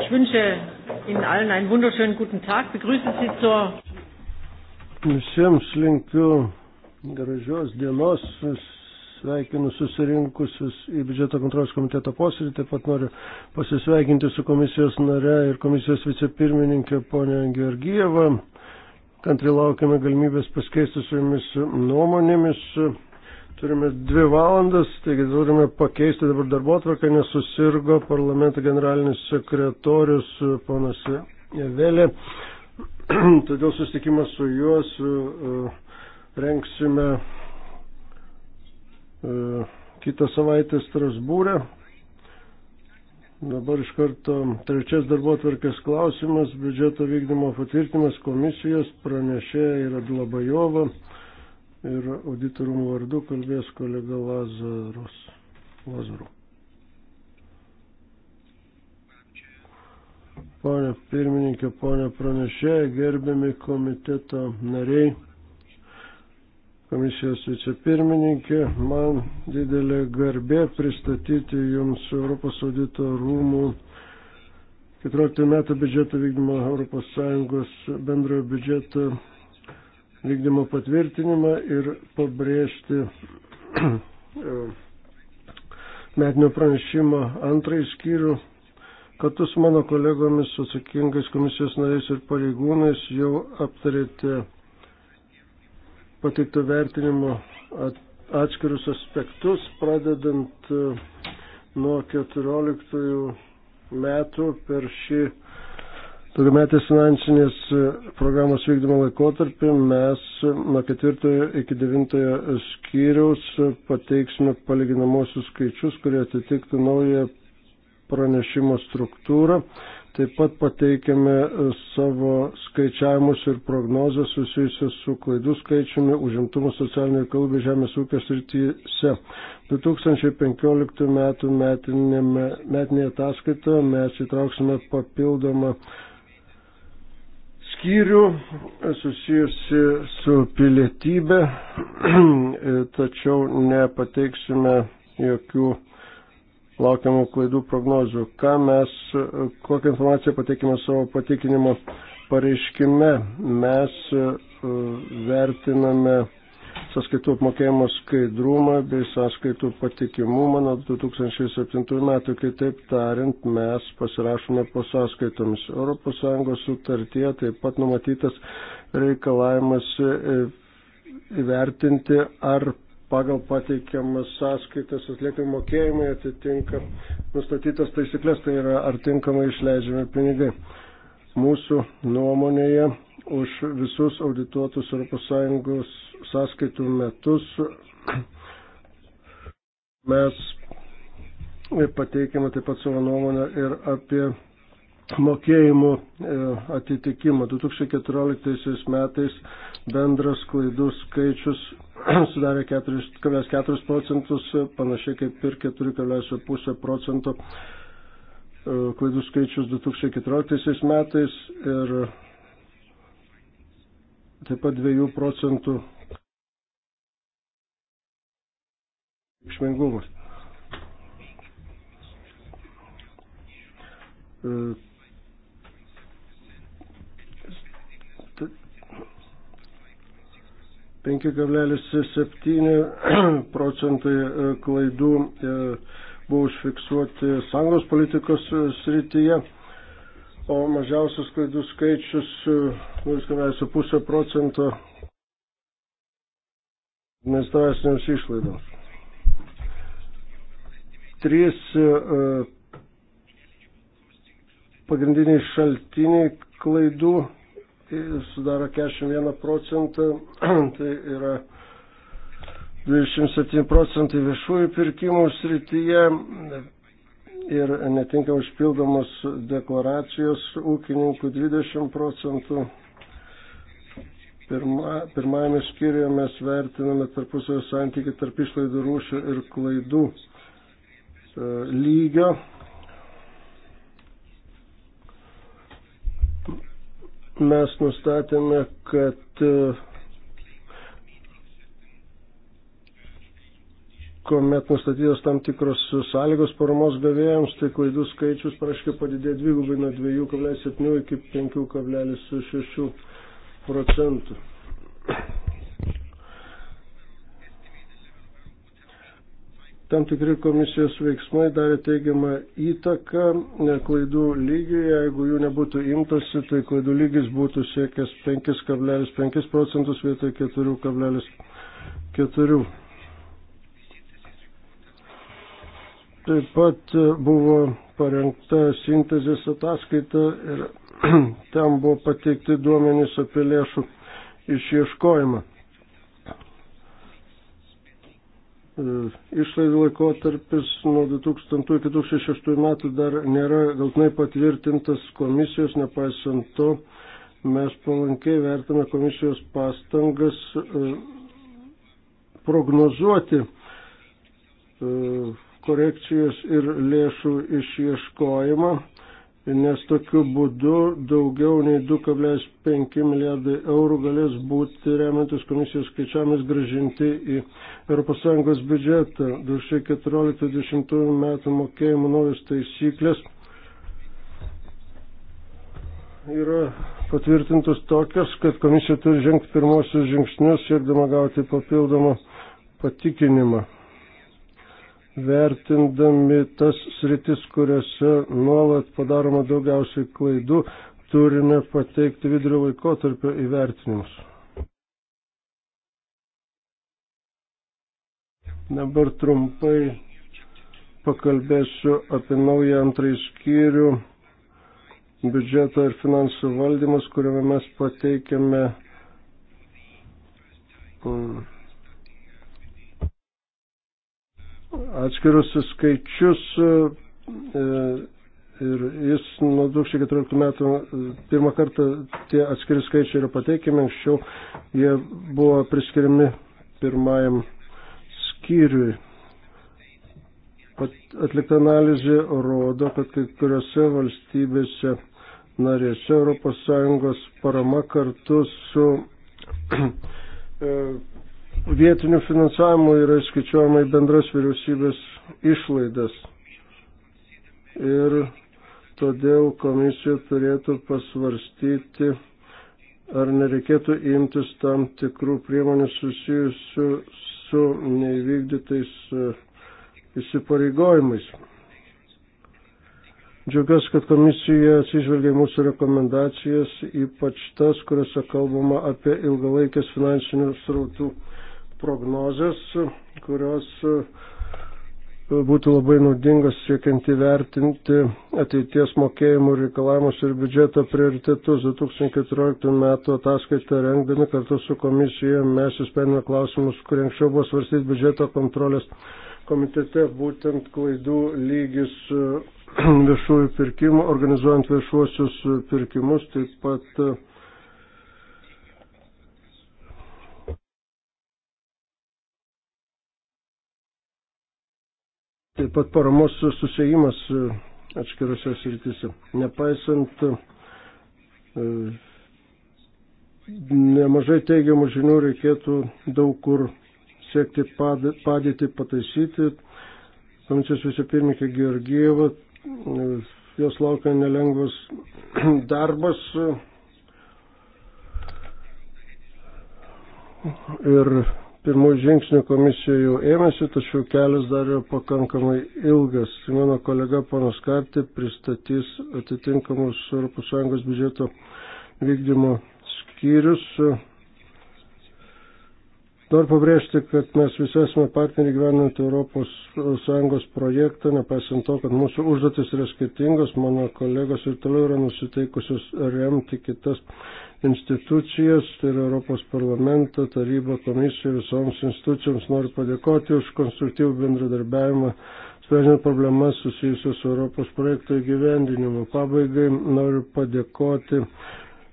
Ich wünsche Ihnen allen einen wunderschönen guten Tag. Begrüße Sie zur. Visiems linkiu gražios dienos, sveikinu susirinkusius į biudžeto kontrolės komiteto posėdį, taip pat noriu pasisveikinti su komisijos nare ir komisijos vicepirmininkė ponė Georgieva. Kantri laukiame galimybės paskeisti su jumis nuomonėmis. Turime dvi valandas, taigi turime pakeisti dabar darbo atvarką, nes susirgo parlamento generalinis sekretorius ponas Vėlė. Todėl susitikimą su juo su, e, uh, e, rengsime uh, kitą savaitę Strasbūrę. Dabar iš karto trečias darbo atvarkės klausimas, biudžeto vykdymo patvirtimas komisijos pranešė yra Dlabajova ir auditorumų vardu kalbės kolega Lazarus. Lazaru. Pone pirmininkė, pone pranešėjai, gerbiami komiteto nariai, komisijos vicepirmininkė, man didelė garbė pristatyti Jums Europos audito rūmų 14 metų biudžeto vykdymo ES bendrojo biudžeto vykdymo patvirtinimą ir pabrėžti metinio pranešimo antrąjį skyrių. Kartu su mano kolegomis atsakingais komisijos nariais ir pareigūnais jau aptarėte pateikto vertinimo atskirus aspektus, pradedant e, nuo 14 metų per šį Daugiametės finansinės e, programos vykdymo laikotarpį mes e, nuo ketvirtojo iki devintojo skyriaus e, pateiksime palyginamosius skaičius, kurie atitiktų naują pranešimo struktūrą. Taip pat pateikiame savo skaičiavimus ir prognozes susijusias su klaidų skaičiumi užimtumo socialinio reikalų bei žemės ūkio srityse. 2015 metų metinėje ataskaitoje mes įtrauksime papildomą skyrių susijusi su pilietybė, tačiau nepateiksime jokių laukiamų klaidų prognozių. Ką mes, kokią informaciją pateikime savo patikinimo pareiškime, mes uh, vertiname sąskaitų apmokėjimo skaidrumą bei sąskaitų patikimumą nuo 2007 metų. Kitaip tariant, mes pasirašome po sąskaitomis. ES sutartie taip pat numatytas reikalavimas e, įvertinti, ar pagal pateikiamas sąskaitas atliekami mokėjimai atitinka nustatytas taisyklės, tai yra ar tinkamai išleidžiami pinigai. Mūsų nuomonėje už visus audituotus ES sąskaitų metus mes pateikėme taip pat savo nuomonę ir apie mokėjimų e, atitikimą. 2014 metais bendras klaidų skaičius sudarė 4,4 procentus, panašiai kaip ir 4,5 procento e, klaidų skaičius 2014 metais ir taip pat 2 procentų reikšmingumas. E, penki kablelis septyni procentai e, klaidų e, buvo užfiksuoti sąjungos politikos srityje o mažiausias klaidų skaičius 0,5 e, procento administracinėms išlaidoms. Trys e, pagrindiniai šaltiniai klaidų tai sudaro 41 procentą, tai yra 27 procentai viešųjų pirkimų srityje, ir netinkamai užpildomos deklaracijos ūkininkų 20 procentų. Pirma, pirmajame skyriuje mes vertiname tarpusavio santykį tarp išlaidų rūšių ir klaidų e, lygio. Mes nustatėme, kad e, kuomet nustatytos tam tikros sąlygos paramos gavėjams, tai klaidų skaičius praškai padidėjo dvigubai nuo 2,7 iki 5,6 procentų. Tam tikri komisijos veiksmai darė teigiamą įtaką klaidų lygiui, jeigu jų nebūtų imtasi, tai klaidų lygis būtų siekęs 5,5 procentus vietoj 4,4. Taip pat e, buvo parengta sintezės ataskaita ir ten buvo pateikti duomenys apie lėšų išieškojimą. E, išlaidų laikotarpis nuo 2000 iki 2006 metų dar nėra galtinai patvirtintas komisijos, nepaisant to mes palankiai vertame komisijos pastangas e, prognozuoti korekcijas ir lėšų išieškojimą, nes tokiu būdu daugiau nei 2,5 milijardai eurų galės būti remiantis komisijos skaičiavimus gražinti į ES biudžetą. 2014-2020 metų mokėjimo naujas taisyklės yra patvirtintos tokios, kad komisija turi žengti pirmosius žingsnius siekdama gauti papildomą patikinimą vertindami tas sritis, kuriuose nuolat padaroma daugiausiai klaidų, turime pateikti vidurio laikotarpio įvertinimus. Dabar trumpai pakalbėsiu apie naują antrąjį skyrių biudžeto ir finansų valdymas, kuriame mes pateikėme um, mm, atskirus skaičius e, e, ir jis nuo 2014 metų e, pirmą kartą tie atskiri skaičiai yra pateikiami, anksčiau jie buvo priskiriami pirmajam skyriui. Atlikta analizė rodo, kad kai kuriuose valstybėse narėse ES parama kartu su vietinių finansavimų yra skaičiuojama į bendras vyriausybės išlaidas. Ir todėl komisija turėtų pasvarstyti, ar nereikėtų imtis tam tikrų priemonių susijusių su neįvykdytais e, įsipareigojimais. Džiaugiuosi, kad komisija atsižvelgia mūsų rekomendacijas, ypač tas, kuriuose kalbama apie ilgalaikės finansinių srautų prognozes, kurios e, būtų labai naudingas siekiant įvertinti ateities mokėjimų reikalavimus ir biudžeto prioritetus. 2014 metų ataskaitą rengdami kartu su komisija mes įspėjome klausimus, kurie anksčiau buvo svarstyti biudžeto kontrolės komitete, būtent klaidų lygis e, viešųjų pirkimų, organizuojant viešuosius pirkimus, taip pat e, Taip pat paramos susijimas e, atskirose sritise. Nepaisant e, nemažai teigiamų žinių reikėtų daug kur siekti padėti, pataisyti. Komisijos vicepirmininkė Georgieva, e, jos laukia nelengvas darbas. Ir Pirmųjų žingsnių komisija jau ėmėsi, tačiau kelias dar yra pakankamai ilgas. Mano kolega panas Kartė pristatys atitinkamus ES biudžeto vykdymo skyrius Noriu pabrėžti, kad mes visi esame partneriai gyvenant ES projektą, nepaisant to, kad mūsų užduotis yra skirtingos, mano kolegos ir toliau yra nusiteikusios remti kitas institucijas, tai yra Europos parlamentą, tarybą, komisiją, visoms institucijoms noriu padėkoti už konstruktyvų bendradarbiavimą, sprendžiant problemas susijusios su Europos projekto įgyvendinimu. Pabaigai noriu padėkoti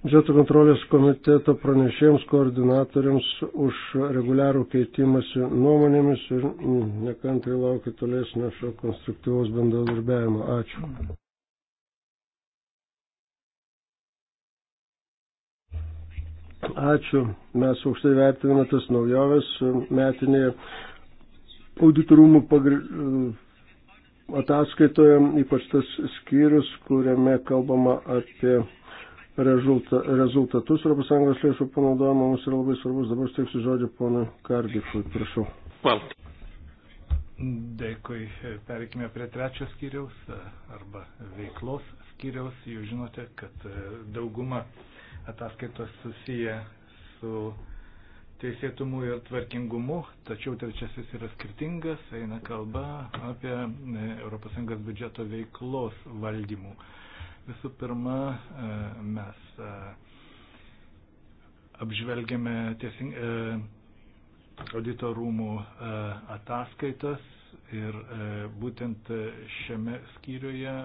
biudžeto kontrolės komiteto pranešėjams, koordinatoriams už reguliarų keitimąsi nuomonėmis ir mm, nekantrai laukiu tolesnio šio konstruktyvaus bendradarbiavimo. Ačiū. Ačiū. Mes aukštai vertiname tas naujoves metinėje auditorumų pagri... ataskaitoje, ypač tas skyrius, kuriame kalbama apie rezultatus ES lėšų panaudojimo mums yra labai svarbus. Dabar steiksiu žodį ponui Kardikui, prašau. Well. Dėkui. Perikime prie trečio skyriaus e, arba veiklos skyriaus. Jūs žinote, kad e, dauguma ataskaitos susiję su teisėtumu ir tvarkingumu, tačiau trečiasis yra skirtingas, eina kalba apie ES biudžeto veiklos valdymų Visų pirma, e, mes e, apžvelgėme e, audito rūmų ataskaitas ir būtent šiame skyriuje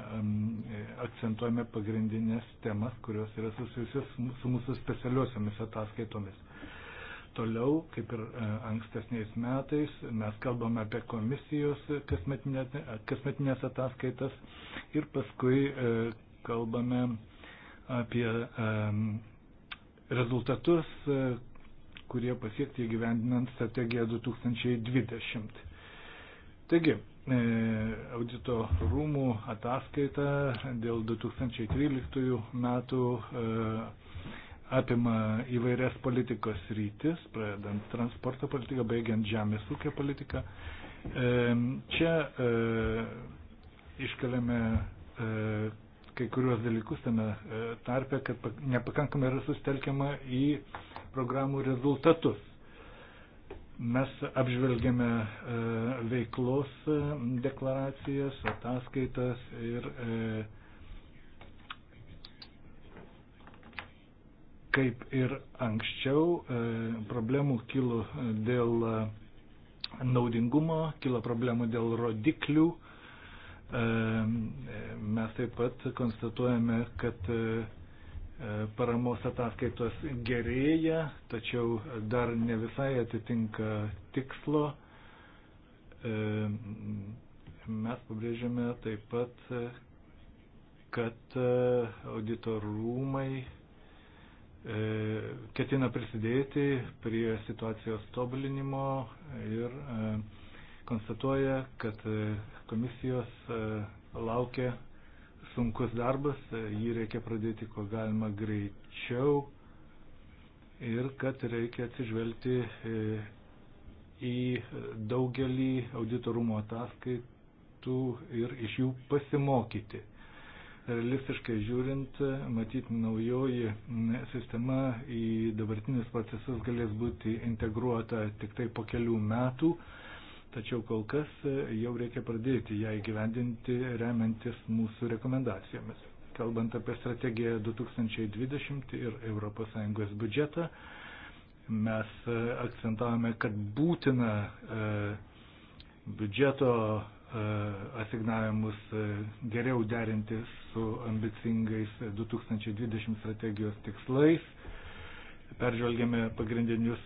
akcentuojame pagrindinės temas, kurios yra susijusios su mūsų specialiosiomis ataskaitomis. Toliau, kaip ir ankstesniais metais, mes kalbame apie komisijos kasmetinės ataskaitas ir paskui kalbame apie rezultatus, e, kurie pasiekti įgyvendinant strategiją 2020. Taigi, e, audito rūmų ataskaita dėl 2013 metų e, apima įvairias politikos rytis, pradedant transporto politiką, baigiant žemės ūkio politiką. Čia iškeliame kai kuriuos dalykus tame e, tarpe, kad nepakankamai yra sustelkiama į programų rezultatus. Mes apžvelgėme e, veiklos e, deklaracijas, ataskaitas ir kaip ir anksčiau problemų kilo dėl naudingumo, kilo problemų dėl rodiklių, E, mes taip pat konstatuojame, kad e, paramos ataskaitos gerėja, tačiau dar ne visai atitinka tikslo. E, mes pabrėžiame taip pat, kad auditorumai ketina prisidėti prie situacijos tobulinimo ir konstatuoja, kad e, komisijos e, laukia sunkus darbas, e, jį reikia pradėti kuo galima greičiau ir kad reikia atsižvelgti į daugelį auditorumo ataskaitų ir iš jų pasimokyti. Realistiškai žiūrint, matyti naujoji sistema į dabartinius procesus galės būti integruota tik tai po kelių metų tačiau kol kas e, jau reikia pradėti ją įgyvendinti remiantis mūsų rekomendacijomis. Kalbant apie strategiją 2020 ir ES biudžetą, mes e, akcentavome, kad būtina e, biudžeto asignavimus geriau derinti su ambicingais 2020 strategijos tikslais. Peržvelgėme pagrindinius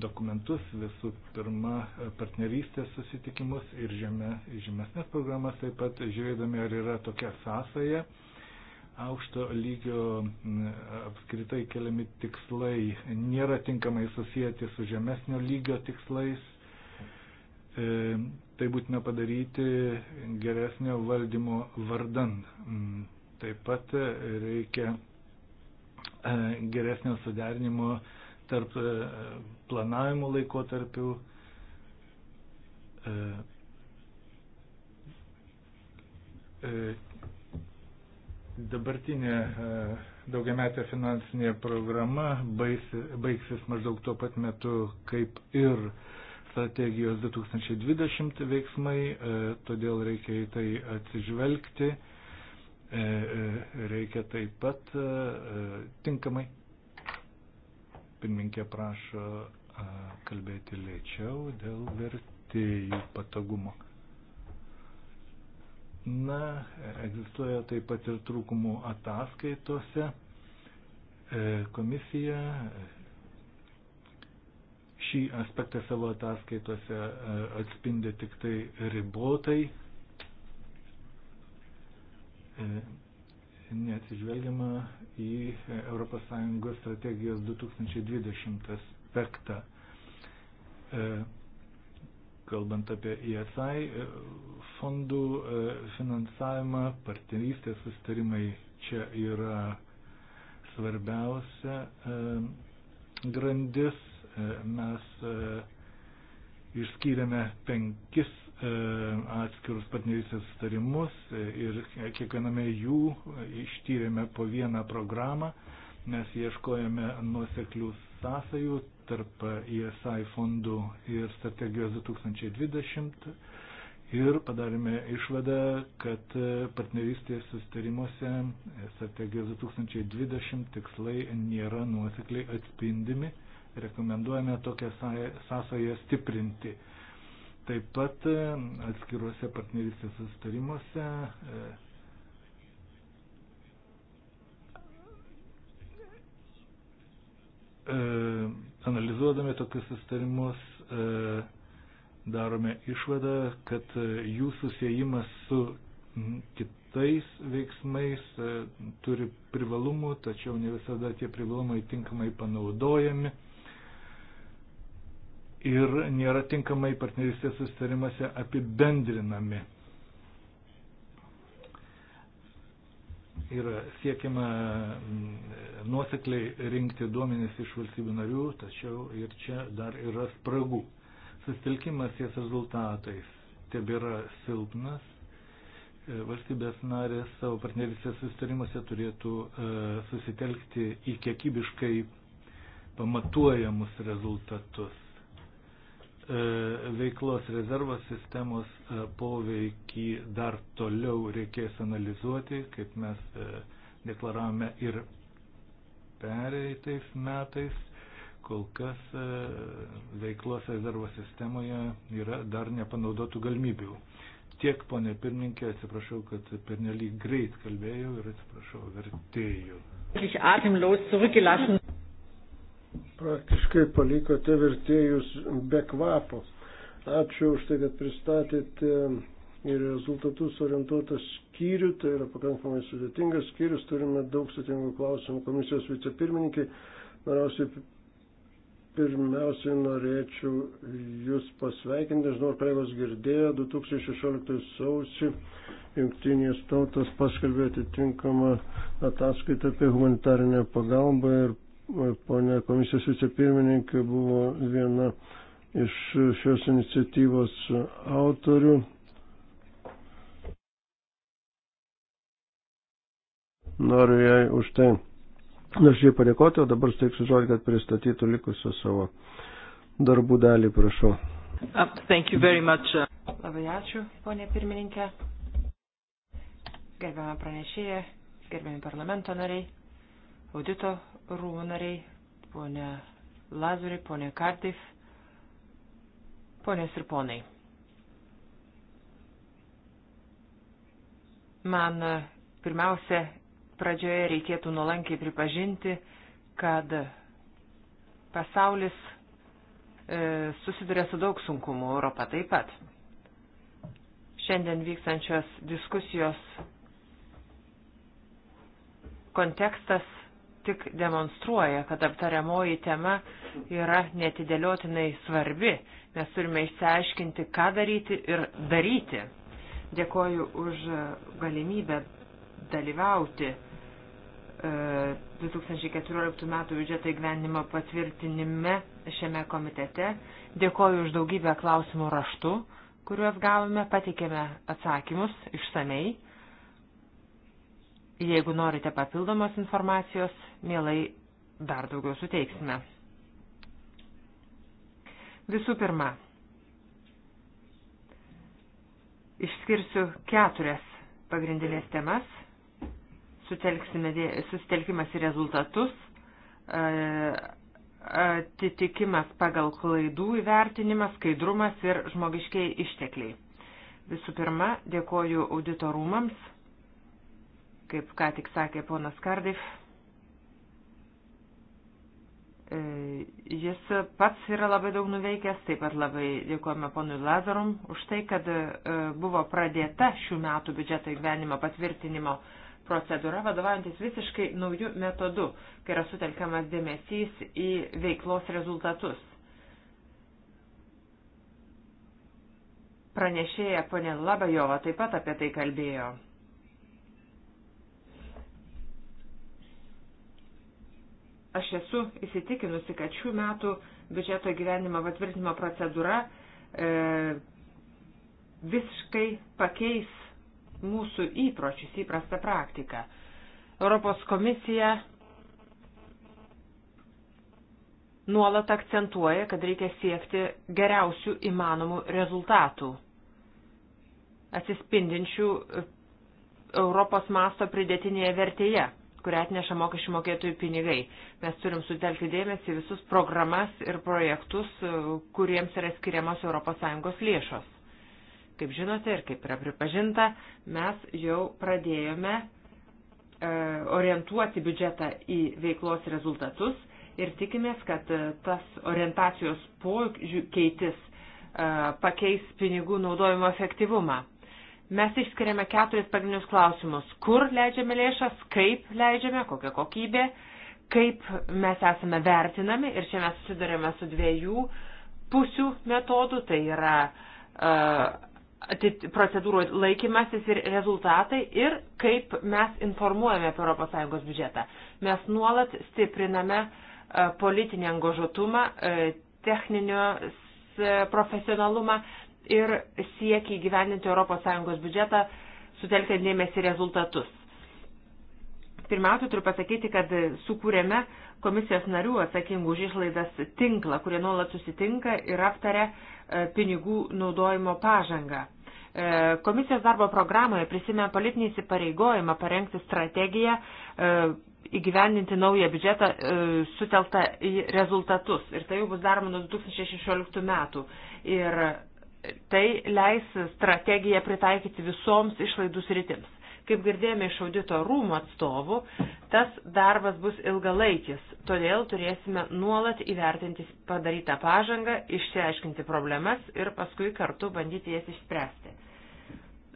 dokumentus, visų pirma partnerystės susitikimus ir žemė, žemesnės programas, taip pat žiūrėdami, ar yra tokia sąsaja, aukšto lygio apskritai keliami tikslai nėra tinkamai susijęti su žemesnio lygio tikslais. E, tai būtina padaryti geresnio valdymo vardan. Taip pat reikia e, geresnio suderinimo e, tarp e, planavimo laikotarpių e, e, dabartinė daugiametė finansinė programa baigsis maždaug tuo pat metu kaip ir strategijos 2020 veiksmai, todėl reikia į tai atsižvelgti, reikia taip pat tinkamai Pirminkė prašo kalbėti lėčiau dėl vertėjų patogumo. Na, egzistuoja taip pat ir trūkumų ataskaitose. E, komisija e, šį aspektą savo ataskaitose e, atspindi tik tai ribotai neatsižvelgiama į ES strategijos 2020 aspektą. E, kalbant apie ESI e, fondų e, finansavimą, partnerystės sustarimai čia yra svarbiausia grandis. Mes išskyrėme penkis E, atskirus partnerystės sutarimus e, ir kiekviename jų ištyrėme po vieną programą. Mes ieškojame nuoseklių sąsajų tarp ESI fondų ir strategijos 2020 ir padarėme išvadą, kad partnerystės sustarimuose strategijos 2020 tikslai nėra nuosekliai atspindimi. Rekomenduojame tokią sąsają stiprinti. Taip pat e, atskiruose partnerystės sustarimuose e, e, analizuodami tokius sustarimus darome išvadą, kad jų susijimas su kitais veiksmais turi privalumų, tačiau ne visada tie privalumai tinkamai panaudojami ir nėra tinkamai partnerystės sustarimuose apibendrinami. Yra siekiama mm, nuosekliai rinkti duomenis iš valstybių narių, tačiau ir čia dar yra spragų. Sustelkimas ties rezultatais tebėra silpnas. E, valstybės narės savo partnerystės sustarimuose turėtų e, susitelkti į kiekybiškai pamatuojamus rezultatus E, veiklos rezervo sistemos e, poveikį dar toliau reikės analizuoti, kaip mes e, deklaravome ir pereitais metais. Kol kas veiklos rezervo sistemoje yra dar nepanaudotų galimybių. Tiek, ponė pirmininkė, atsiprašau, kad pernelyg greit kalbėjau ir atsiprašau vertėjų. Praktiškai palikote vertėjus be kvapo. Ačiū už tai, kad pristatėte ir rezultatus orientuotas skyrių, tai yra pakankamai sudėtingas skyrius, turime daug sudėtingų klausimų komisijos vicepirmininkai. Noriausiai pirmiausiai norėčiau Jūs pasveikinti, nežinau, ar kolegos girdėjo, 2016 sausį Junktinės tautos paskelbė atitinkamą ataskaitą apie humanitarinę pagalbą ir ponė komisijos vicepirmininkė buvo viena iš šios iniciatyvos autorių. Noriu jai už tai nuoširdžiai padėkoti, o dabar steiksiu žodį, kad pristatytų likusią savo darbų dalį, prašau. Uh, uh. Labai ačiū, ponė pirmininkė. Gerbiamą pranešėją, gerbiami parlamento nariai audito rūmų nariai, ponė Lazarė, ponė Kartif, ponės ir ponai. Man e, pirmiausia, pradžioje reikėtų nuolankiai pripažinti, kad pasaulis e, susiduria su daug sunkumų, Europa taip pat. Šiandien vykstančios diskusijos kontekstas tik demonstruoja, kad aptariamoji tema yra netidėliotinai svarbi. Mes turime išsiaiškinti, ką daryti ir daryti. Dėkoju už galimybę dalyvauti 2014 e, m. biudžeto įgyvenimo patvirtinime šiame komitete. Dėkoju už daugybę klausimų raštų, kuriuos gavome, patikėme atsakymus išsamei. Jeigu norite papildomos informacijos, mielai dar daugiau suteiksime. Visų pirma, išskirsiu keturias pagrindinės temas, susitelkimas į rezultatus, e, atitikimas pagal klaidų įvertinimas, skaidrumas ir žmogiškiai ištekliai. Visų pirma, dėkoju auditorumams, kaip ką tik sakė ponas Kardif, E, jis pats yra labai daug nuveikęs, taip pat labai dėkojame ponui Lazarum už tai, kad e, buvo pradėta šių metų biudžeto gyvenimo patvirtinimo procedūra, vadovaujantis visiškai naujų metodų, kai yra sutelkiamas dėmesys į veiklos rezultatus. Pranešėja ponė Labajova taip pat apie tai kalbėjo. Aš esu įsitikinusi, kad šių metų biudžeto gyvenimo patvirtinimo procedūra e, visiškai pakeis mūsų įpročius, įprastą praktiką. Europos komisija nuolat akcentuoja, kad reikia siekti geriausių įmanomų rezultatų, atsispindinčių Europos masto pridėtinėje vertėje kurią atneša mokesčių mokėtojų pinigai. Mes turim sutelkti dėmesį visus programas ir projektus, e, kuriems yra skiriamos ES lėšos. Kaip žinote ir kaip yra pripažinta, mes jau pradėjome e, orientuoti biudžetą į veiklos rezultatus ir tikimės, kad e, tas orientacijos pokytis pakeis pinigų naudojimo efektyvumą. Mes išskiriame keturis pagrindinius klausimus. Kur leidžiame lėšas, kaip leidžiame, kokia kokybė, kaip mes esame vertinami ir čia mes susidurėme su dviejų pusių metodų, tai yra uh, procedūrų laikymasis ir rezultatai ir kaip mes informuojame apie ES biudžetą. Mes nuolat stipriname uh, politinį angožotumą, uh, e, techninio profesionalumą ir siekia įgyvendinti ES biudžetą, sutelkiant dėmesį rezultatus. Pirmiausia, turiu pasakyti, kad sukūrėme komisijos narių atsakingų už išlaidas tinklą, kurie nuolat susitinka ir aptaria e, pinigų naudojimo pažangą. E, komisijos darbo programoje prisimė politinį įsipareigojimą parengti strategiją e, įgyvendinti naują biudžetą suteltą į rezultatus. Ir tai jau bus daroma nuo 2016 metų. Ir Tai leis strategiją pritaikyti visoms išlaidų sritims. Kaip girdėjome iš audito rūmų atstovų, tas darbas bus ilgalaikis, todėl turėsime nuolat įvertinti padarytą pažangą, išsiaiškinti problemas ir paskui kartu bandyti jas išspręsti.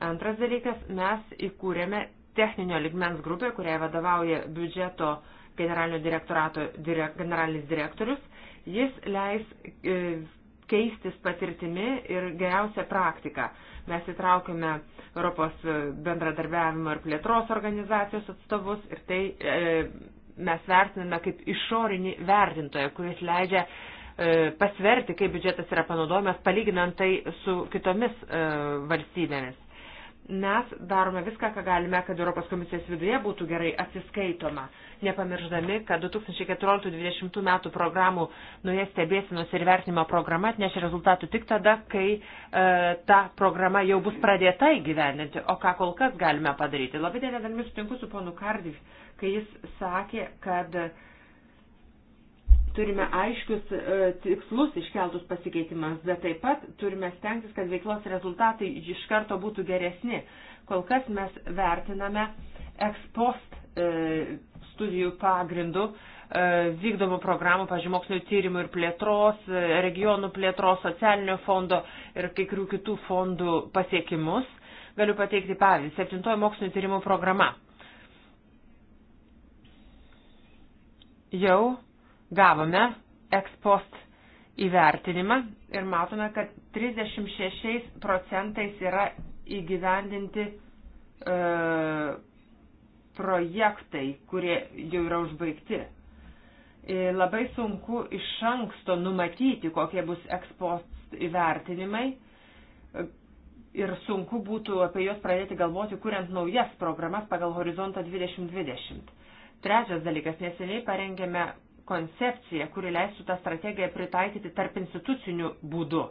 Antras dalykas, mes įkūrėme techninio ligmens grupę, kuriai vadovauja biudžeto generalinio direktorato direk, generalinis direktorius. Jis leis e, keistis patirtimi ir geriausia praktika. Mes įtraukime Europos bendradarbiavimo ir plėtros organizacijos atstovus ir tai e, mes vertiname kaip išorinį vertintoją, kuris leidžia e, pasverti, kaip biudžetas yra panaudojamas, palyginant tai su kitomis e, valstybėmis. Mes darome viską, ką galime, kad Europos komisijos viduje būtų gerai atsiskaitoma, nepamirždami, kad 2014-2020 metų programų nuoje stebėsinos ir vertinimo programa atnešė rezultatų tik tada, kai e, ta programa jau bus pradėta įgyvendinti, o ką kol kas galime padaryti. Labai dėlė dalimi sutinku su ponu Kardif, kai jis sakė, kad e, turime aiškius e, tikslus iškeltus pasikeitimams, bet taip pat turime stengtis, kad veiklos rezultatai iš karto būtų geresni. Kol kas mes vertiname ekspost e, studijų pagrindų e, vykdomų programų, pažiūrėjau, mokslinio tyrimų ir plėtros, regionų plėtros, socialinio fondo ir kai kurių kitų fondų pasiekimus. Galiu pateikti pavyzdį. Septintoji mokslinio tyrimų programa. Jau Gavome ekspost įvertinimą ir matome, kad 36 procentais yra įgyvendinti e, projektai, kurie jau yra užbaigti. E, labai sunku iš anksto numatyti, kokie bus ekspost įvertinimai e, ir sunku būtų apie juos pradėti galvoti, kuriant naujas programas pagal horizontą 2020. Trečias dalykas, neseniai parengėme koncepciją, kuri leistų tą strategiją pritaikyti tarp institucinių būdų.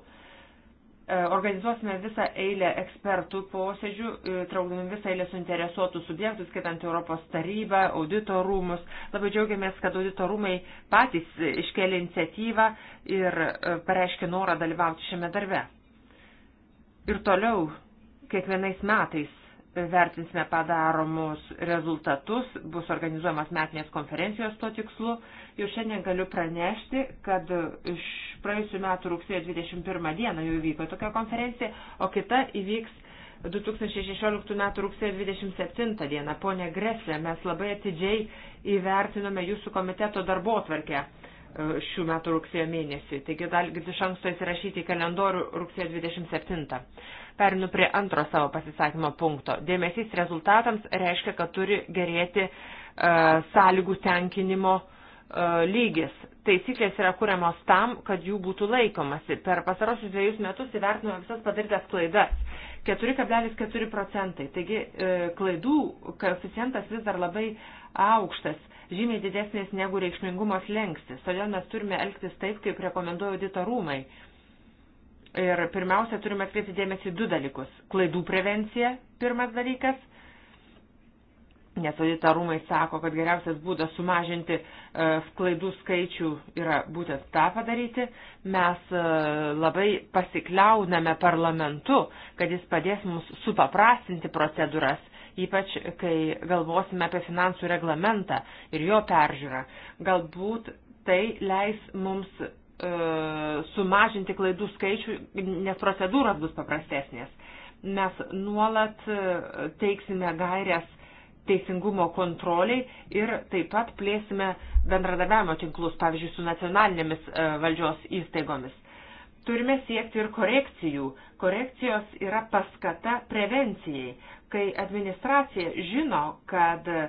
E, organizuosime visą eilę ekspertų posėdžių, e, traukdami visą eilę suinteresuotų subjektų, skaitant Europos tarybą, audito rūmus. Labai džiaugiamės, kad audito rūmai patys iškėlė iniciatyvą ir e, pareiškė norą dalyvauti šiame darbe. Ir toliau kiekvienais metais vertinsime padaromus rezultatus, bus organizuojamas metinės konferencijos tuo tikslu. Jau šiandien galiu pranešti, kad iš praėjusių metų rugsėjo 21 dieną jau įvyko tokia konferencija, o kita įvyks 2016 m. rugsėjo 27 dieną. Pone Greslė, mes labai atidžiai įvertinome jūsų komiteto darbo tvarkę e, šių metų rugsėjo mėnesį. Taigi galite iš anksto įsirašyti į kalendorių rugsėjo 27. Perinu prie antro savo pasisakymo punkto. Dėmesys rezultatams reiškia, kad turi gerėti e, sąlygų tenkinimo e, lygis. Taisyklės yra kuriamos tam, kad jų būtų laikomasi. Per pasarosius dviejus metus įvertinome visas padarytas klaidas. 4,4 procentai. Taigi e, klaidų koeficientas vis dar labai aukštas, žymiai didesnis negu reikšmingumo slengstis. Todėl mes turime elgtis taip, kaip rekomenduoja auditorumai. rūmai Ir pirmiausia, turime atkreipti dėmesį du dalykus. Klaidų prevencija, pirmas dalykas, nes auditarumai sako, kad geriausias būdas sumažinti e, klaidų skaičių yra būtent tą padaryti. Mes e, labai pasikliauname parlamentu, kad jis padės mums supaprastinti procedūras ypač kai galvosime apie finansų reglamentą ir jo peržiūrą. Galbūt tai leis mums E, sumažinti klaidų skaičių, nes procedūros bus paprastesnės. Mes nuolat e, teiksime gairias teisingumo kontroliai ir taip pat plėsime bendradarbiavimo tinklus, pavyzdžiui, su nacionalinėmis e, valdžios įstaigomis. Turime siekti ir korekcijų. Korekcijos yra paskata prevencijai, kai administracija žino, kad uh,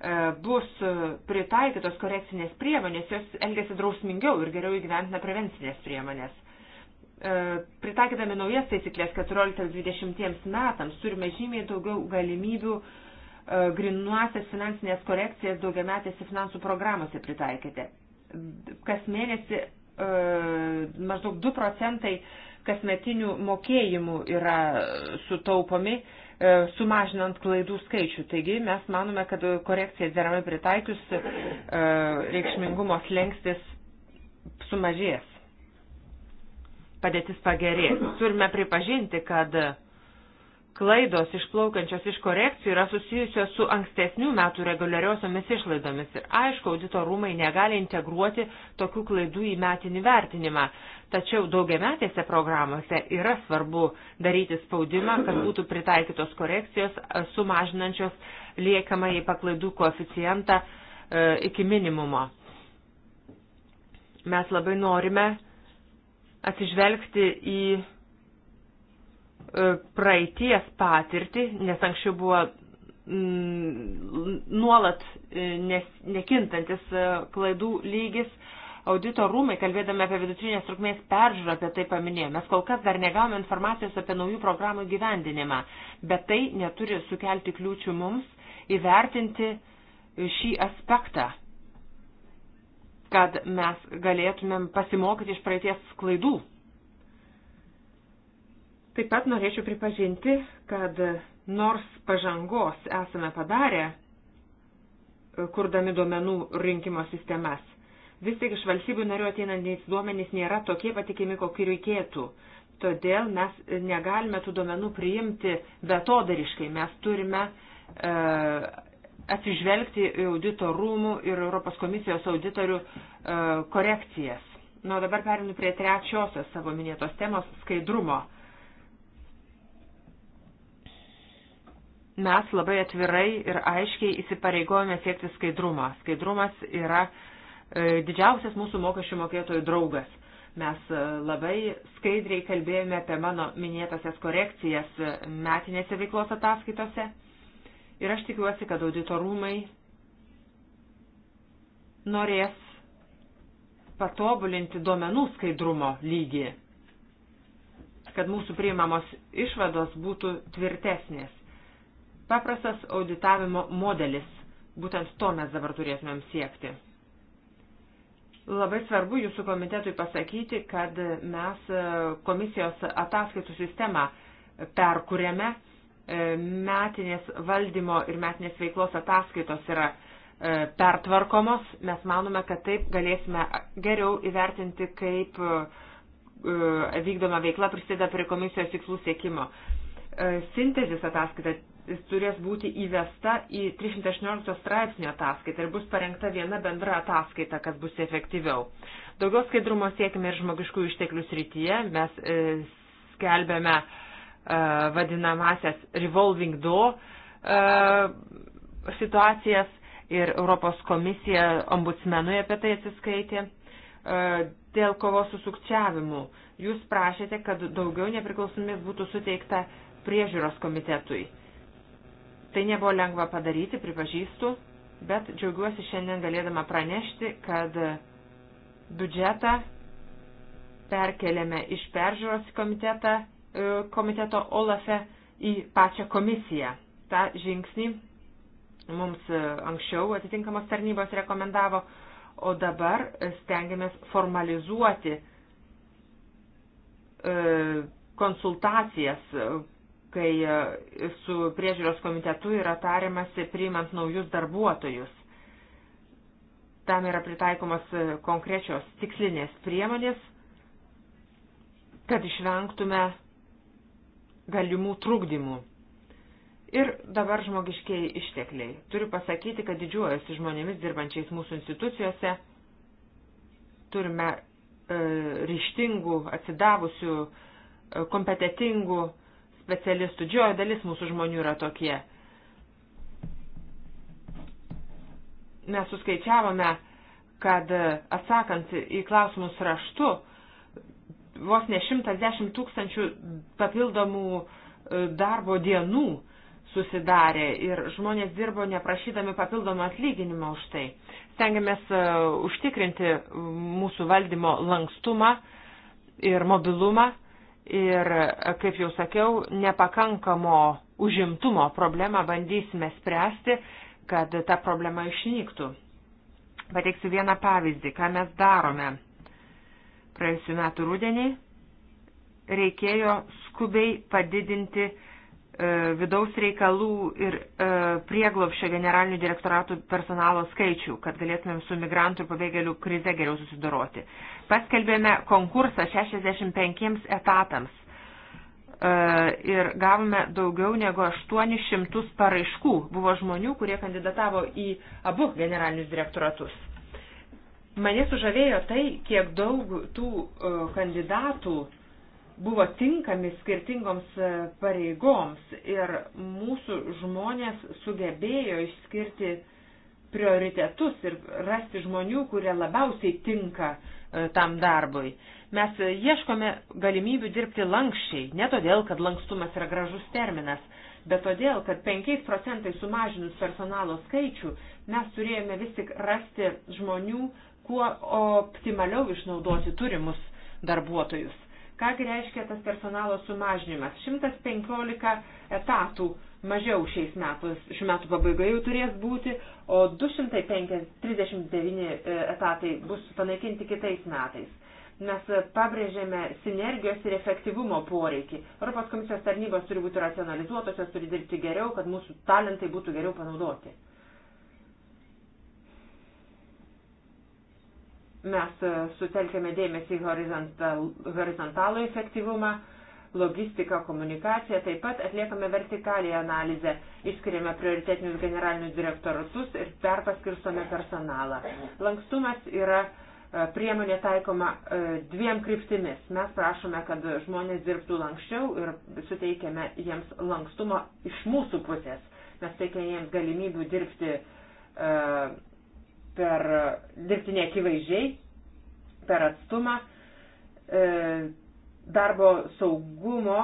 E, bus e, pritaikytos korekcinės priemonės, jos elgesi drausmingiau ir geriau įgyventina prevencinės priemonės. E, pritaikydami naujas taisyklės 14-20 metams turime žymiai daugiau galimybių grinuosias finansinės korekcijas daugiametėse finansų programose pritaikyti. Kas mėnesį maždaug 2 procentai kasmetinių mokėjimų yra sutaupomi E, sumažinant klaidų skaičių. Taigi mes manome, kad korekcija deramai pritaikius e, reikšmingumo slengstis sumažės. Padėtis pagerės. Turime pripažinti, kad klaidos išplaukiančios iš korekcijų yra susijusios su ankstesnių metų reguliariosiomis išlaidomis. Ir aišku, audito rūmai negali integruoti tokių klaidų į metinį vertinimą. Tačiau daugiametėse programuose yra svarbu daryti spaudimą, kad būtų pritaikytos korekcijos sumažinančios liekamą į paklaidų koeficientą e, iki minimumo. Mes labai norime atsižvelgti į E, praeities patirtį, nes anksčiau buvo mm, nuolat e, nekintantis e, klaidų lygis. Audito rūmai, kalbėdami apie vidutinės trukmės peržiūrą, apie tai paminėjo. Mes kol kas dar negavome informacijos apie naujų programų gyvendinimą, bet tai neturi sukelti kliūčių mums įvertinti šį aspektą, kad mes galėtumėm pasimokyti iš praeities klaidų. Taip pat norėčiau pripažinti, kad nors pažangos esame padarę, e, kurdami duomenų rinkimo sistemas, vis tik iš valstybių narių ateinantys duomenys nėra tokie patikimi, kokie reikėtų. Todėl mes negalime tų duomenų priimti betodariškai. Mes turime e, atsižvelgti į audito rūmų ir Europos komisijos auditorių e, korekcijas. Na, nu, dabar perinu prie trečiosios savo minėtos temos - skaidrumo. E, mes labai atvirai ir aiškiai įsipareigojame siekti skaidrumą. Skaidrumas yra e, didžiausias mūsų mokesčių mokėtojų draugas. Mes e, labai skaidriai kalbėjome apie mano minėtasias korekcijas e, metinėse veiklos ataskaitose ir aš tikiuosi, kad auditorumai norės patobulinti duomenų skaidrumo lygį, kad mūsų priimamos išvados būtų tvirtesnės. Paprastas auditavimo modelis. Būtent to mes dabar turėtumėm siekti. Labai svarbu jūsų komitetui pasakyti, kad mes e, komisijos ataskaitų sistemą perkuriame. E, metinės valdymo ir metinės veiklos ataskaitos yra e, pertvarkomos. Mes manome, kad taip galėsime geriau įvertinti, kaip vykdoma veikla prisideda prie komisijos tikslų siekimo. Sintezis ataskaita jis turės būti įvesta į 318 straipsnio ataskaitą ir bus parengta viena bendra ataskaita, kad bus efektyviau. Daugiau skaidrumo siekime ir žmogiškų išteklių srityje. Mes e, skelbėme e, vadinamasias revolving door e, situacijas ir Europos komisija ombudsmenui apie tai atsiskaitė. E, dėl kovos su sukčiavimu jūs prašėte, kad daugiau nepriklausomybės būtų suteikta priežiūros komitetui Tai nebuvo lengva padaryti, pripažįstu, bet džiaugiuosi šiandien galėdama pranešti, kad biudžetą perkeliame iš peržiūros komitetą, e, komiteto OLAFE į pačią komisiją. Ta žingsnį mums e, anksčiau atitinkamos tarnybos rekomendavo, o dabar stengiamės formalizuoti e, konsultacijas kai e, su priežiūros komitetu yra tariamasi priimant naujus darbuotojus. Tam yra pritaikomas e, konkrečios tikslinės priemonės, kad išvengtume galimų trukdymų. Ir dabar žmogiškiai ištekliai. Turiu pasakyti, kad didžiuojasi žmonėmis dirbančiais mūsų institucijose. Turime e, ryštingų, atsidavusių, e, kompetitingų specialistų. Džiojo dalis mūsų žmonių yra tokie. Mes suskaičiavome, kad e, atsakant į klausimus raštu, vos ne 110 tūkstančių papildomų e, darbo dienų susidarė ir žmonės dirbo neprašydami papildomą atlyginimą už tai. Stengiamės e, užtikrinti mūsų valdymo lankstumą ir mobilumą ir, e, kaip jau sakiau, nepakankamo užimtumo problemą bandysime spręsti, kad ta problema išnyktų. Pateiksiu vieną pavyzdį, ką mes darome. Praėjusiu metu rudenį reikėjo skubiai padidinti E, vidaus reikalų ir e, prieglopščio generalinių direktoratų personalo skaičių, kad galėtumėm su migrantų ir pabėgėlių krize geriau susidoroti. Paskelbėme konkursą 65 etatams e, ir gavome daugiau negu 800 paraiškų. Buvo žmonių, kurie kandidatavo į abu generalinius direktoratus. Mane sužavėjo tai, kiek daug tų kandidatų uh, buvo tinkami skirtingoms e, pareigoms ir mūsų žmonės sugebėjo išskirti prioritetus ir rasti žmonių, kurie labiausiai tinka e, tam darbui. Mes ieškome galimybių dirbti lankščiai, ne todėl, kad lankstumas yra gražus terminas, bet todėl, kad 5 procentai sumažinus personalo skaičių mes turėjome vis tik rasti žmonių, kuo optimaliau išnaudoti turimus darbuotojus. Kągi reiškia tas personalo sumažinimas? 115 etatų mažiau šiais metais, šių metų pabaigoje jau turės būti, o 239 e, etatai bus panaikinti kitais metais. Mes pabrėžėme sinergijos ir efektyvumo poreikį. Europos komisijos tarnybos turi būti racionalizuotosios, turi dirbti geriau, kad mūsų talentai būtų geriau panaudoti. Mes e, sutelkėme dėmesį į horizontalų efektyvumą, logistiką, komunikaciją, taip pat atliekame vertikalį analizę, išskiriame prioritetinius generalinius direktoratus ir perpaskirstome personalą. Lankstumas yra e, priemonė taikoma e, dviem kryptimis. Mes prašome, kad žmonės dirbtų lankščiau ir suteikiame jiems lankstumo iš mūsų pusės. Mes teikiame jiems galimybių dirbti per dirbti neakivaizdžiai, per atstumą. E, darbo saugumo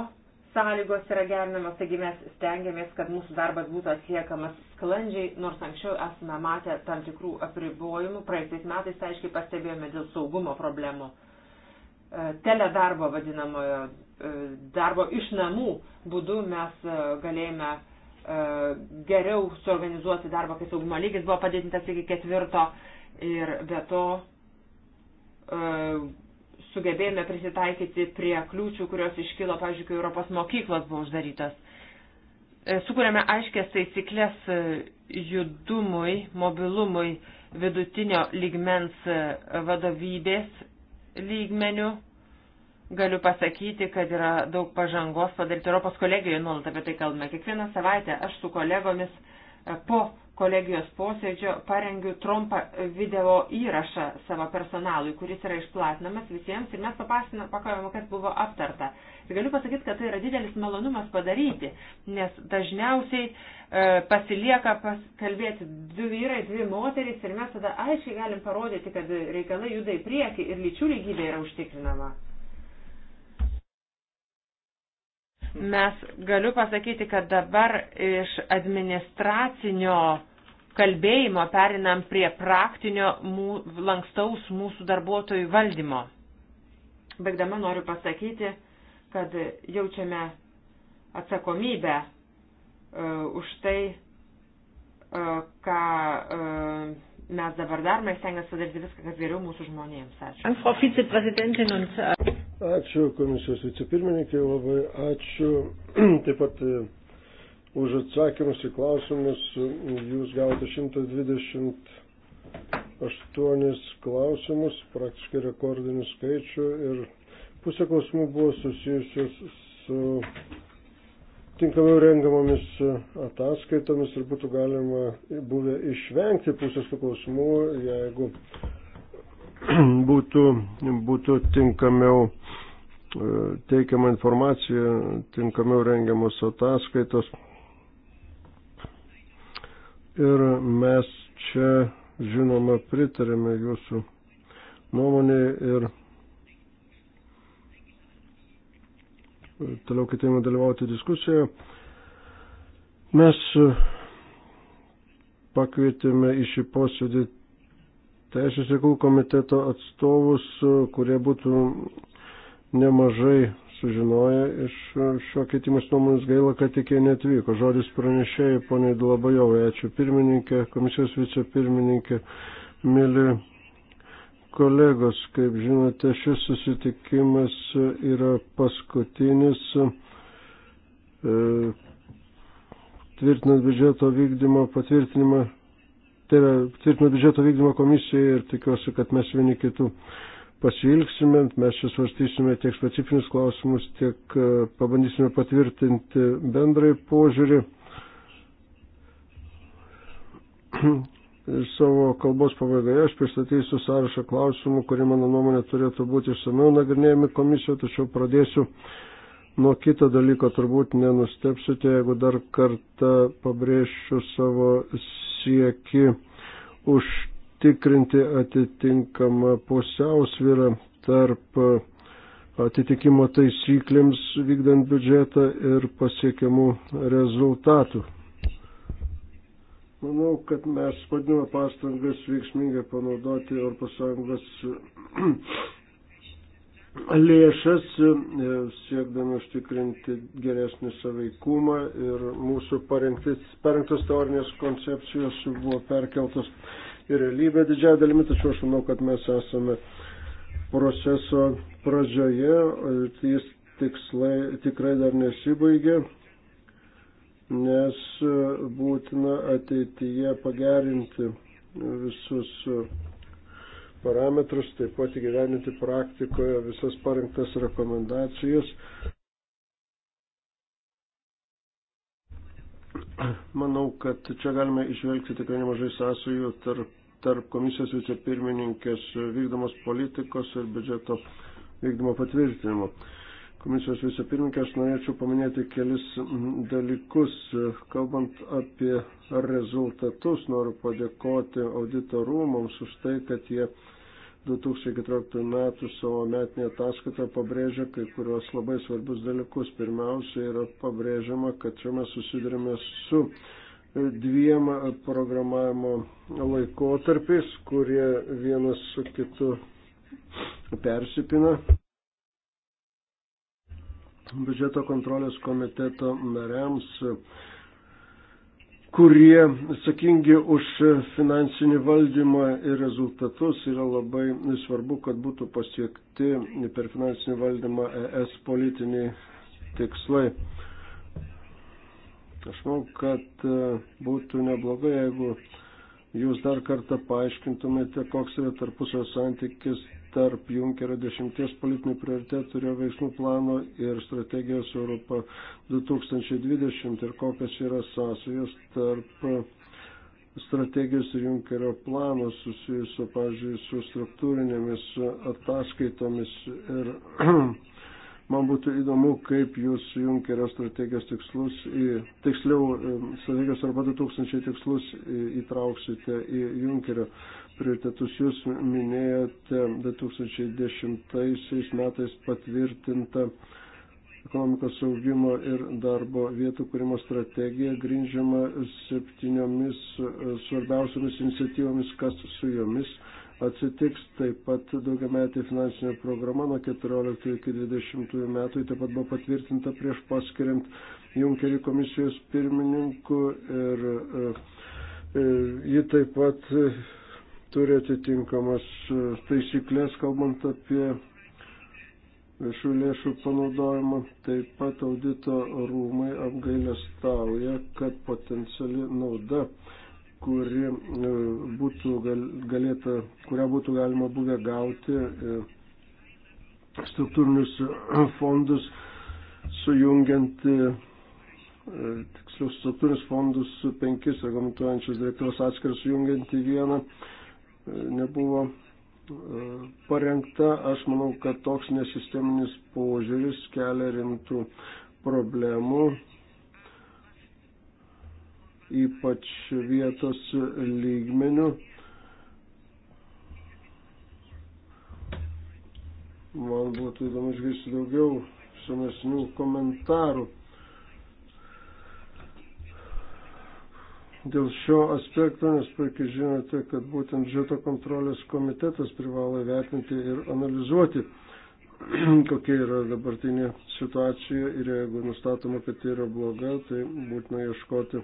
sąlygos yra gerinamas, taigi mes stengiamės, kad mūsų darbas būtų atliekamas sklandžiai, nors anksčiau esame matę tam tikrų apribojimų, praeitais metais aiškiai pastebėjome dėl saugumo problemų. E, teledarbo vadinamojo e, darbo iš namų būdu mes galėjome E, geriau suorganizuoti darbą, kai saugumo lygis buvo padidintas iki ketvirto ir be to e, sugebėjome prisitaikyti prie kliūčių, kurios iškilo, pavyzdžiui, kai Europos mokyklos buvo uždarytos. E, sukūrėme aiškės taisyklės judumui, mobilumui vidutinio lygmens vadovybės lygmenių galiu pasakyti, kad yra daug pažangos padaryti Europos kolegijoje, nuolat apie tai kalbame. Kiekvieną savaitę aš su kolegomis e, po kolegijos posėdžio parengiu trumpą video įrašą savo personalui, kuris yra išplatinamas visiems ir mes papasakojame, kas buvo aptarta. Ir galiu pasakyti, kad tai yra didelis malonumas padaryti, nes dažniausiai e, pasilieka pas, kalbėti du vyrai, dvi moterys ir mes tada aiškiai galim parodyti, kad reikalai juda į priekį ir lyčių lygybė yra užtikrinama. Mes galiu pasakyti, kad dabar iš administracinio kalbėjimo perinam prie praktinio mū, lankstaus mūsų darbuotojų valdymo. Baigdama noriu pasakyti, kad jaučiame atsakomybę uh, už tai, uh, ką uh, mes dabar darome, stengiamės padaryti viską, kas geriau mūsų žmonėms. Ačiū. Äh, ačiū komisijos vicepirmininkai, labai ačiū. Taip pat e, už atsakymus į klausimus jūs gavote 128 klausimus, praktiškai rekordinį skaičių ir pusė klausimų buvo susijusios su tinkamiau rengiamomis e, ataskaitomis ir būtų galima buvę išvengti pusės tų klausimų, jeigu būtų, būtų tinkamiau e, teikiama informacija, tinkamiau rengiamos ataskaitos. Ir mes čia, žinoma, pritarėme jūsų nuomonė ir toliau ketiname dalyvauti diskusijoje. Mes e, pakvietėme į šį posėdį Teisės reikalų komiteto atstovus, e, kurie būtų nemažai sužinoję iš e, šio keitimas nuomonės gaila, kad iki netvyko. Žodis pranešėjai, poniai Dlabajovai, ačiū pirmininkė, komisijos vicepirmininkė, mėly kolegos, kaip žinote, šis susitikimas yra paskutinis e, tvirtinant biudžeto vykdymo patvirtinimą, tai yra tvirtinant biudžeto vykdymo komisiją ir tikiuosi, kad mes vieni kitų pasilgsime, mes čia svarstysime tiek specifinius klausimus, tiek e, pabandysime patvirtinti bendrai požiūrį savo kalbos pabaigoje aš pristatysiu sąrašą klausimų, kurie mano nuomonė turėtų būti išsamiau nagrinėjami komisijoje, tačiau pradėsiu nuo kito dalyko, turbūt nenustepsite, jeigu dar kartą pabrėšiu savo sieki užtikrinti atitinkamą pusiausvyrą tarp atitikimo taisyklėms vykdant biudžetą ir pasiekiamų rezultatų. Manau, kad mes padėjome pastangas veiksmingai panaudoti ES lėšas, e, siekdami užtikrinti geresnį saveikumą ir mūsų parengtos teorinės koncepcijos buvo perkeltos į realybę didžiąją dalimi, tačiau aš manau, kad mes esame proceso pradžioje, jis tikslai tikrai dar nesibaigė nes e, būtina ateityje pagerinti visus e, parametrus, taip pat įgyveninti praktikoje visas parinktas rekomendacijas. Manau, kad čia galime išvelgti tikrai nemažai sąsajų tarp, tarp komisijos vicepirmininkės vykdomos politikos ir biudžeto vykdymo patvirtinimo komisijos vicepirmininkė, aš norėčiau paminėti kelis dalykus. Kalbant apie rezultatus, noriu padėkoti auditorumams už tai, kad jie 2014 metų savo metinėje ataskaitoje pabrėžia kai kurios labai svarbus dalykus. Pirmiausia yra pabrėžiama, kad čia mes susidurime su dviem programavimo laikotarpiais, kurie vienas su kitu persipina biudžeto kontrolės komiteto nariams, kurie atsakingi už finansinį valdymą ir rezultatus yra labai svarbu, kad būtų pasiekti per finansinį valdymą ES politiniai tikslai. Aš manau, kad e, būtų neblogai, jeigu jūs dar kartą paaiškintumėte, koks yra tarpusio santykis tarp Junkerio dešimties politinių prioritetų ir veiksmų plano ir strategijos Europa 2020 ir kokias yra sąsajos tarp strategijos ir Junkerio plano susijusio, pavyzdžiui, su struktūrinėmis ataskaitomis. Ir man būtų įdomu, kaip jūs Junkerio strategijos tikslus, į, tiksliau, strategijos arba 2000 tikslus įtrauksite į Junkerio prioritetus jūs minėjote 2010 metais patvirtintą ekonomikos augimo ir darbo vietų kūrimo strategija grindžiama septyniomis svarbiausiamis iniciatyvomis, kas su jomis atsitiks. Taip pat daugiametė finansinė programa nuo 14 iki 20 metų taip pat buvo patvirtinta prieš paskiriant Junkerį komisijos pirmininku ir, ir e, e, ji taip pat turi atitinkamas e, taisyklės, kalbant apie viešų lėšų panaudojimą. Taip pat audito rūmai apgailestauja, kad potenciali nauda, kuri e, būtų galėta, kurią būtų galima buvę gauti e, struktūrinius fondus sujungiant tiksliau struktūrinis fondus su penkis reglamentuojančius direktyvos atskiras jungiant į vieną, nebuvo e, parengta. Aš manau, kad toks nesisteminis požiūris kelia rimtų problemų, ypač vietos lygmenių. Man būtų įdomu išgirsti daugiau senesnių komentarų. dėl šio aspekto, nes puikiai žinote, kad būtent žito kontrolės komitetas privalo vertinti ir analizuoti, kokia yra dabartinė situacija ir jeigu nustatoma, kad tai yra bloga, tai būtina ieškoti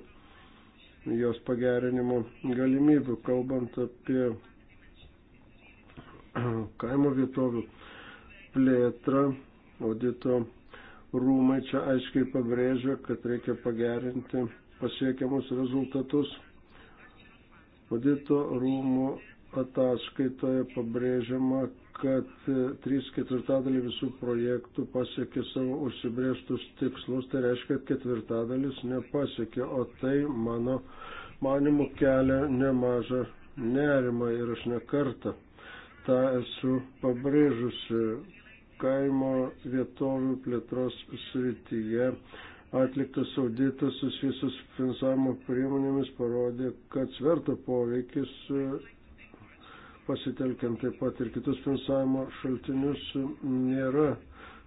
jos pagerinimo galimybių, kalbant apie kaimo vietovių plėtrą, audito rūmai čia aiškiai pabrėžia, kad reikia pagerinti pasiekiamus rezultatus. Audito rūmų ataskaitoje pabrėžiama, kad 3 ketvirtadalį visų projektų pasiekė savo užsibrėžtus tikslus, tai reiškia, kad ketvirtadalis nepasiekė, o tai mano manimų kelia nemažą nerimą ir aš nekartą tą esu pabrėžusi kaimo vietovių plėtros srityje atliktas auditas susijusius finansavimo priemonėmis parodė, kad sverto poveikis pasitelkiant taip pat ir kitus finansavimo šaltinius nėra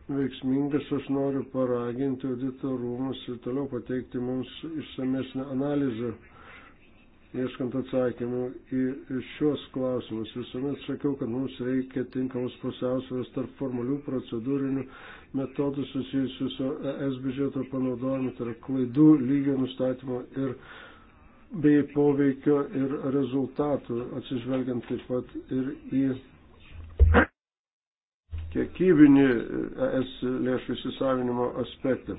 veiksmingas. Aš noriu paraginti audito rūmus ir toliau pateikti mums išsamesnę analizę ieškant atsakymų į šios klausimus. Visuomet sakiau, kad mums reikia tinkamos pusiausvėros tarp formalių procedūrinių metodų susijusių su ES biudžeto panaudojimu, tai yra klaidų lygio nustatymo ir bei poveikio ir rezultatų, atsižvelgiant taip pat ir į kiekybinį ES lėšų įsisavinimo aspektą.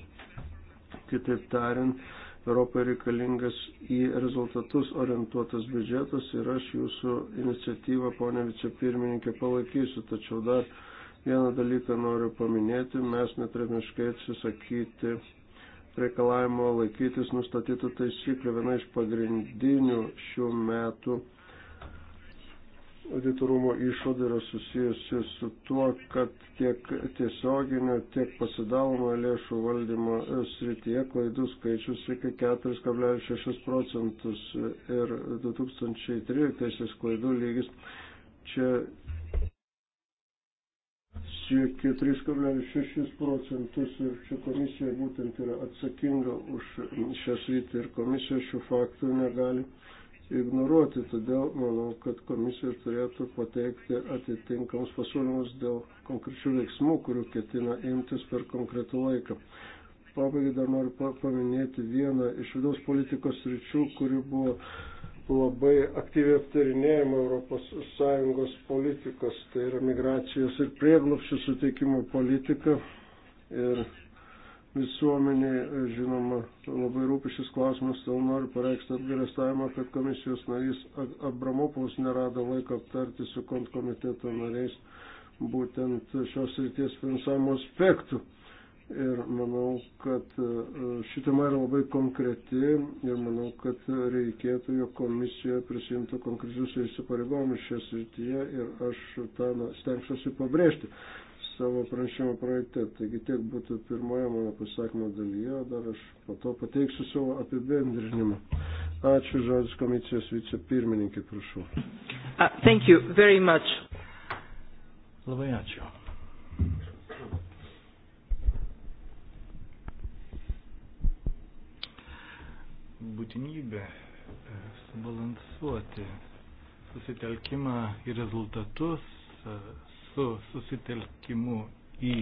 Kitaip tariant, Europai reikalingas į rezultatus orientuotas biudžetas ir aš jūsų iniciatyvą, ponė vicepirmininkė, palaikysiu, tačiau dar vieną dalyką noriu paminėti, mes neturėmiškai atsisakyti reikalavimo laikytis nustatytų taisyklių. Viena iš pagrindinių šių metų auditorumo išvada yra susijusi su tuo, kad tiek tiesioginio, tiek pasidalomo lėšų valdymo e, srityje klaidų skaičius siekia 4,6 procentus ir 2013 klaidų lygis čia siekia 3,6 procentus ir čia komisija būtent yra atsakinga už šią sritį ir komisija šių faktų negali ignoruoti. Todėl manau, kad komisija turėtų pateikti atitinkamus pasiūlymus dėl konkrečių veiksmų, kurių ketina imtis per konkretų laiką. Pabaigai dar noriu paminėti vieną iš vidaus politikos ryčių, kuri buvo labai aktyviai aptarinėjama ES politikos, tai yra migracijos ir prieglopščių suteikimo politika. Ir visuomeniai, žinoma, labai rūpi šis klausimas, todėl noriu pareikšti apgailestavimą, kad komisijos narys Abramopovas nerado laiko aptarti su kontkomiteto nariais būtent šios ryties finansavimo aspektų. Ir manau, kad e, ši tema yra labai konkreti ir manau, kad reikėtų, jog komisija prisimtų konkrečius įsipareigojimus šią srityje ir aš tą stengsiuosi pabrėžti savo pranešimo projekte. Taigi tiek būtų pirmoje mano pasakymo dalyje, dar aš po to pateiksiu savo apibendrinimą. Ačiū žodis komisijos vicepirmininkė, prašau. Uh, thank you very much. Labai ačiū. Būtinybė uh, subalansuoti susitelkimą į rezultatus uh, su susitelkimu į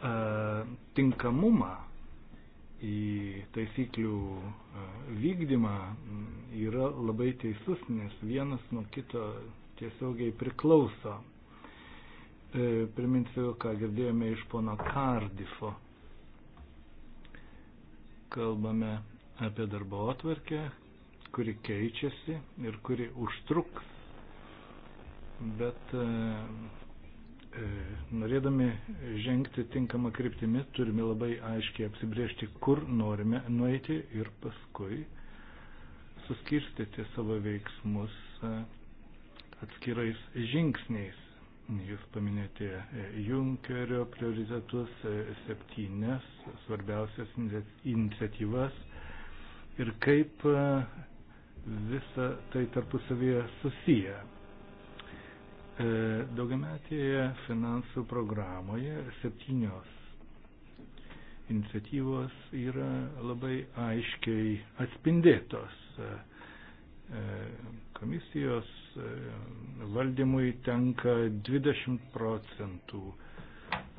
e, tinkamumą, į taisyklių e, vykdymą mm, yra labai teisus, nes vienas nuo kito tiesiogiai priklauso. E, priminsiu, ką girdėjome iš pono Kardifo. Kalbame apie darbo atvarkę, kuri keičiasi ir kuri užtruks bet e, e, norėdami žengti tinkamą kryptimį turime labai aiškiai apsibriežti, kur norime nueiti ir paskui suskirstyti savo veiksmus e, atskirais žingsniais. Jūs paminėjote Junkerio prioritetus, septynes svarbiausias iniciatyvas ir kaip visa tai tarpusavėje susiję. E, daugiametėje finansų programoje septynios iniciatyvos yra labai aiškiai atspindėtos. E, e, komisijos valdymui tenka 20 procentų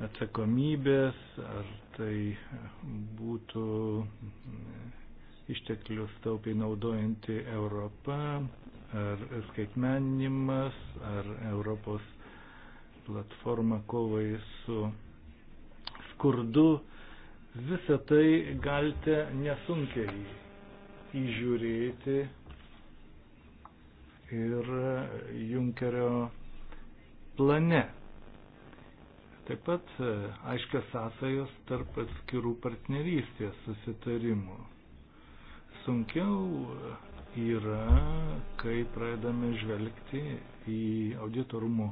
atsakomybės, ar tai būtų išteklius taupiai naudojanti Europa, ar skaitmeninimas, ar Europos platforma kovai su skurdu. Visą tai galite nesunkiai įžiūrėti ir Junkerio plane. Taip pat e, aiškios sąsajos tarp atskirų partnerystės susitarimų. Sunkiau yra, kai pradedame žvelgti į auditorumų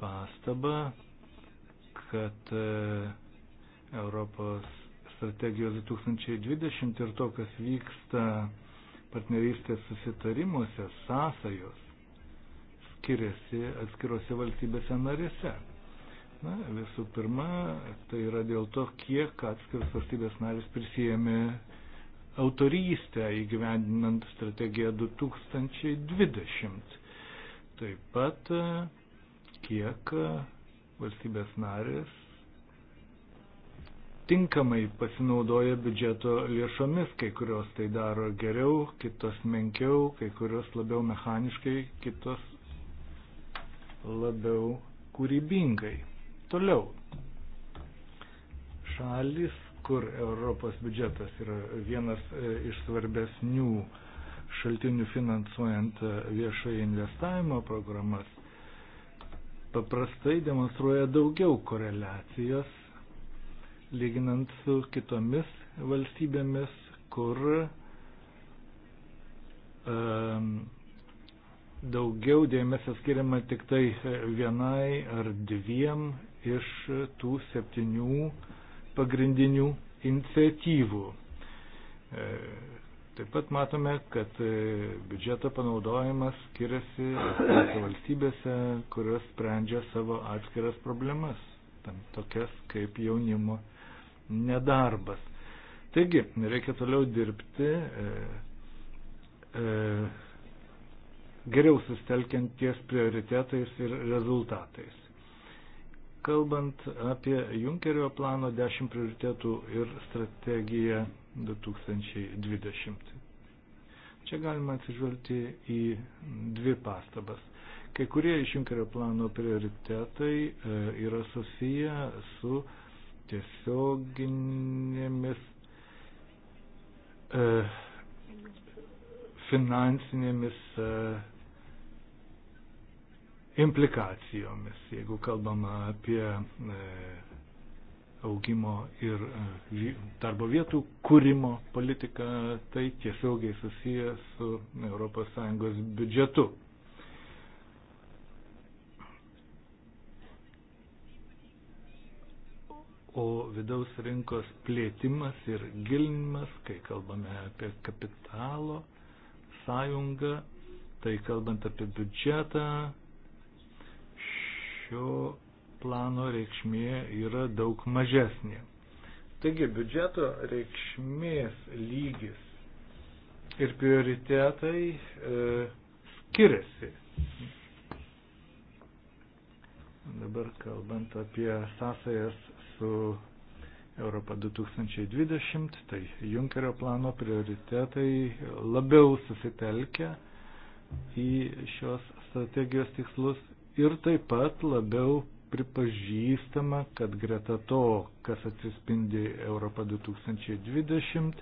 pastabą, kad e, Europos strategijos 2020 ir to, kas vyksta partnerystės susitarimuose, sąsajos skiriasi atskirose valstybėse narėse. Na, visų pirma, tai yra dėl to, kiek atskiras valstybės narės prisijėmė autorystę įgyvendinant strategiją 2020. Taip pat e, kiek e, valstybės narės tinkamai pasinaudoja biudžeto lėšomis, kai kurios tai daro geriau, kitos menkiau, kai kurios labiau mechaniškai, kitos labiau kūrybingai. Toliau. Šalis kur Europos biudžetas yra vienas e, iš svarbesnių šaltinių finansuojant e, viešoje investavimo programas, paprastai demonstruoja daugiau koreliacijos, lyginant su kitomis valstybėmis, kur um, daugiau dėmesio skiriama tik tai e, vienai ar dviem iš tų septynių uh, pagrindinių iniciatyvų. E, taip pat matome, kad e, biudžeto panaudojimas skiriasi valstybėse, kurios sprendžia savo atskiras problemas, tam tokias kaip jaunimo nedarbas. Taigi, reikia toliau dirbti, e, e, geriau sustelkiant ties prioritetais ir rezultatais. Kalbant apie Junkerio plano 10 prioritėtų ir strategiją 2020. Čia galima atsižvelgti į dvi pastabas. Kai kurie iš Junkerio plano prioritetai e, yra susiję su tiesioginėmis e, finansinėmis e, implikacijomis, jeigu kalbama apie e, augimo ir e, darbo vietų kūrimo politika, tai tiesiogiai susiję su ES biudžetu. O vidaus rinkos plėtimas ir gilinimas, kai kalbame apie kapitalo sąjungą, tai kalbant apie biudžetą, šio plano reikšmė yra daug mažesnė. Taigi biudžeto reikšmės lygis ir prioritetai e, skiriasi. Dabar kalbant apie sąsajas su Europa 2020, tai Junkerio plano prioritetai labiau susitelkia į šios strategijos tikslus ir taip pat labiau pripažįstama, kad greta to, kas atsispindi Europa 2020,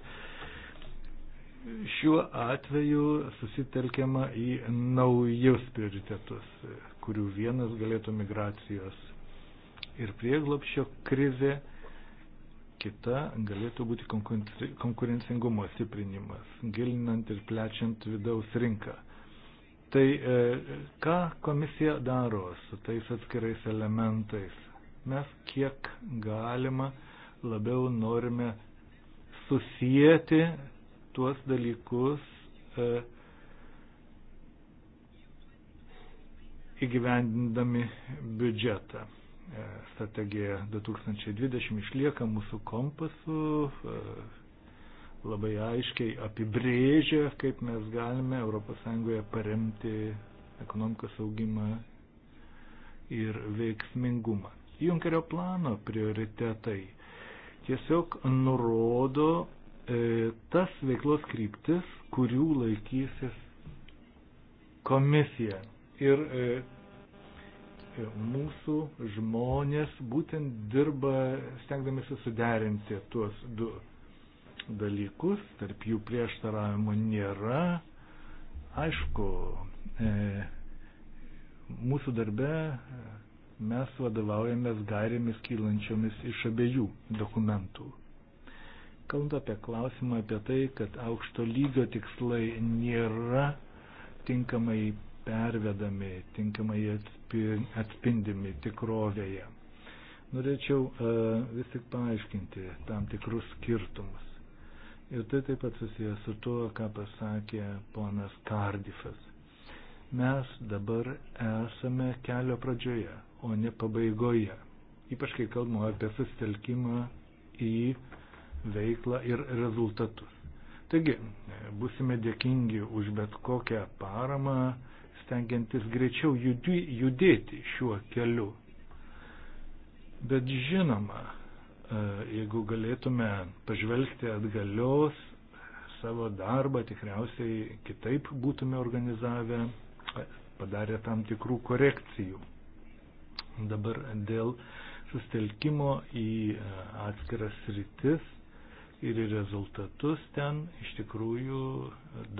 šiuo atveju susitelkiama į naujus prioritetus, kurių vienas galėtų migracijos ir prieglopščio krizė, kita galėtų būti konkurencingumo stiprinimas, gilinant ir plečiant vidaus rinką. Tai e, ką komisija daro su tais atskirais elementais? Mes kiek galima labiau norime susijęti tuos dalykus e, įgyvendindami biudžetą. E, strategija 2020 išlieka mūsų kompasu, labai aiškiai apibrėžia, kaip mes galime ES paremti ekonomikos augimą ir veiksmingumą. Junkerio plano prioritetai tiesiog nurodo e, tas veiklos kryptis, kurių laikysis komisija. Ir e, e mūsų žmonės būtent dirba, stengdamėsi suderinti tuos du dalykus, tarp jų prieštaravimų nėra. Aišku, e, mūsų darbe e, mes vadovaujamės gairėmis kylančiomis iš abiejų dokumentų. Kalbant apie klausimą apie tai, kad aukšto lygio tikslai nėra tinkamai pervedami, tinkamai atspindimi tikrovėje norėčiau e, vis tik paaiškinti tam tikrus skirtumus. Ir tai taip pat susijęs su tuo, ką pasakė ponas Kardifas. Mes dabar esame kelio pradžioje, o ne pabaigoje. Ypač kai kalbame apie susitelkimą į veiklą ir rezultatus. Taigi, būsime dėkingi už bet kokią paramą, stengiantis greičiau judėti šiuo keliu. Bet žinoma, E, jeigu galėtume pažvelgti atgalios savo darbą, tikriausiai kitaip būtume organizavę, e, padarę tam tikrų korekcijų. Dabar dėl sustelkimo į e, atskiras rytis ir į rezultatus ten iš tikrųjų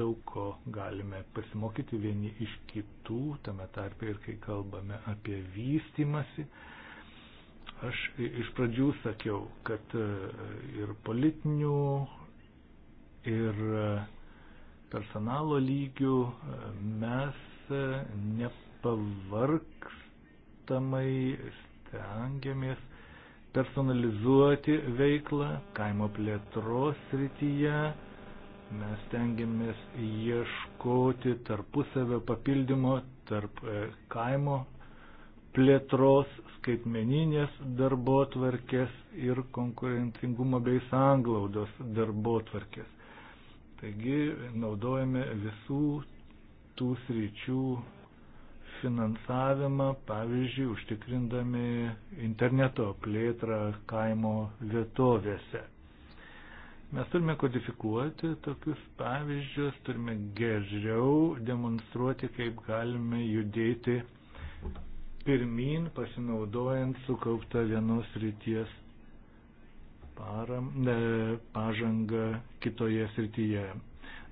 daug ko galime pasimokyti vieni iš kitų, tame tarpe ir kai kalbame apie vystimasi. Aš iš pradžių sakiau, kad e, ir politinių, ir e, personalo lygių e, mes nepavarkstamai stengiamės personalizuoti veiklą kaimo plėtros srityje. Mes tengiamės ieškoti tarpusavio papildymo tarp kaimo plėtros skaitmeninės darbo tvarkės ir konkurencingumo bei sanglaudos darbo tvarkės. Taigi naudojame visų tų sričių finansavimą, pavyzdžiui, užtikrindami interneto plėtrą kaimo vietovėse. Mes turime kodifikuoti tokius pavyzdžius, turime geriau demonstruoti, kaip galime judėti pirmin, pasinaudojant sukauptą vienos ryties param, ne, pažangą kitoje srityje.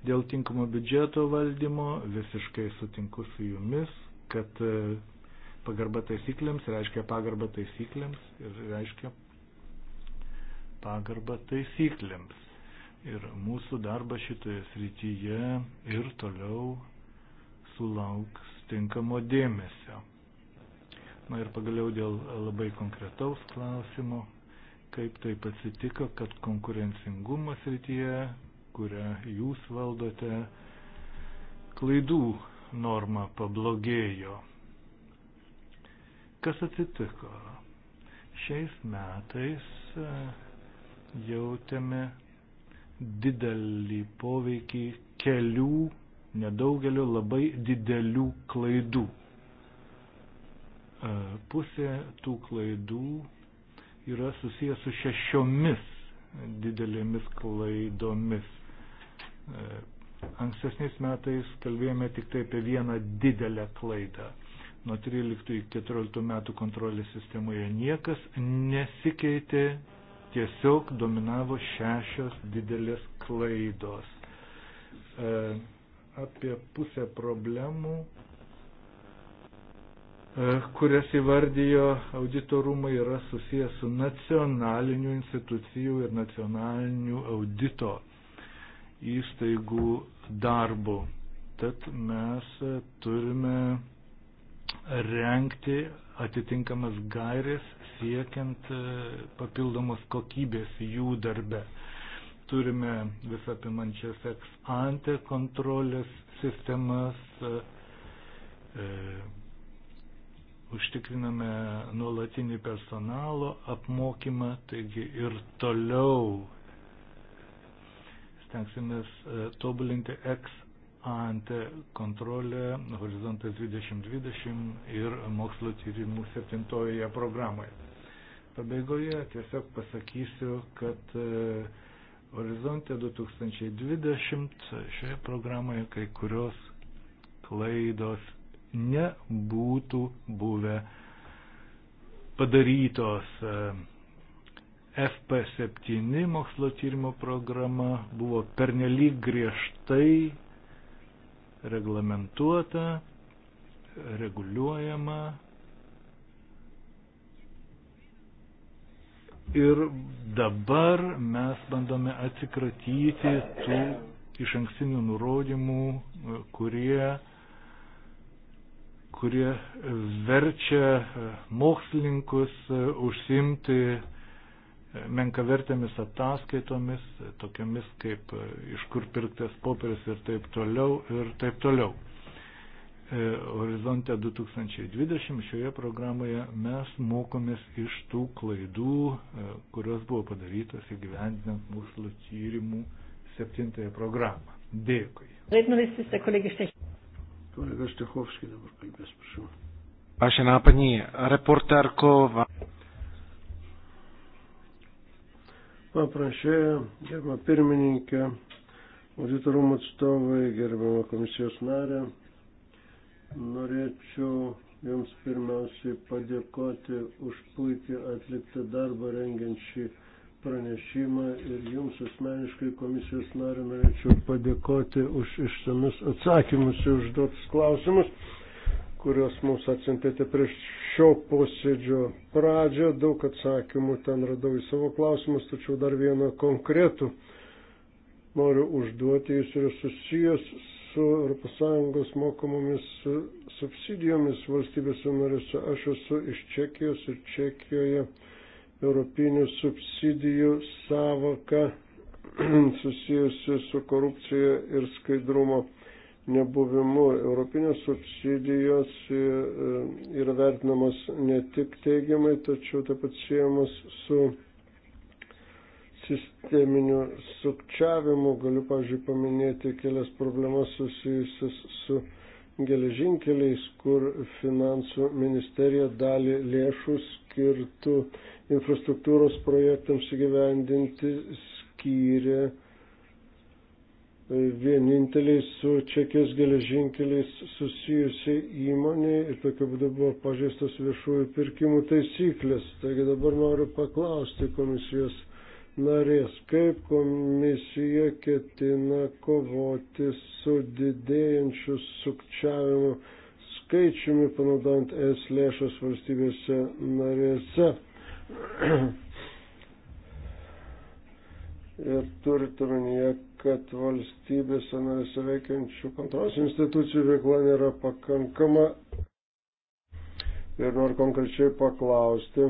Dėl tinkamo biudžeto valdymo visiškai sutinku su jumis, kad e, pagarba taisyklėms reiškia pagarba taisyklėms ir reiškia pagarba taisyklėms. Ir mūsų darbas šitoje srityje ir toliau sulauks tinkamo dėmesio. Na ir pagaliau dėl labai konkretaus klausimo, kaip taip atsitiko, kad konkurencingumo srityje, kurią jūs valdote, klaidų norma pablogėjo. Kas atsitiko? Šiais metais e, jautėme didelį poveikį kelių, nedaugelio labai didelių klaidų E, pusė tų klaidų yra susijęs su šešiomis didelėmis klaidomis. E, ankstesniais metais kalbėjome tik tai apie vieną didelę klaidą. Nuo 13 iki 14 metų kontrolės sistemoje niekas nesikeitė, tiesiog dominavo šešios didelės klaidos. E, apie pusę problemų E, kurias įvardijo auditorumai, yra susijęs su nacionalinių institucijų ir nacionalinių audito įstaigų darbu. Tad mes e, turime renkti atitinkamas gairės siekiant e, papildomos kokybės jų darbe. Turime visapimančias ex ante kontrolės sistemas, užtikriname nuolatinį personalo apmokymą, taigi ir toliau stengsimės e, tobulinti ex ante kontrolę Horizontas 2020 ir mokslo tyrimų septintojoje programoje. Pabaigoje tiesiog pasakysiu, kad e, Horizonte 2020 šioje programoje kai kurios klaidos nebūtų buvę padarytos. E, FP7 mokslo tyrimo programa buvo pernelyg griežtai reglamentuota, reguliuojama ir dabar mes bandome atsikratyti tų iš ankstinių nurodymų, kurie kurie verčia e, mokslininkus e, užsimti e, menkavertėmis ataskaitomis, tokiamis kaip iš kur pirktas popieris ir taip toliau ir taip toliau. Horizonte 2020 šioje programoje mes mokomės iš tų klaidų, kurios buvo padarytos įgyvendinant mūsų tyrimų septintąją programą. Dėkui. Kolega Štechovski dabar kalbės, prašau. Vážená paní reportérko. Paprašė, gerbama pirmininkė, auditorumo atstovai, gerbama komisijos narė, norėčiau Jums pirmiausiai padėkoti už puikiai atliktą darbą rengiant šį pranešimą ir jums asmeniškai komisijos nariu norėčiau padėkoti už išsamius atsakymus ir užduotus klausimus, kuriuos mums atsintėte prieš šio posėdžio pradžią. Daug atsakymų ten radau į savo klausimus, tačiau dar vieną konkretų noriu užduoti. Jis yra susijęs su ES mokamomis subsidijomis valstybėse narėse. Aš esu iš Čekijos ir Čekijoje europinių subsidijų savoka susijusi su korupcija ir skaidrumo nebuvimu. Europinės subsidijos e, yra vertinamos ne tik teigiamai, tačiau taip pat siejamos su sisteminiu sukčiavimu. Galiu, pažiūrėjau, paminėti kelias problemas susijusias su geležinkeliais, kur finansų ministerija dalį lėšų skirtų infrastruktūros projektams įgyvendinti skyrė e, vieninteliai su Čekijos geležinkeliais susijusiai įmoniai ir tokiu būdu buvo pažeistos viešųjų pirkimų taisyklės. Taigi dabar noriu paklausti komisijos narės, kaip komisija ketina kovoti su didėjančiu sukčiavimu skaičiumi, panaudojant es lėšas valstybėse narėse. Ir turite omenyje, kad valstybėse narėse veikiančių kontros institucijų veikla nėra pakankama. Ir noriu konkrečiai paklausti,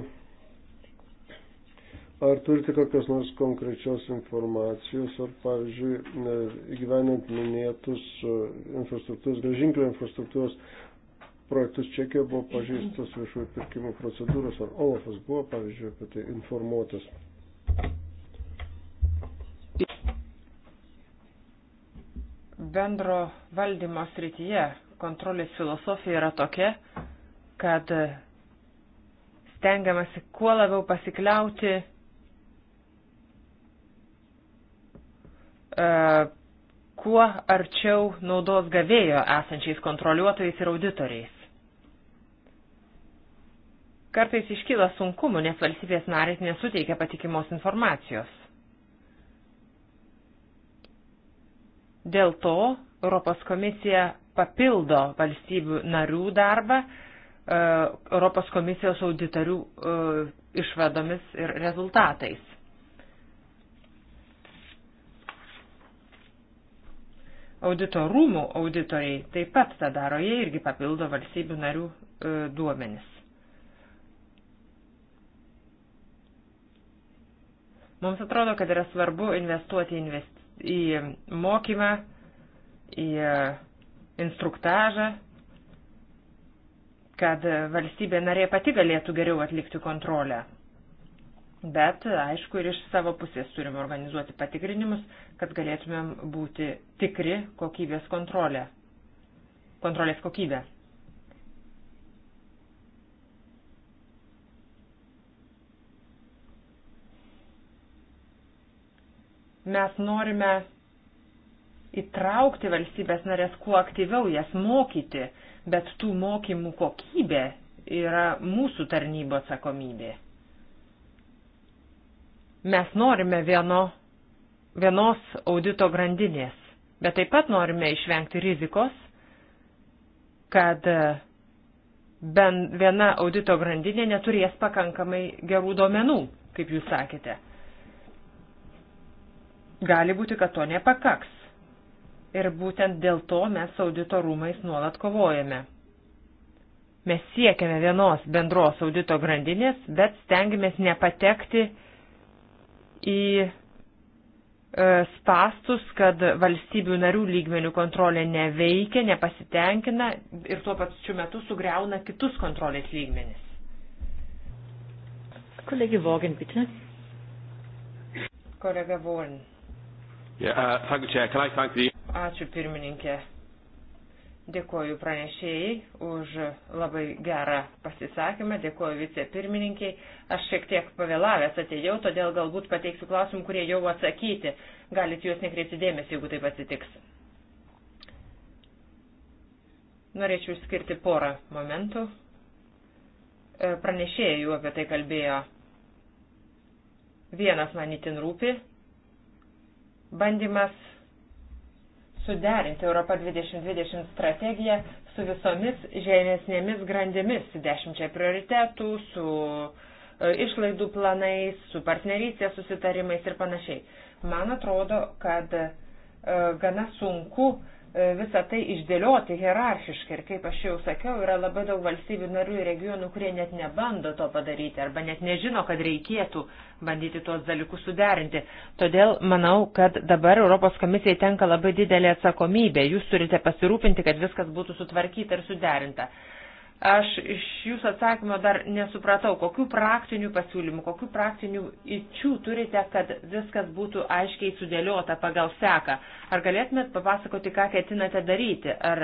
Ar turite kokios nors konkrečios informacijos, ar pavyzdžiui, e, gyvenant minėtus e, infrastruktūros, gražinklio infrastruktūros projektus Čekijoje buvo pažįstos viešųjų pirkimų procedūros, ar Olafas buvo, pavyzdžiui, apie tai informuotas? Bendro valdymo srityje kontrolės filosofija yra tokia, kad stengiamasi kuo labiau pasikliauti E, kuo arčiau naudos gavėjo esančiais kontroliuotojais ir auditoriais. Kartais iškyla sunkumų, nes valstybės narės nesuteikia patikimos informacijos. Dėl to Europos komisija papildo valstybių narių darbą e, Europos komisijos auditorių e, išvadomis ir rezultatais. Audito rūmų auditoriai taip pat tą daro, jie irgi papildo valstybių narių e, duomenis. Mums atrodo, kad yra svarbu investuoti invest... į mokymą, į e, instruktažą, kad valstybė narė pati galėtų geriau atlikti kontrolę. Bet, aišku, ir iš savo pusės turime organizuoti patikrinimus, kad galėtumėm būti tikri kokybės kontrolė, kontrolės kokybė. Mes norime įtraukti valstybės narės kuo aktyviau, jas mokyti, bet tų mokymų kokybė yra mūsų tarnybo atsakomybė. Mes norime vieno, vienos audito grandinės, bet taip pat norime išvengti rizikos, kad e, bent viena audito grandinė neturės pakankamai gerų duomenų, kaip jūs sakėte. Gali būti, kad to nepakaks. Ir būtent dėl to mes audito rūmais nuolat kovojame. Mes siekiame vienos bendros audito grandinės, bet stengiamės nepatekti į e, spastus, kad valstybių narių lygmenių kontrolė neveikia, nepasitenkina ir tuo pačiu metu sugriauna kitus kontrolės lygmenis. Kollege Vorgen, bitte. Kollege Vorgen. Yeah, uh, thank you, Chair. Can I thank the... Ačiū pirmininkė. Dėkoju pranešėjai už labai gerą pasisakymą, dėkoju vicepirmininkiai. Aš šiek tiek pavėlavęs atėjau, todėl galbūt pateiksiu klausimų, kurie jau atsakyti. Galit juos nekreipti dėmesį, jeigu taip atsitiks. Norėčiau išskirti porą momentų. E, pranešėjai jau apie tai kalbėjo. Vienas man itin rūpi. Bandymas suderinti Europą 2020 strategiją su visomis žemesnėmis grandimis, su dešimčia prioritetų, su e, išlaidų planais, su partnerystės susitarimais ir panašiai. Man atrodo, kad e, gana sunku uh, E, visą tai išdėlioti hierarchiškai ir kaip aš jau sakiau, yra labai daug valstybių narių ir regionų, kurie net nebando to padaryti arba net nežino, kad reikėtų bandyti tuos dalykus suderinti. Todėl manau, kad dabar Europos komisijai tenka labai didelė atsakomybė. Jūs turite pasirūpinti, kad viskas būtų sutvarkyta ir suderinta. Aš iš jūsų atsakymo dar nesupratau, kokių praktinių pasiūlymų, kokių praktinių įčių turite, kad viskas būtų aiškiai sudėliota pagal seką. Ar galėtumėt papasakoti, ką ketinate daryti? Ar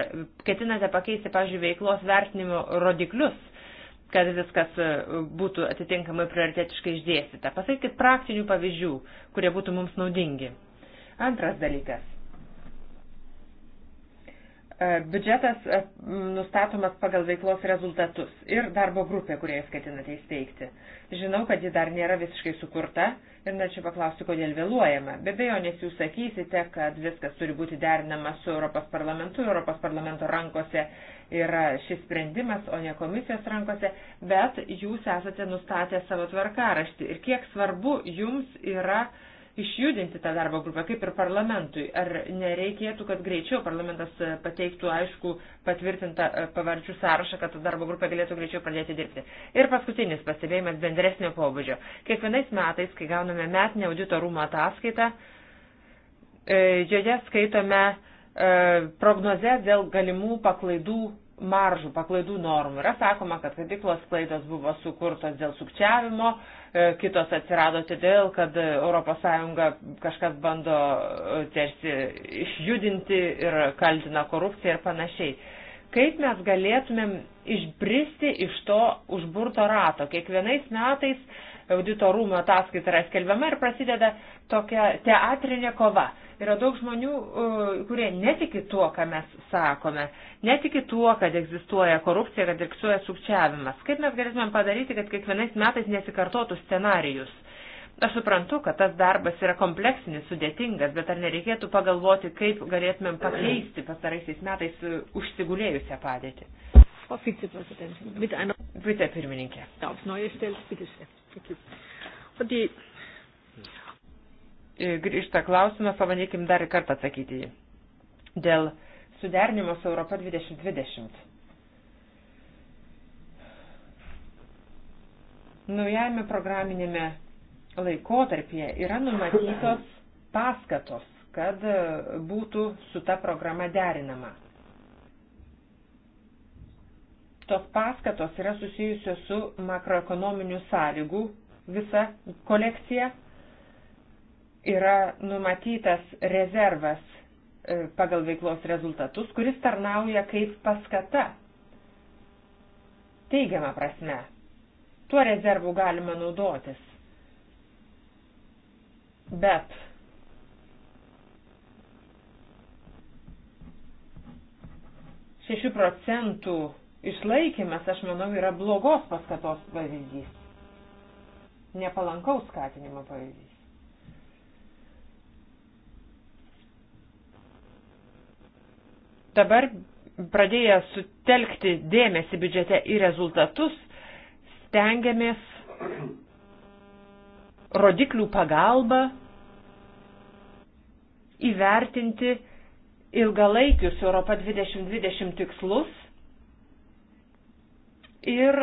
ketinate pakeisti, pažiūrėjau, veiklos vertinimo rodiklius, kad viskas e, būtų atitinkamai prioritetiškai išdėstyta? Pasakykit praktinių pavyzdžių, kurie būtų mums naudingi. Antras dalykas E, biudžetas e, nustatomas pagal veiklos rezultatus ir darbo grupė, kurie jūs ketinate įsteigti. Žinau, kad ji dar nėra visiškai sukurta ir norėčiau paklausti, kodėl vėluojame. Be abejo, nes jūs sakysite, kad viskas turi būti derinama su Europos parlamentu, Europos parlamento rankose yra šis sprendimas, o ne komisijos rankose, bet jūs esate nustatę savo tvarkaraštį ir kiek svarbu jums yra uh, išjudinti tą darbo grupę, kaip ir parlamentui. Ar nereikėtų, kad greičiau parlamentas pateiktų aišku patvirtintą e, pavardžių sąrašą, kad ta darbo grupė galėtų greičiau pradėti dirbti. Ir paskutinis pastebėjimas bendresnio pobūdžio. Kiekvienais metais, kai gauname metinę audito rūmą ataskaitą, e, joje skaitome e, prognozes dėl galimų paklaidų maržų, paklaidų normų. Yra sakoma, kad kadiklos klaidos buvo sukurtos dėl sukčiavimo, e, kitos atsirado todėl, kad ES kažkas bando e, tarsi išjudinti ir kaltina korupciją ir panašiai. Kaip mes galėtumėm išbristi iš to užburto rato? Kiekvienais metais auditorumo ataskaita yra skelbiama ir prasideda tokia teatrinė kova Yra daug žmonių, kurie netiki tuo, ką mes sakome, netiki tuo, kad egzistuoja korupcija, kad egzistuoja sukčiavimas. Kaip mes galėtumėm padaryti, kad kiekvienais metais nesikartotų scenarijus? Aš suprantu, kad tas darbas yra kompleksinis, sudėtingas, bet ar nereikėtų pagalvoti, kaip galėtumėm pakeisti pastaraisiais metais e, užsigulėjusią padėtį? Frau Vizepräsidentin, mit einer Bitte, Pirmininkė. Aufs Neue stellt, bitte sehr. Thank you. Und die E, grįžta klausimą, pabandykim dar kartą atsakyti jį. Dėl suderinimo su Europa 2020. Naujame programinėme laikotarpyje yra numatytos paskatos, kad būtų su ta programa derinama. Tos paskatos yra susijusios su makroekonominių sąlygų visa kolekcija yra numatytas rezervas e, pagal veiklos rezultatus, kuris tarnauja kaip paskata. Teigiama prasme. Tuo rezervu galima naudotis. Bet šešių procentų išlaikymas, aš manau, yra blogos paskatos pavyzdys. Nepalankaus skatinimo pavyzdys. Dabar pradėję sutelkti dėmesį biudžete į rezultatus, stengiamės rodiklių pagalba įvertinti ilgalaikius Europa 2020 tikslus ir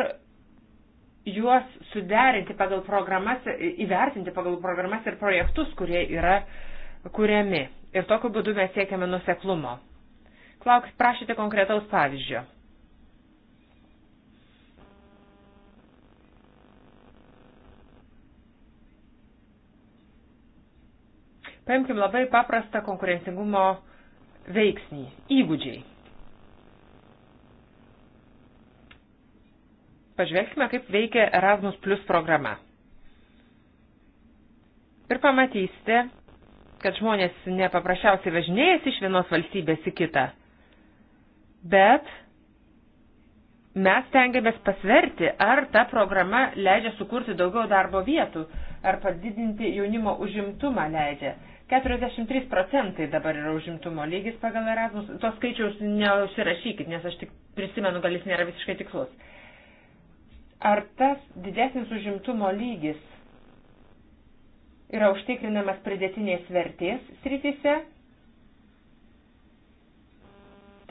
juos suderinti pagal programas, įvertinti pagal programas ir projektus, kurie yra kuriami. Ir tokiu būdu mes siekiame nuseklumo. Klaus, prašėte konkretaus pavyzdžio. Paimkim labai paprastą konkurencingumo veiksnį - įgūdžiai. Pažvelkime, kaip veikia Erasmus Plus programa. Ir pamatysite, kad žmonės nepaprasčiausiai važinėjasi iš vienos valstybės į kitą bet mes tengiamės pasverti, ar ta programa leidžia sukurti daugiau darbo vietų, ar padidinti jaunimo užimtumą leidžia. 43 procentai dabar yra užimtumo lygis pagal Erasmus. Tos skaičiaus neužsirašykit, nes aš tik prisimenu, gal jis nėra visiškai tikslus. Ar tas didesnis užimtumo lygis yra užtikrinamas pridėtinės vertės srityse?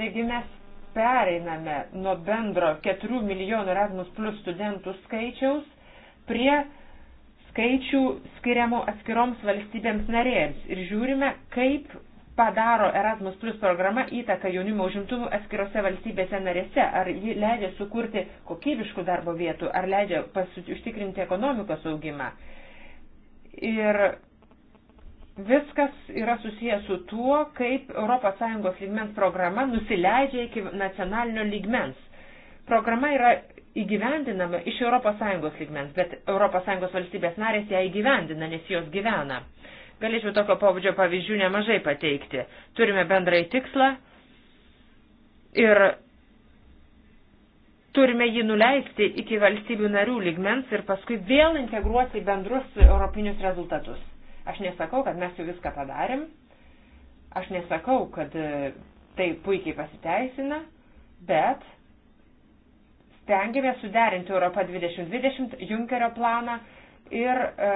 Taigi mes pereiname nuo bendro 4 milijonų Erasmus plus studentų skaičiaus prie skaičių skiriamų atskiroms valstybėms narėms ir žiūrime, kaip padaro Erasmus Plus programa įtaką jaunimo užimtumų atskirose valstybėse narėse, ar ji leidžia sukurti kokybiškų darbo vietų, ar leidžia užtikrinti ekonomikos augimą. Ir viskas yra susijęs su tuo, kaip ES lygmens programa nusileidžia iki nacionalinio lygmens. Programa yra įgyvendinama iš ES lygmens, bet ES valstybės narės ją įgyvendina, nes jos gyvena. Galėčiau tokio pobūdžio pavyzdžių nemažai pateikti. Turime bendrai tikslą ir turime jį nuleisti iki valstybių narių lygmens ir paskui vėl integruoti bendrus europinius rezultatus. Aš nesakau, kad mes jau viską padarėm, aš nesakau, kad e, tai puikiai pasiteisina, bet stengiamės suderinti Europą 2020 Junkerio planą ir e,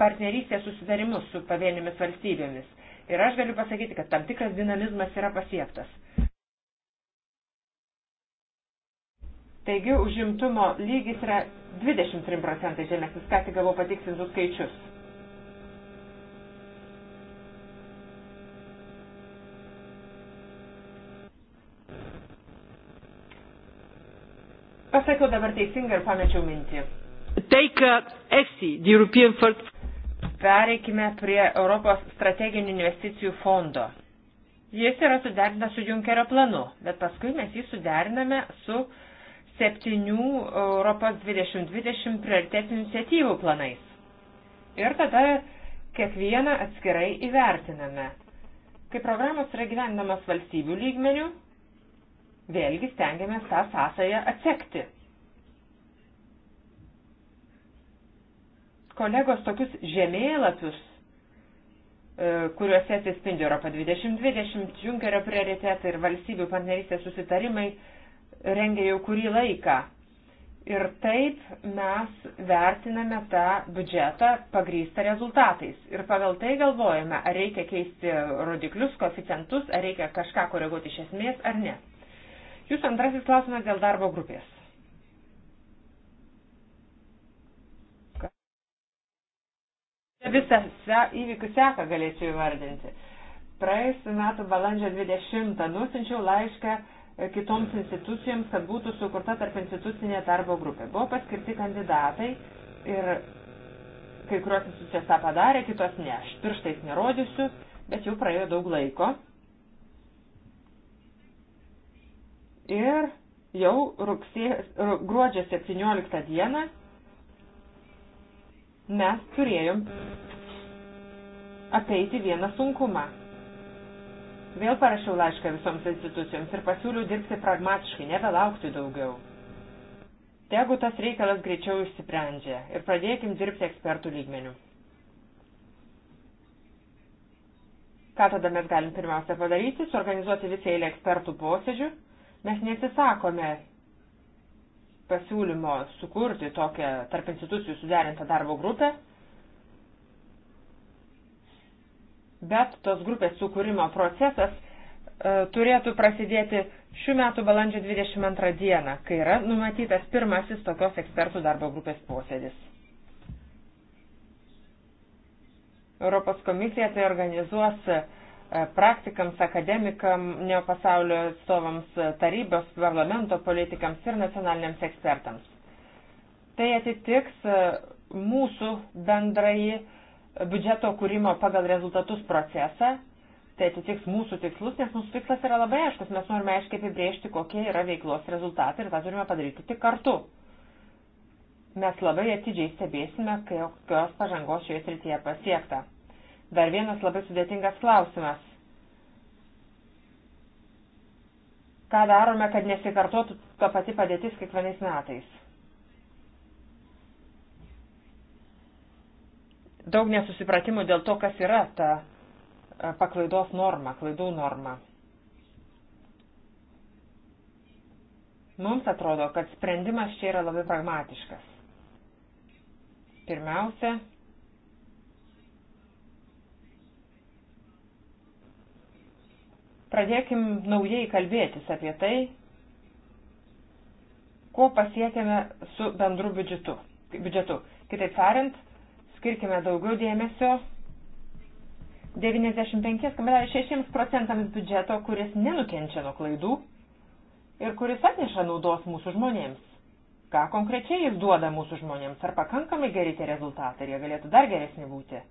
partnerystės susidarimus su pavienėmis valstybėmis. Ir aš galiu pasakyti, kad tam tikras dinamizmas yra pasiektas. Taigi užimtumo lygis yra 23 procentai žemesnis, ką tik gavau patikslintus skaičius. Pasakiau dabar teisingai ir pamečiau mintį. Take uh, ESI, the European Fund. Pereikime prie Europos strateginių investicijų fondo. Jis yra suderintas su Junkerio planu, bet paskui mes jį suderiname su septynių Europos 2020 prioritetinių iniciatyvų planais. Ir tada kiekvieną atskirai įvertiname. Kai programos yra gyvendamos valstybių lygmenių, vėlgi stengiamės tą sąsąją atsekti. Kolegos tokius žemėlapius, e, kuriuose atsispindi Europa 2020, Junkerio prioritetai ir valstybių partnerystės susitarimai rengia jau kurį laiką. Ir taip mes vertiname tą biudžetą pagrįstą rezultatais. Ir pagal tai galvojame, ar reikia keisti rodiklius, koeficientus, ar reikia kažką koreguoti iš esmės ar ne. Jūsų antrasis klausimas dėl darbo grupės. Visą įvykių seką galėčiau įvardinti. Praėjusiu metu balandžio 20 nusinčiau laišką e, kitoms institucijoms, kad būtų sukurta tarp institucinė darbo grupė. Buvo paskirti kandidatai ir kai kurios institucijos tą padarė, kitos ne. Aš pirštais nerodysiu, bet jau praėjo daug laiko. ir jau rugsė, gruodžio 17 dieną mes turėjom apeiti vieną sunkumą. Vėl parašiau laišką visoms institucijoms ir pasiūliau dirbti pragmatiškai, nebelaukti daugiau. Tegu tas reikalas greičiau išsiprendžia ir pradėkim dirbti ekspertų lygmenių. Ką tada mes galim pirmiausia padaryti? Suorganizuoti visą eilę ekspertų posėdžių Mes neatsisakome pasiūlymo sukurti tokią tarp institucijų suderintą darbo grupę, bet tos grupės sukūrimo procesas e, turėtų prasidėti šių metų balandžio 22 dieną, kai yra numatytas pirmasis tokios ekspertų darbo grupės posėdis. Europos komisija tai organizuos E, praktikams, akademikams, neopasaulio atstovams, tarybos, parlamento politikams ir nacionaliniams ekspertams. Tai atitiks e, mūsų bendrai biudžeto kūrimo pagal rezultatus procesą, tai atitiks mūsų tikslus, nes mūsų tikslas yra labai aiškus, mes norime aiškiai apibrėžti, kokie yra veiklos rezultatai ir tą turime padaryti tik kartu. Mes labai atidžiai stebėsime, kokios pažangos šioje srityje pasiekta. Dar vienas labai sudėtingas klausimas. Ką darome, kad nesikartotų ta pati padėtis kiekvienais metais? Daug nesusipratimų dėl to, kas yra ta paklaidos norma, klaidų norma. Mums atrodo, kad sprendimas čia yra labai pragmatiškas. Pirmiausia, Pradėkim naujai kalbėtis apie tai, ko pasiekėme su bendru biudžetu. biudžetu. Kitaip tariant, skirkime daugiau dėmesio 95,6 procentams biudžeto, kuris nenukenčia nuo klaidų ir kuris atneša naudos mūsų žmonėms. Ką konkrečiai jis duoda mūsų žmonėms? Ar pakankamai geri tie rezultatai, ar jie galėtų dar geresni būti?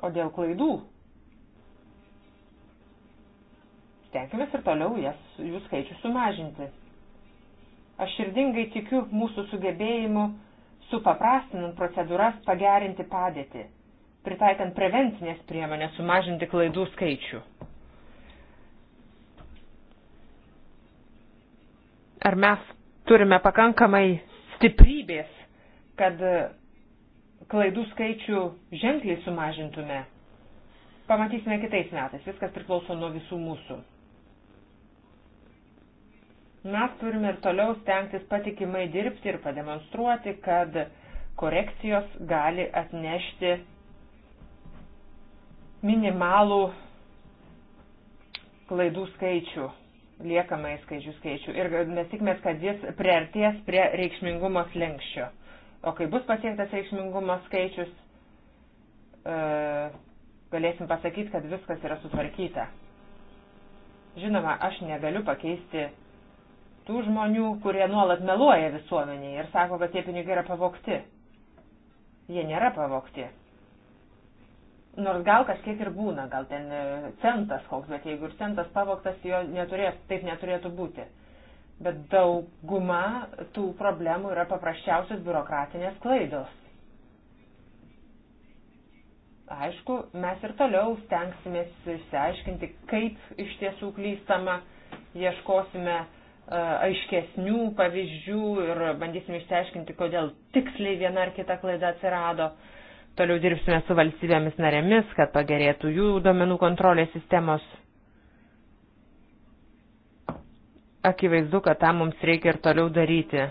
O dėl klaidų stenkimės ir toliau jas, jų skaičių sumažinti. Aš širdingai tikiu mūsų sugebėjimu supaprastinant procedūras pagerinti padėtį, pritaikant prevencinės priemonės sumažinti klaidų skaičių. Ar mes turime pakankamai stiprybės, kad klaidų skaičių ženkliai sumažintume, pamatysime kitais metais. Viskas priklauso nuo visų mūsų. Mes turime ir toliau stengtis patikimai dirbti ir pademonstruoti, kad korekcijos gali atnešti minimalų klaidų skaičių, liekamai skaičių skaičių. Ir mes tikimės, kad jis priartės prie reikšmingumos lenkščio. O kai bus pasiektas reikšmingumo skaičius, e, galėsim pasakyti, kad viskas yra sutvarkyta. Žinoma, aš negaliu pakeisti tų žmonių, kurie nuolat meluoja visuomeniai ir sako, kad tie pinigai yra pavokti. Jie nėra pavokti. Nors gal kažkiek ir būna, gal ten centas koks, bet jeigu ir centas pavoktas, jo neturės, taip neturėtų būti bet dauguma tų problemų yra paprasčiausios biurokratinės klaidos. Aišku, mes ir toliau stengsimės išsiaiškinti, kaip iš tiesų klystama, ieškosime e, aiškesnių pavyzdžių ir bandysime išsiaiškinti, kodėl tiksliai viena ar kita klaida atsirado. Toliau dirbsime su valstybėmis narėmis, kad pagerėtų jų duomenų kontrolės sistemos akivaizdu, kad tą mums reikia ir toliau daryti.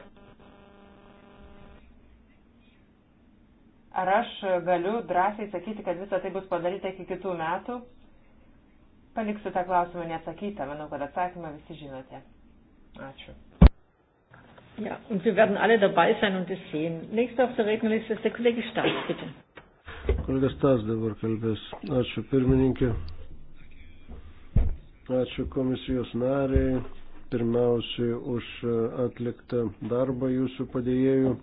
Ar aš galiu drąsiai sakyti, kad visą tai bus padaryta iki kitų metų? Paliksiu tą klausimą neatsakytą, manau, kad atsakymą visi žinote. Ačiū. Ja, und wir werden alle dabei sein und es sehen. Nächster auf der Rednerliste ist der Kollege Stas, bitte. Kollege Stas dabar kalbės. Ačiū pirmininkė. Ačiū komisijos nariai pirmiausiai už atliktą darbą jūsų padėjėjų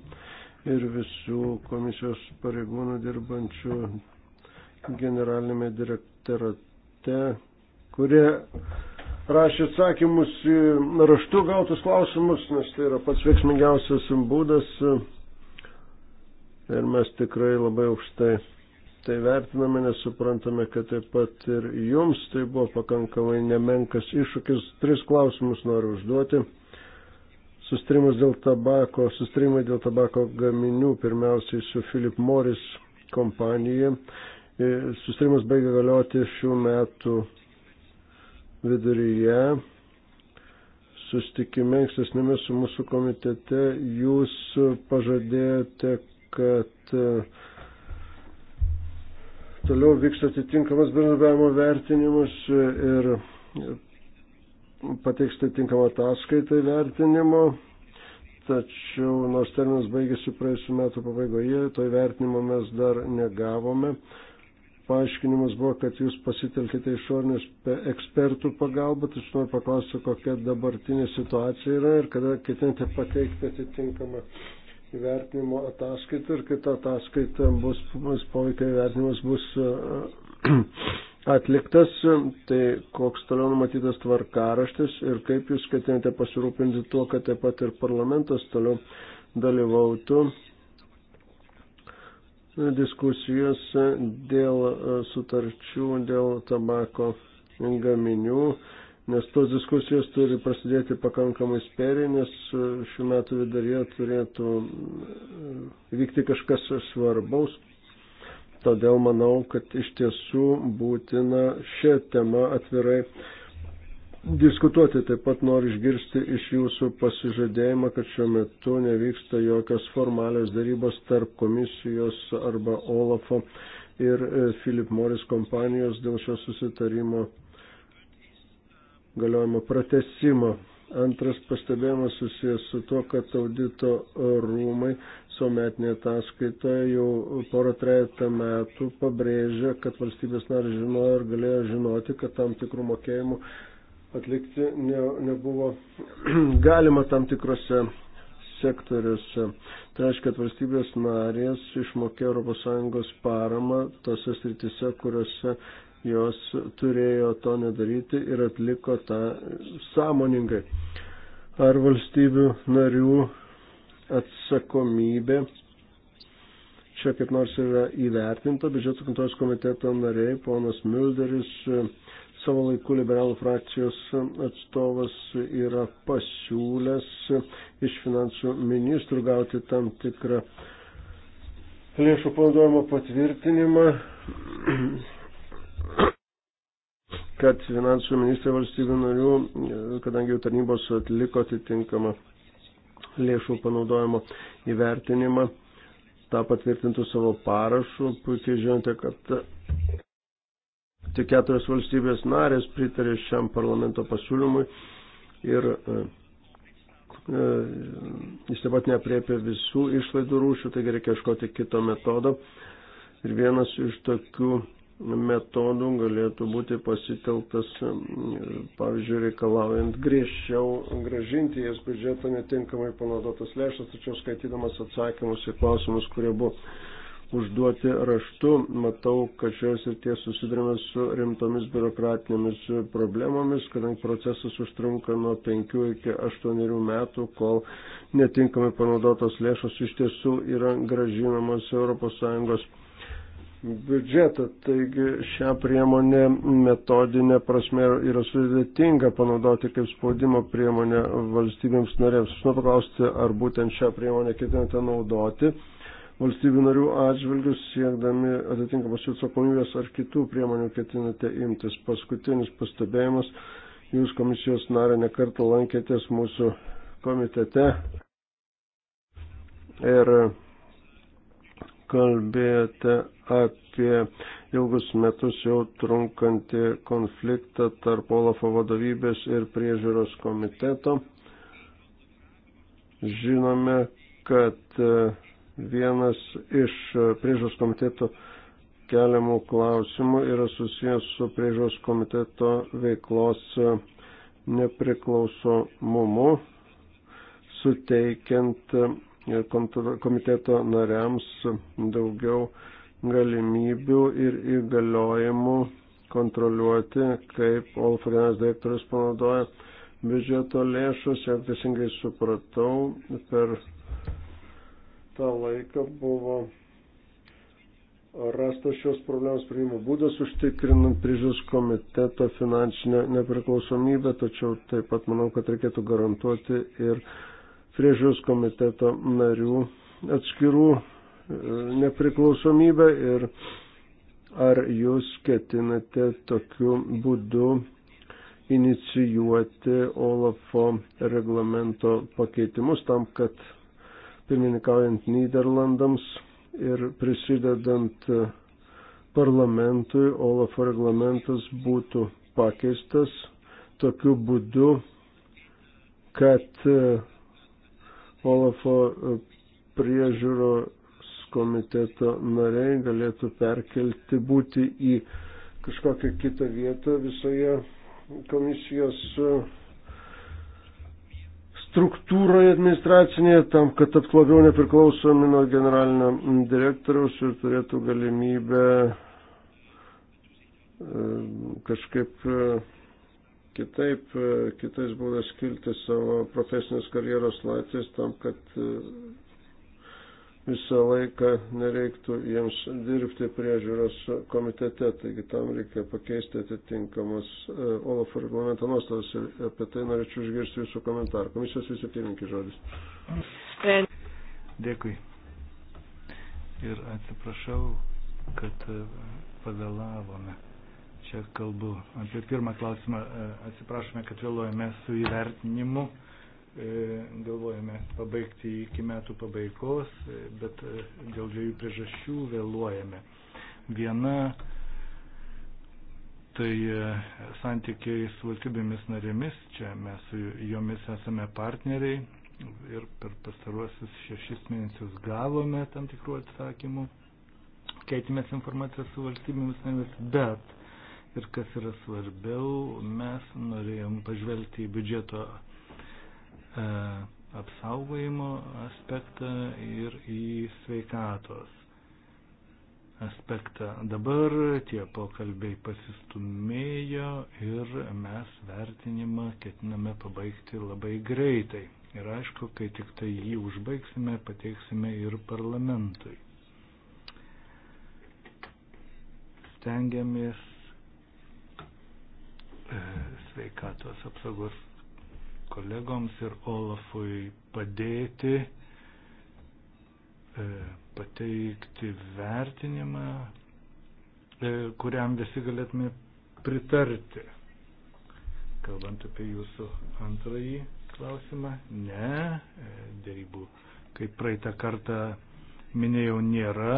ir visų komisijos pareigūnų dirbančių generalinėme direktorate, kurie rašė atsakymus į raštų gautus klausimus, nes tai yra pats veiksmingiausias būdas ir mes tikrai labai aukštai tai vertiname, nesuprantame, kad taip pat ir jums tai buvo pakankamai nemenkas iššūkis. Tris klausimus noriu užduoti. Sustrimas dėl tabako, sustrimai dėl tabako gaminių, pirmiausiai su Philip Morris kompanija. E, sustrimas baigia galioti šių metų viduryje. Sustikime ankstesnėme su mūsų komitete jūs pažadėjote, kad uh, Toliau vyksta atitinkamas bendradarbiavimo vertinimas ir pateiksta tinkamą ataskaitą vertinimo, tačiau nors terminas baigėsi praėjusiu metu pabaigoje, to įvertinimo mes dar negavome. Paaiškinimas buvo, kad jūs pasitelkite išornės ekspertų pagalbą, tačiau noriu paklausti, kokia dabartinė situacija yra ir kada ketinate pateikti atitinkamą įvertinimo ataskaita ir kita ataskaita bus, bus poveikio įvertinimas bus e, atliktas, tai koks toliau numatytas tvarkaraštis ir kaip jūs ketinate pasirūpinti tuo, kad taip pat ir parlamentas toliau dalyvautų e, diskusijose dėl e, sutarčių, dėl tabako gaminių nes tos diskusijos turi prasidėti pakankamai spėriai, nes e, šiuo metu viduryje turėtų e, vykti kažkas svarbaus. Todėl manau, kad iš tiesų būtina šią temą atvirai diskutuoti. Taip pat noriu išgirsti iš jūsų pasižadėjimą, kad šiuo metu nevyksta jokios formalios darybos tarp komisijos arba Olafo ir e, Philip Morris kompanijos dėl šio susitarimo galiojimo pratesimo. Antras pastebėjimas susijęs su tuo, kad audito rūmai suometinė ataskaitoje jau porą trejata metų pabrėžia, kad valstybės narys žinojo ir galėjo žinoti, kad tam tikrų mokėjimų atlikti ne, nebuvo galima tam tikrose sektoriuose. Tai reiškia, kad valstybės narės išmokė ES paramą tose sritise, kuriuose jos turėjo to nedaryti ir atliko tą sąmoningai. Ar valstybių narių atsakomybė čia kaip nors yra įvertinta, biudžeto kontrolės komiteto nariai, ponas Mülderis, savo laikų liberalų frakcijos atstovas yra pasiūlęs iš finansų ministrų gauti tam tikrą lėšų panaudojimo patvirtinimą kad finansų ministrai valstybių narių, e, kadangi jų tarnybos atliko atitinkamą lėšų panaudojimo įvertinimą, tą patvirtintų savo parašų. Puikiai žinote, kad tik keturios valstybės narės pritarė šiam parlamento pasiūlymui ir e, e, jis taip pat neapriepia visų išlaidų rūšių, taigi reikia iškoti kito metodo. Ir vienas iš tokių metodų galėtų būti pasitelktas, pavyzdžiui, reikalaujant griežčiau gražinti jas biudžeto netinkamai panaudotas lėšas, tačiau skaitydamas atsakymus į klausimus, kurie buvo užduoti raštu, matau, kad šios ir tie susidurime su rimtomis biurokratinėmis problemomis, kadangi procesas užtrunka nuo 5 iki 8 metų, kol netinkamai panaudotos lėšos iš tiesų yra gražinamos ES biudžetą. Taigi šią priemonę metodinę prasme yra sudėtinga panaudoti kaip spaudimo priemonę valstybėms narėms. Aš noriu paklausti, ar būtent šią priemonę ketinate naudoti valstybių narių atžvilgius, siekdami atitinkamos jų atsakomybės ar kitų priemonių ketinate imtis. Paskutinis pastebėjimas, jūs komisijos narė nekartą lankėtės mūsų komitete ir kalbėjote apie ilgus metus jau trunkantį konfliktą tarp Olafo vadovybės ir priežiūros komiteto. Žinome, kad e, vienas iš priežiūros komiteto keliamų klausimų yra susijęs su priežiūros komiteto veiklos e, nepriklausomumu, suteikiant e, komiteto nariams daugiau galimybių ir įgaliojimų kontroliuoti, kaip OLF vienas direktorius panaudoja biudžeto lėšus, jeigu teisingai supratau, per tą laiką buvo rastas šios problemos priimimo būdas užtikrinant priežiūros komiteto finansinę nepriklausomybę, tačiau taip pat manau, kad reikėtų garantuoti ir priežiūros komiteto narių atskirų nepriklausomybę ir ar jūs ketinate tokiu būdu inicijuoti Olafo reglamento pakeitimus tam, kad pirmininkaujant Niderlandams ir prisidedant parlamentui Olafo reglamentas būtų pakeistas tokiu būdu, kad Olafo priežiūro komiteto nariai galėtų perkelti būti į kažkokią kitą vietą visoje komisijos e, struktūroje administracinėje, tam, kad taptų labiau nepriklausomi nuo generalinio direktoriaus ir turėtų galimybę e, kažkaip e, kitaip, kitais būdais kilti savo profesinės karjeros laiptais tam, kad visą laiką nereiktų jiems dirbti priežiūros komitete, taigi tam reikia pakeisti atitinkamas e, OLAF reglamento nuostatas ir apie tai norėčiau išgirsti jūsų komentarą. Komisijos visi pirmininkį žodis. Dėkui. Ir atsiprašau, kad e, pavėlavome. Čia kalbu apie pirmą klausimą. E, atsiprašome, kad vėluojame su įvertinimu. E, galvojame pabaigti iki metų pabaigos, e, bet e, dėl dviejų priežasčių vėluojame. Viena tai santykiai su valstybėmis narėmis, čia mes su jomis esame partneriai ir per pastaruosius šešis mėnesius gavome tam tikrų atsakymų, keitimės informaciją su valstybėmis narėmis, bet ir kas yra svarbiau, mes norėjom pažvelgti į biudžeto E, apsaugojimo aspektą ir į sveikatos aspektą. Dabar tie pokalbiai pasistumėjo ir mes vertinimą ketiname pabaigti labai greitai. Ir aišku, kai tik tai jį užbaigsime, pateiksime ir parlamentui. Stengiamės e, sveikatos apsaugos kolegoms ir Olafui padėti e, pateikti vertinimą, e, kuriam visi galėtume pritarti. Kalbant apie jūsų antrąjį klausimą, ne, e, dėrybų, kaip praeitą kartą minėjau, nėra.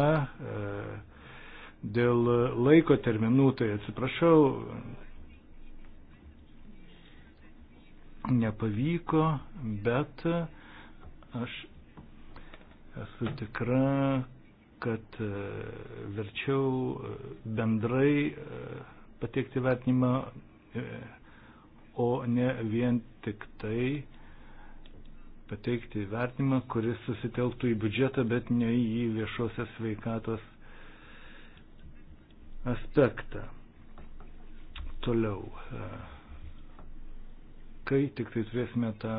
Dėl laiko terminų, tai atsiprašau, nepavyko, bet aš esu tikra, kad e, verčiau e, bendrai e, pateikti vertinimą, o ne vien tik tai pateikti vertinimą, kuris susitelktų į biudžetą, bet ne į viešosios sveikatos aspektą. Toliau. Uh, kai tik tai turėsime tą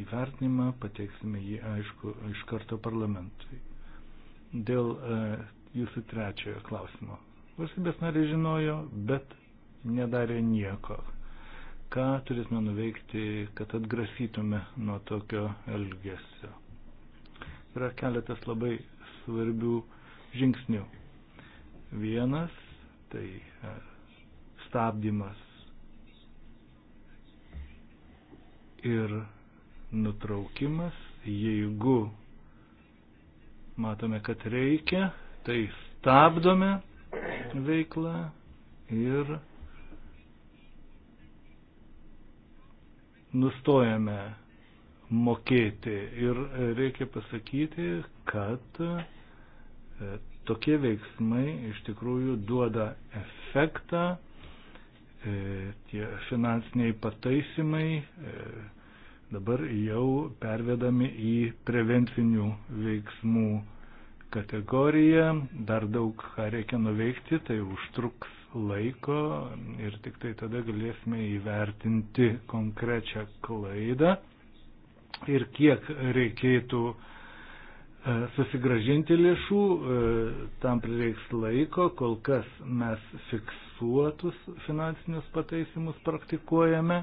įvertinimą, pateiksime jį aišku iš karto parlamentui. Dėl e, jūsų trečiojo klausimo. Valstybės nariai žinojo, bet nedarė nieko. Ką turėsime nuveikti, kad atgrasytume nuo tokio elgesio? Yra keletas labai svarbių žingsnių. Vienas tai e, stabdymas ir nutraukimas, jeigu matome, kad reikia, tai stabdome veiklą ir nustojame mokėti. Ir reikia pasakyti, kad e, tokie veiksmai iš tikrųjų duoda efektą, e, tie finansiniai pataisimai e, dabar jau pervedami į prevencinių veiksmų kategoriją. Dar daug ką reikia nuveikti, tai užtruks laiko ir tik tai tada galėsime įvertinti konkrečią klaidą ir kiek reikėtų e, susigražinti lėšų, e, tam prireiks laiko, kol kas mes fiksuotus finansinius pataisimus praktikuojame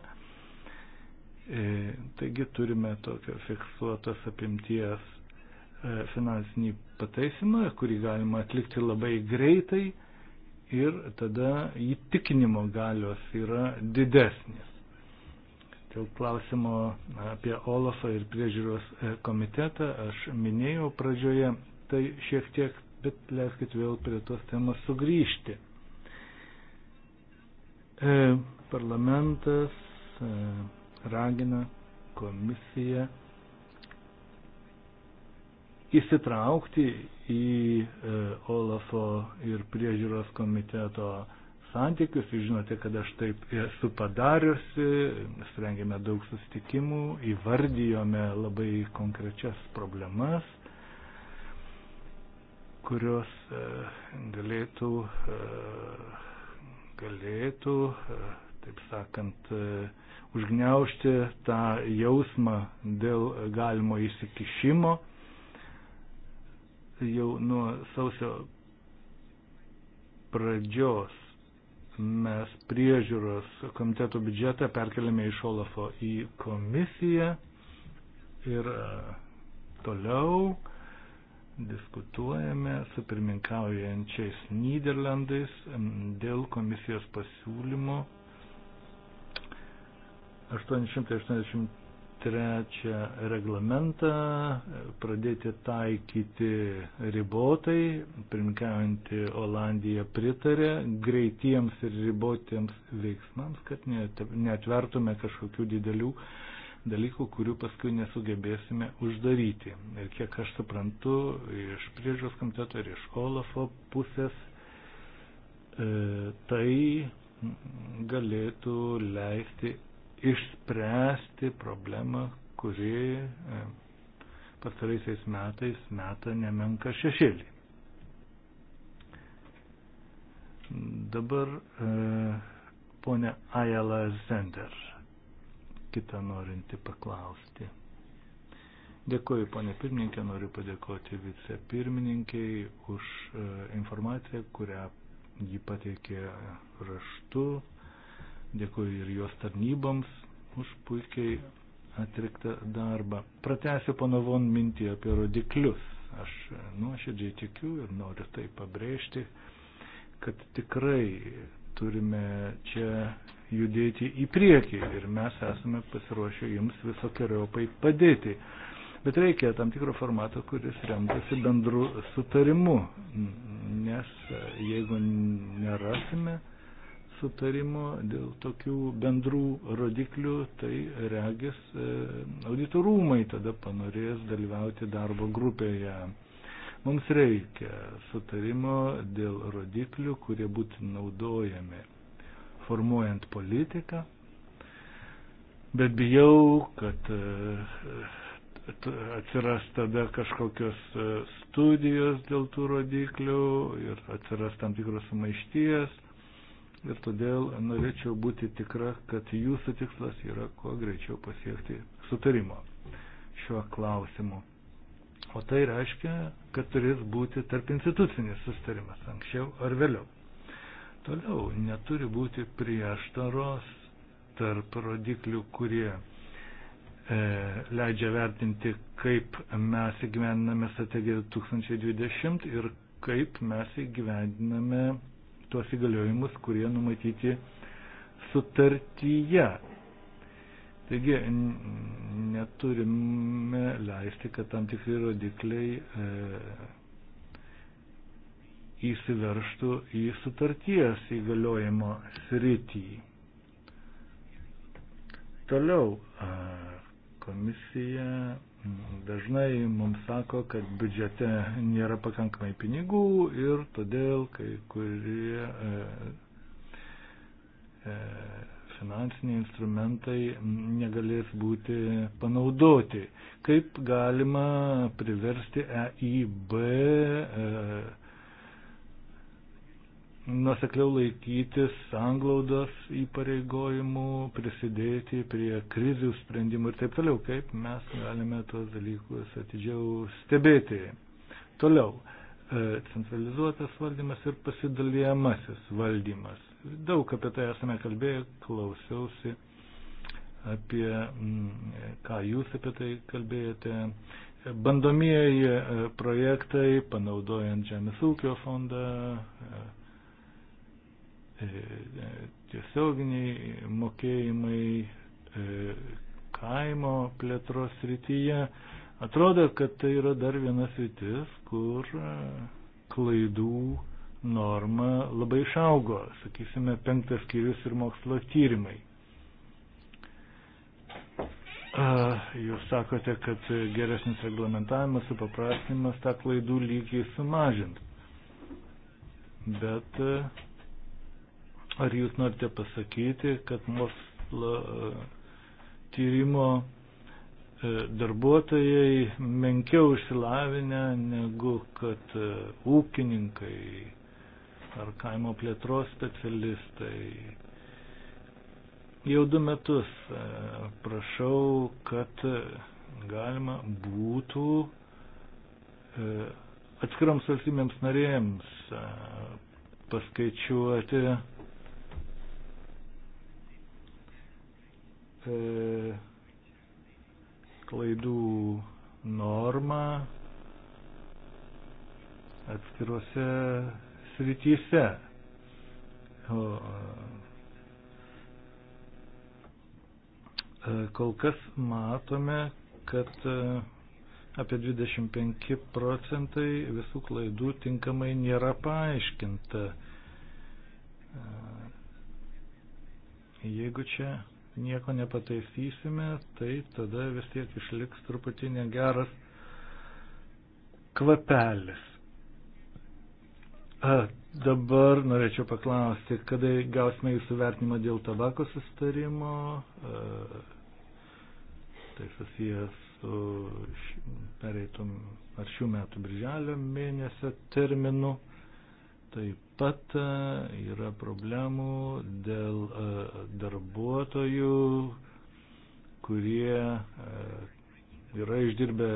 E, taigi turime tokio fiksuotos apimties e, finansinį pataisimą, kurį galima atlikti labai greitai ir tada įtikinimo galios yra didesnis. Dėl klausimo apie Olafą ir priežiūros e, komitetą aš minėjau pradžioje, tai šiek tiek, bet leiskit vėl prie tos temos sugrįžti. E, parlamentas e, ragina komisiją įsitraukti į e, Olafo ir priežiūros komiteto santykius. Jūs žinote, kad aš taip esu padariusi, surengėme daug susitikimų, įvardyjome labai konkrečias problemas kurios e, galėtų, e, galėtų, taip sakant, užgneušti tą jausmą dėl galimo įsikišimo. Jau nuo sausio pradžios mes priežiūros komiteto biudžetą perkeliame iš Olafo į komisiją ir e, toliau diskutuojame su pirmininkaujančiais Niderlandais dėl komisijos pasiūlymo 883 reglamentą pradėti taikyti ribotai. Pirmkiaujantį Olandiją pritarė greitiems ir ribotiems veiksmams, kad neatvertume kažkokių didelių dalykų, kurių paskui nesugebėsime uždaryti. Ir kiek aš suprantu, iš priežiūros komiteto ir iš Olafo pusės e, tai galėtų leisti išspręsti problemą, kuri e, pastaraisiais metais meta nemenka šešėlį. Dabar e, ponia Ajala Zender, kita norinti paklausti. Dėkuoju, ponė pirmininkė, noriu padėkoti vicepirmininkiai už e, informaciją, kurią ji pateikė raštu dėkuoju ir jos tarnyboms už puikiai atliktą darbą. Pratęsiu pono Von mintį apie rodiklius. Aš nuoširdžiai tikiu ir noriu tai pabrėžti, kad tikrai turime čia judėti į priekį ir mes esame pasiruošę jums visokiojopai padėti. Bet reikia tam tikro formato, kuris remtasi bendru sutarimu, nes jeigu nerasime sutarimo dėl tokių bendrų rodiklių, tai regis e, auditorumai tada panorės dalyvauti darbo grupėje. Mums reikia sutarimo dėl rodiklių, kurie būtų naudojami formuojant politiką, bet bijau, kad e, atsiras tada kažkokios e, studijos dėl tų rodiklių ir atsiras tam tikros sumaišties ir todėl norėčiau būti tikra, kad jūsų tikslas yra kuo greičiau pasiekti sutarimo šiuo klausimu. O tai reiškia, kad turės būti tarp institucinis sustarimas anksčiau ar vėliau. Toliau neturi būti prieštaros tarp rodiklių, kurie e, leidžia vertinti, kaip mes įgyvendiname strategiją 2020 ir kaip mes įgyvendiname tuos įgaliojimus, kurie numatyti sutartyje. Taigi neturime leisti, kad tam tikri rodikliai e, įsiverštų į sutarties įgaliojimo sritį. Toliau komisija Dažnai mums sako, kad biudžete nėra pakankamai pinigų ir todėl kai kurie e, e, finansiniai instrumentai negalės būti panaudoti. Kaip galima priversti EIB e, nusekliau laikytis anglaudos įpareigojimų, prisidėti prie krizių sprendimų ir taip toliau, kaip mes galime tuos dalykus atidžiau stebėti. Toliau, e, centralizuotas valdymas ir pasidalėjamasis valdymas. Daug apie tai esame kalbėję, klausiausi apie, mm, ką jūs apie tai kalbėjote, bandomieji e, projektai, panaudojant Žemės ūkio fondą, e, E, tiesioginiai mokėjimai e, kaimo plėtros srityje. Atrodo, kad tai yra dar vienas rytis, kur e, klaidų norma labai išaugo, sakysime, penktas skyrius ir mokslo tyrimai. Jūs sakote, kad geresnis reglamentavimas, supaprastinimas tą klaidų lygį sumažint. Bet Ar jūs norite pasakyti, kad mokslo e, tyrimo e, darbuotojai menkiau išsilavinę negu kad e, ūkininkai ar kaimo plėtros specialistai. Jau du metus prašau, kad galima būtų atskiroms valstybėms narėms paskaičiuoti E, klaidų normą atskiruose srityse. O, e, kol kas matome, kad e, apie 25 procentai visų klaidų tinkamai nėra paaiškinta. Jeigu čia nieko nepataisysime, tai tada vis tiek išliks truputį negeras kvapelis. A, dabar norėčiau paklausti, kada gausime jūsų vertinimą dėl tabako sustarimo, a, tai susijęs su pereitum ar šių metų birželio mėnesio terminu, taip pat e, yra problemų dėl e, darbuotojų, kurie e, yra išdirbę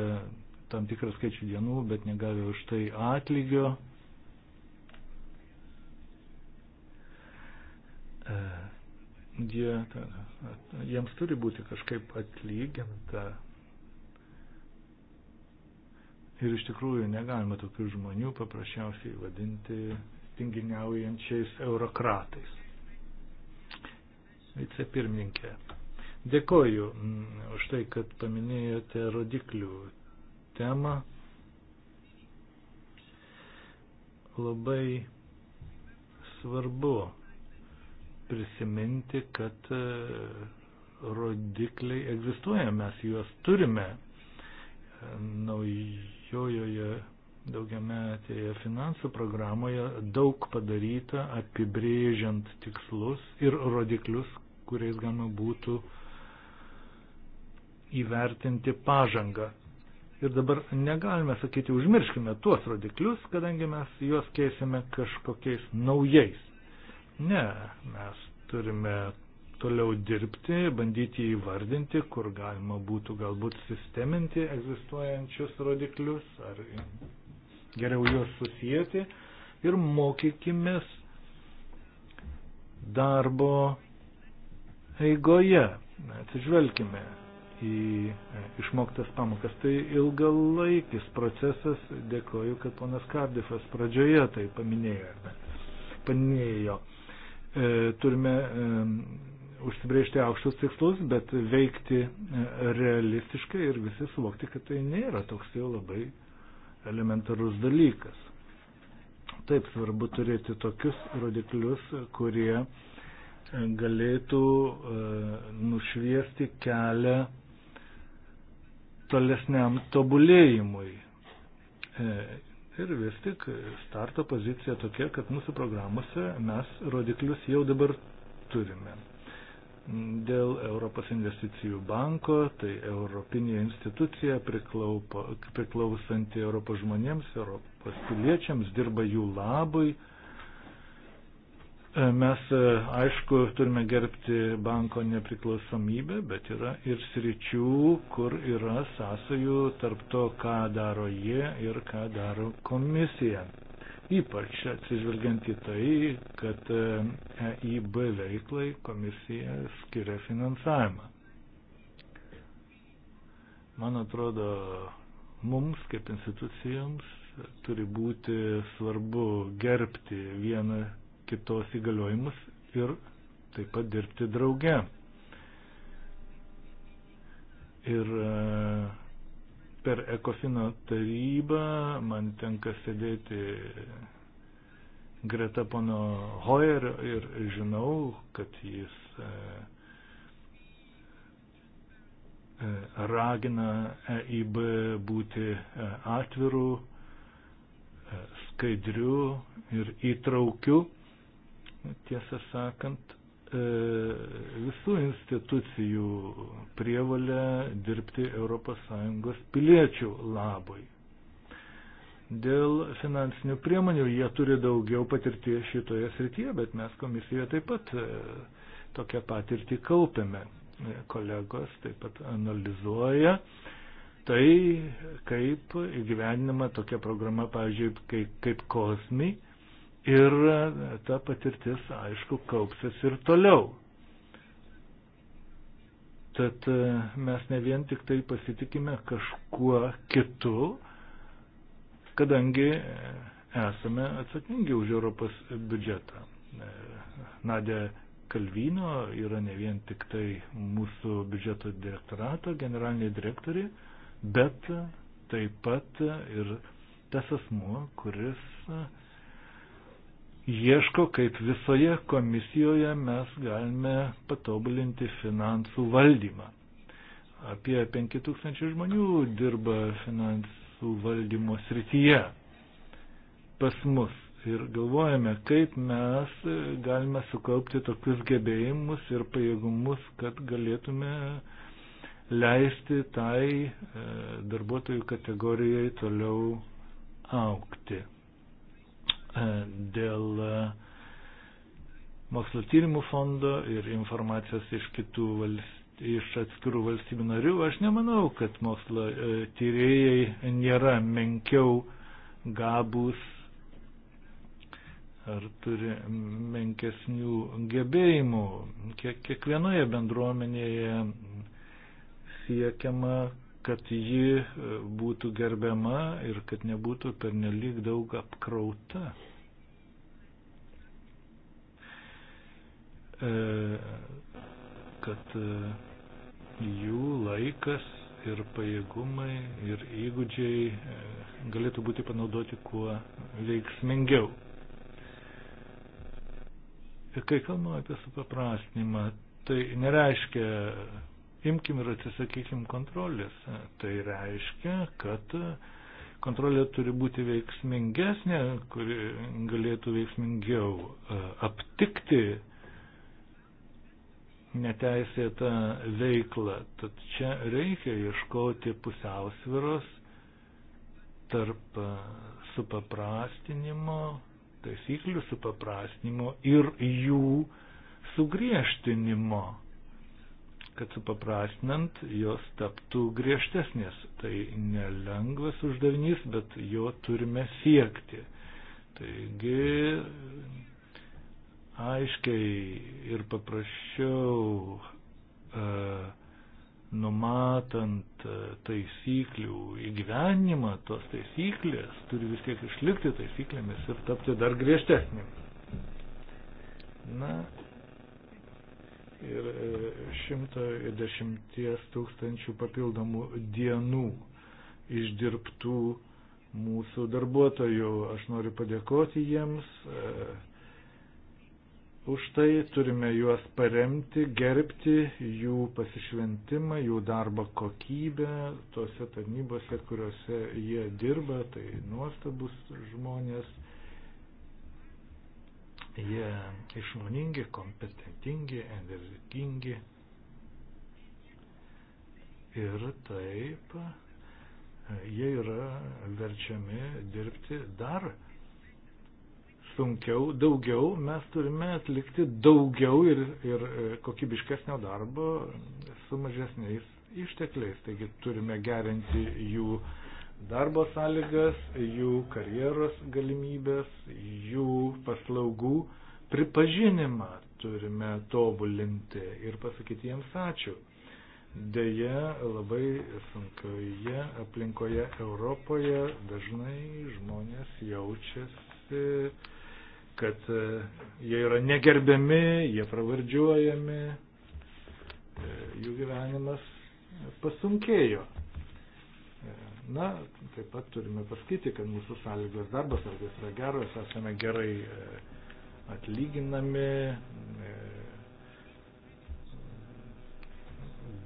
tam tikrą skaičių dienų, bet negavę už tai atlygio. Jie, jiems turi būti kažkaip atlyginta. Ir iš tikrųjų negalima tokių žmonių paprasčiausiai vadinti tinginiaujančiais eurokratais. Vicepirmininkė, dėkoju mm, už tai, kad paminėjote rodiklių temą. Labai svarbu prisiminti, kad e, rodikliai egzistuoja, mes juos turime e, naujojoje daugiametėje finansų programoje daug padaryta apibrėžiant tikslus ir rodiklius, kuriais galima būtų įvertinti pažangą. Ir dabar negalime sakyti, užmirškime tuos rodiklius, kadangi mes juos keisime kažkokiais naujais. Ne, mes turime toliau dirbti, bandyti įvardinti, kur galima būtų galbūt sisteminti egzistuojančius rodiklius ar geriau juos susijęti ir mokykimės darbo eigoje. Atsižvelkime į e, išmoktas pamokas. Tai ilgalaikis procesas, dėkoju, kad ponas Kardifas pradžioje tai paminėjo. paminėjo. E, turime e, užsibriežti aukštus tikslus, bet veikti e, realistiškai ir visi suvokti, kad tai nėra toks jau labai elementarus dalykas. Taip svarbu turėti tokius rodiklius, kurie e, galėtų e, nušviesti kelią tolesniam tobulėjimui. E, ir vis tik starto pozicija tokia, kad mūsų programuose mes rodiklius jau dabar turime dėl Europos investicijų banko, tai Europinė institucija priklaupo, priklausanti Europos žmonėms, Europos piliečiams, dirba jų labui. E, mes, e, aišku, turime gerbti banko nepriklausomybę, bet yra ir sričių, kur yra sąsajų tarp to, ką daro jie ir ką daro komisija. Ypač atsižvelgiant į tai, kad EIB e veiklai komisija skiria finansavimą. Man atrodo, mums kaip institucijoms turi būti svarbu gerbti vieną kitos įgaliojimus ir taip pat dirbti drauge. Ir uh, per Ekofino tarybą man tenka sėdėti greta pono Hoyer ir žinau, kad jis e, e, ragina EIB būti e, atvirų, skaidrių ir įtraukiu. Tiesą sakant, E, visų institucijų prievalę dirbti ES piliečių labai. Dėl finansinių priemonių jie turi daugiau patirties šitoje srityje, bet mes komisijoje taip pat e, tokią patirtį kaupiame. Kolegos taip pat analizuoja tai, kaip įgyvendinama tokia programa, pavyzdžiui, kaip, kaip COSMI, ir ta patirtis, aišku, kaupsis ir toliau. Tad e, mes ne vien tik tai pasitikime kažkuo kitu, kadangi e, esame atsakingi už Europos biudžetą. E, Nadė Kalvino yra ne vien tik tai mūsų biudžeto direktorato generalinė direktorė, bet taip pat ir tas asmuo, kuris ieško, kaip visoje komisijoje mes galime patobulinti finansų valdymą. Apie 5000 žmonių dirba finansų valdymo srityje pas mus ir galvojame, kaip mes galime sukaupti tokius gebėjimus ir pajėgumus, kad galėtume leisti tai e, darbuotojų kategorijai toliau aukti dėl e, mokslo tyrimų fondo ir informacijos iš kitų valstybių. Iš atskirų valstybių narių aš nemanau, kad mokslo e, tyrėjai nėra menkiau gabus ar turi menkesnių gebėjimų. Kiek, kiekvienoje bendruomenėje siekiama, kad ji e, būtų gerbiama ir kad nebūtų pernelyg daug apkrauta. E, kad e, jų laikas ir pajėgumai ir įgūdžiai galėtų būti panaudoti kuo veiksmingiau. Ir kai kalbame apie supaprastinimą, tai nereiškia imkim ir atsisakykim kontrolės. Tai reiškia, kad kontrolė turi būti veiksmingesnė, kuri galėtų veiksmingiau e, aptikti neteisėtą veiklą. Tad čia reikia ieškoti pusiausviros tarp e, supaprastinimo, taisyklių supaprastinimo ir jų sugriežtinimo kad supaprastinant jos taptų griežtesnės. Tai nelengvas uždavinys, bet jo turime siekti. Taigi aiškiai ir paprasčiau e, numatant e, taisyklių įgyvenimą, tos taisyklės turi vis tiek išlikti taisyklėmis ir tapti dar griežtesnėmis. Na ir 110 e, tūkstančių papildomų dienų išdirbtų mūsų darbuotojų. Aš noriu padėkoti jiems. E, už tai turime juos paremti, gerbti jų pasišventimą, jų darbo kokybę tose tarnybose, kuriuose jie dirba. Tai nuostabus žmonės Jie e, išmoningi, kompetentingi, energingi. Ir taip e, jie yra verčiami dirbti dar sunkiau, daugiau, mes turime atlikti daugiau ir, ir e, kokybiškesnio darbo su mažesniais ištekliais. Taigi turime gerinti jų uh, darbo sąlygas, jų karjeros galimybės, jų paslaugų pripažinimą turime tobulinti ir pasakyti jiems ačiū. Deja, labai sunkioje aplinkoje Europoje dažnai žmonės jaučiasi, kad e, jie yra negerbiami, jie pravardžiuojami, e, jų gyvenimas pasunkėjo. Na, taip pat turime pasakyti, kad mūsų sąlygos, darbo sąlygos yra geros, esame gerai e, atlyginami, e,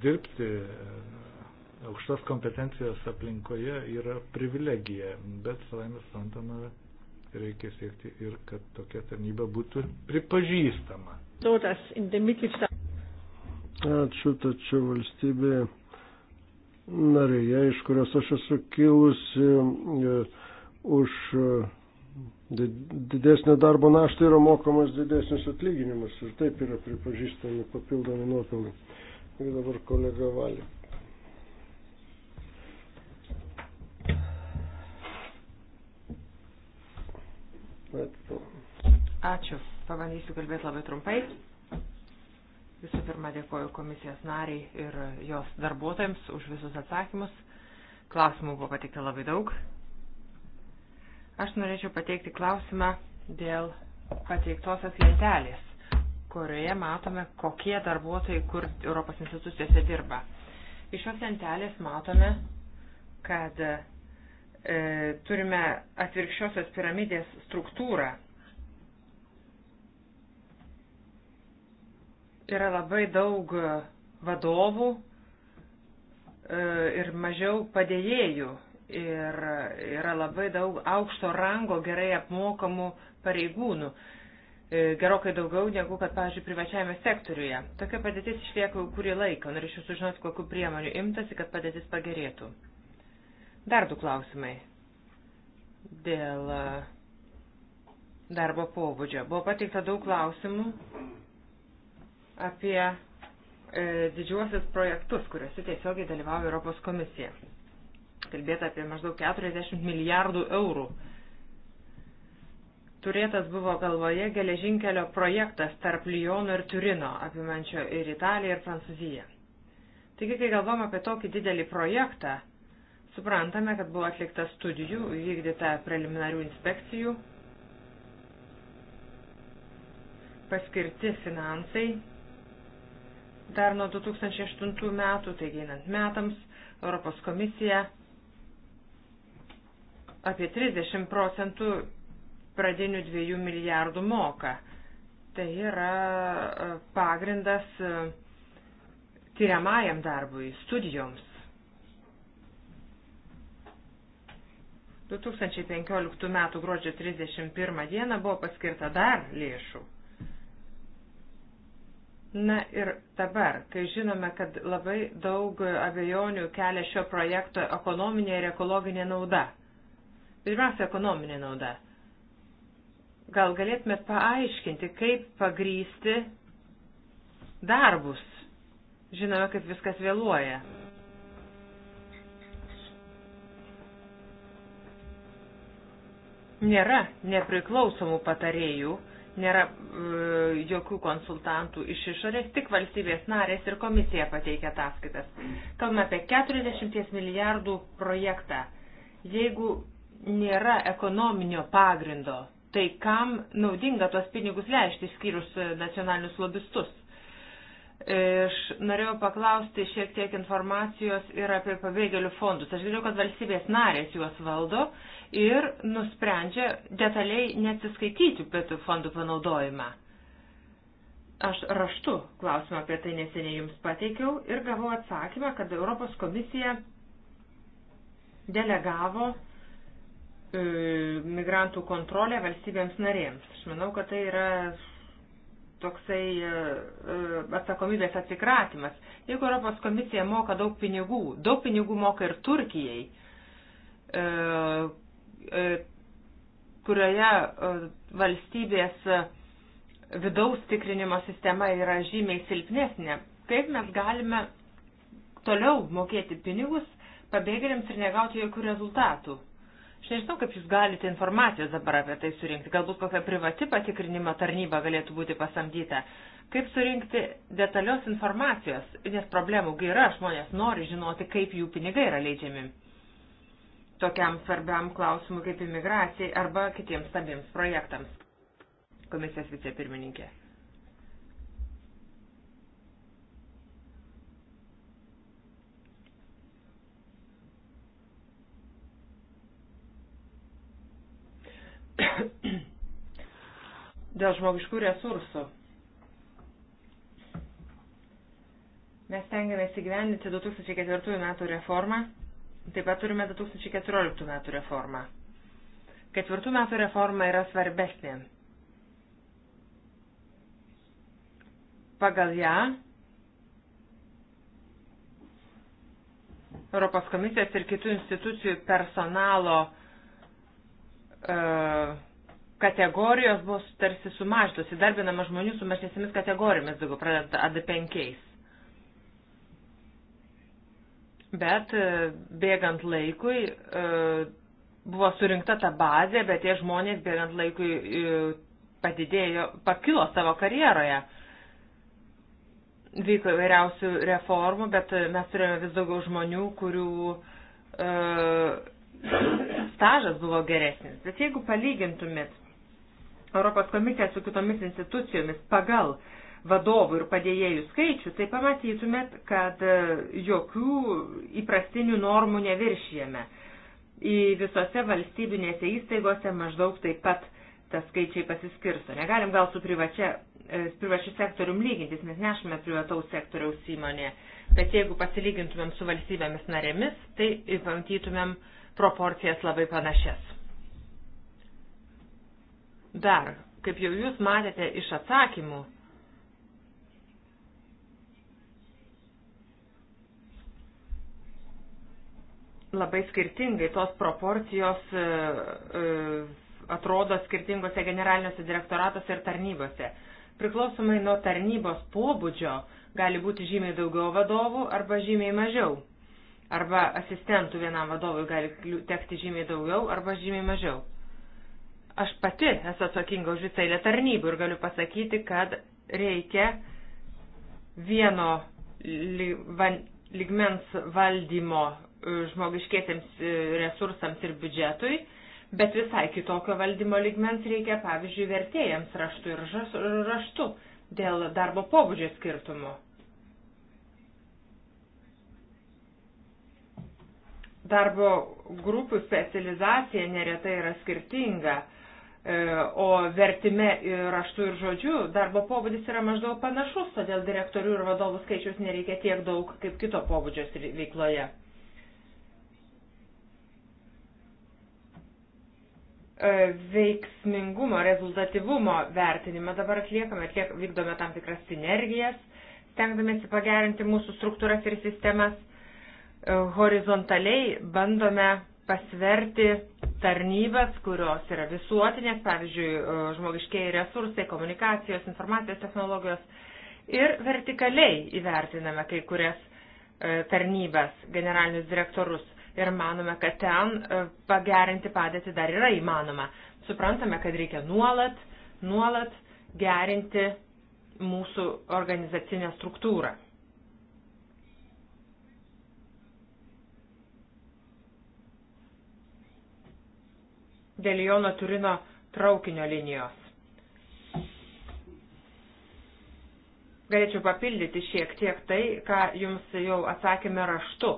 dirbti e, aukštos kompetencijos aplinkoje yra privilegija, bet savaime suprantama, reikia siekti ir kad tokia tarnyba būtų pripažįstama. Ačiū, tačiau valstybėje narėje, iš kurios aš esu kilusi, e, už e, didesnę darbo naštą yra mokamas didesnis atlyginimas ir taip yra pripažįstami papildomi nuopelnai. Ir dabar kolega Valė. Ačiū. Pabandysiu kalbėti labai trumpai. Visų pirma, dėkoju komisijos nariai ir jos darbuotojams už visus atsakymus. Klausimų buvo pateikta labai daug. Aš norėčiau pateikti klausimą dėl pateiktosios lentelės, kurioje matome, kokie darbuotojai kur Europos institucijose dirba. Iš šios lentelės matome, kad e, turime atvirkščiosios piramidės struktūrą Yra labai daug e, vadovų e, ir mažiau padėjėjų. Ir yra labai daug aukšto rango gerai apmokamų pareigūnų e, gerokai daugiau negu kad, pavyzdžiui, privačiajame sektoriuje. Tokia padėtis išlieka kurį laiką. Norėčiau sužinoti, kokiu priemonių imtasi, kad padėtis pagerėtų. Dar du klausimai. Dėl darbo pobūdžio. Buvo pateikta daug klausimų apie e, didžiuosius projektus, kuriuose tiesiogiai dalyvauja Europos komisija. Kalbėta apie maždaug 40 milijardų eurų. Turėtas buvo galvoje geležinkelio projektas tarp Lyono ir Turino, apimančio ir Italiją, ir Prancūziją. Taigi, kai galvom apie tokį didelį projektą, suprantame, kad buvo atlikta studijų, vykdyta preliminarių inspekcijų, paskirti finansai dar nuo 2008 metų, taigi einant metams, Europos komisija apie 30 procentų pradinių 2 milijardų moka. Tai yra e, pagrindas e, tyriamajam darbui, studijoms. 2015 m. gruodžio 31 d. buvo paskirta dar lėšų. Na ir dabar, kai žinome, kad labai daug abejonių kelia šio projekto ekonominė ir ekologinė nauda. Pirmiausia, ekonominė nauda. Gal galėtumėt paaiškinti, kaip pagrysti darbus. Žinome, kad viskas vėluoja. Nėra nepriklausomų patarėjų nėra e, jokių konsultantų iš išorės, tik valstybės narės ir komisija pateikia ataskaitas. Kalbame apie 40 milijardų projektą. Jeigu nėra ekonominio pagrindo, tai kam naudinga tuos pinigus leisti, išskyrus e, nacionalinius lobistus? E, aš norėjau paklausti šiek tiek informacijos ir apie pabėgėlių fondus. Aš žinau, kad valstybės narės juos valdo, ir nusprendžia detaliai neatsiskaityti pietų fondų panaudojimą. Aš raštu klausimą apie tai neseniai jums pateikiau ir gavau atsakymą, kad Europos komisija delegavo e, migrantų kontrolę valstybėms narėms. Aš manau, kad tai yra toksai e, e, atsakomybės atsikratimas. Jeigu Europos komisija moka daug pinigų, daug pinigų moka ir Turkijai, E, kurioje e, valstybės e, vidaus tikrinimo sistema yra žymiai silpnesnė. Kaip mes galime toliau mokėti pinigus pabėgėliams ir negauti jokių rezultatų? Aš nežinau, kaip jūs galite informacijos dabar apie tai surinkti. Galbūt kokia privati patikrinimo tarnyba galėtų būti pasamdyta. Kaip surinkti detalios informacijos, nes problemų yra, žmonės nori žinoti, kaip jų pinigai yra leidžiami tokiam svarbiam klausimui kaip imigracijai arba kitiems stambiems projektams. Komisijos vicepirmininkė. Dėl žmogiškų resursų. Mes tengiamės įgyvendinti 2004 metų reformą Taip pat turime 2014 metų reformą. Ketvirtų metų reforma yra svarbesnė. Pagal ją Europos komisijos ir kitų institucijų personalo e, kategorijos buvo tarsi sumažintos, įdarbinama žmonių su mažesnėmis kategorijomis, daugiau pradedant AD5 bet e, bėgant laikui e, buvo surinkta ta bazė, bet tie žmonės bėgant laikui e, padidėjo, pakilo savo karjeroje. Vyko įvairiausių reformų, bet mes turėjome vis daugiau žmonių, kurių stažas buvo geresnis. Bet jeigu palygintumėt Europos komisiją su kitomis institucijomis pagal uh, vadovų ir padėjėjų skaičių, tai pamatytumėt, kad e, jokių įprastinių normų neviršijame. Į visose valstybinėse įstaigose maždaug taip pat tas skaičiai pasiskirsto. Negalim gal su privačia, e, privačiu sektorium lygintis, nes nešame privataus sektoriaus įmonė. Bet jeigu pasilygintumėm su valstybėmis narėmis, tai pamatytumėm proporcijas labai panašias. Dar, kaip jau jūs matėte iš atsakymų, labai skirtingai, tos proporcijos e, e, atrodo skirtingose generaliniuose direktoratuose ir tarnybose. Priklausomai nuo tarnybos pobūdžio gali būti žymiai daugiau vadovų arba žymiai mažiau. Arba asistentų vienam vadovui gali tekti žymiai daugiau arba žymiai mažiau. Aš pati esu atsakinga už visą eilę tarnybų ir galiu pasakyti, kad reikia vieno lygmens valdymo E, žmogiškėtėms e, resursams ir biudžetui, bet visai kitokio valdymo ligmens reikia, pavyzdžiui, vertėjams raštu ir raštu dėl darbo pobūdžio skirtumo. Darbo grupių specializacija neretai yra skirtinga, e, o vertime raštu ir žodžiu darbo pobūdis yra maždaug panašus, todėl direktorių ir vadovų skaičius nereikia tiek daug kaip kito pobūdžio veikloje. E, veiksmingumo, rezultatyvumo vertinimą dabar atliekame, atliek, vykdome tam tikras sinergijas, stengdamėsi pagerinti mūsų struktūras ir sistemas, e, horizontaliai bandome pasverti tarnybas, kurios yra visuotinės, pavyzdžiui, e, žmogiškieji resursai, komunikacijos, informacijos technologijos ir vertikaliai įvertiname kai kurias tarnybas, generalinius direktorus ir manome, kad ten e, pagerinti padėtį dar yra įmanoma. Suprantame, kad reikia nuolat, nuolat gerinti mūsų organizacinę struktūrą. Dėl Jono Turino traukinio linijos. Galėčiau papildyti šiek tiek tai, ką jums jau atsakėme raštu.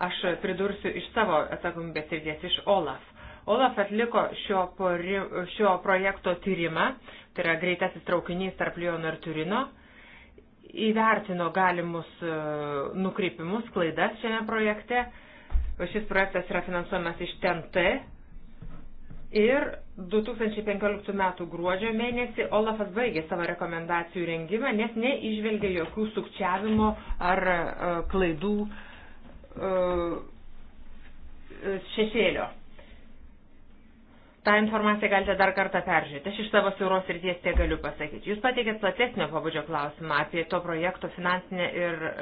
Aš pridursiu iš savo atsakomybės srities, iš OLAF. OLAF atliko šio, pori, šio projekto tyrimą, tai yra greitasis traukinys tarp Liono ir Turino, įvertino galimus e, nukreipimus, klaidas šiame projekte. Šis projektas yra finansuojamas iš TNT ir 2015 m. gruodžio mėnesį Olafas baigė savo rekomendacijų rengimą, nes neižvelgė jokių sukčiavimo ar e, klaidų uh, E, šešėlio. Ta informacija galite dar kartą peržiūrėti. Aš iš savo siauros ryties tiek galiu pasakyti. Jūs pateikėt platesnio pabudžio klausimą apie to projekto finansinę ir e,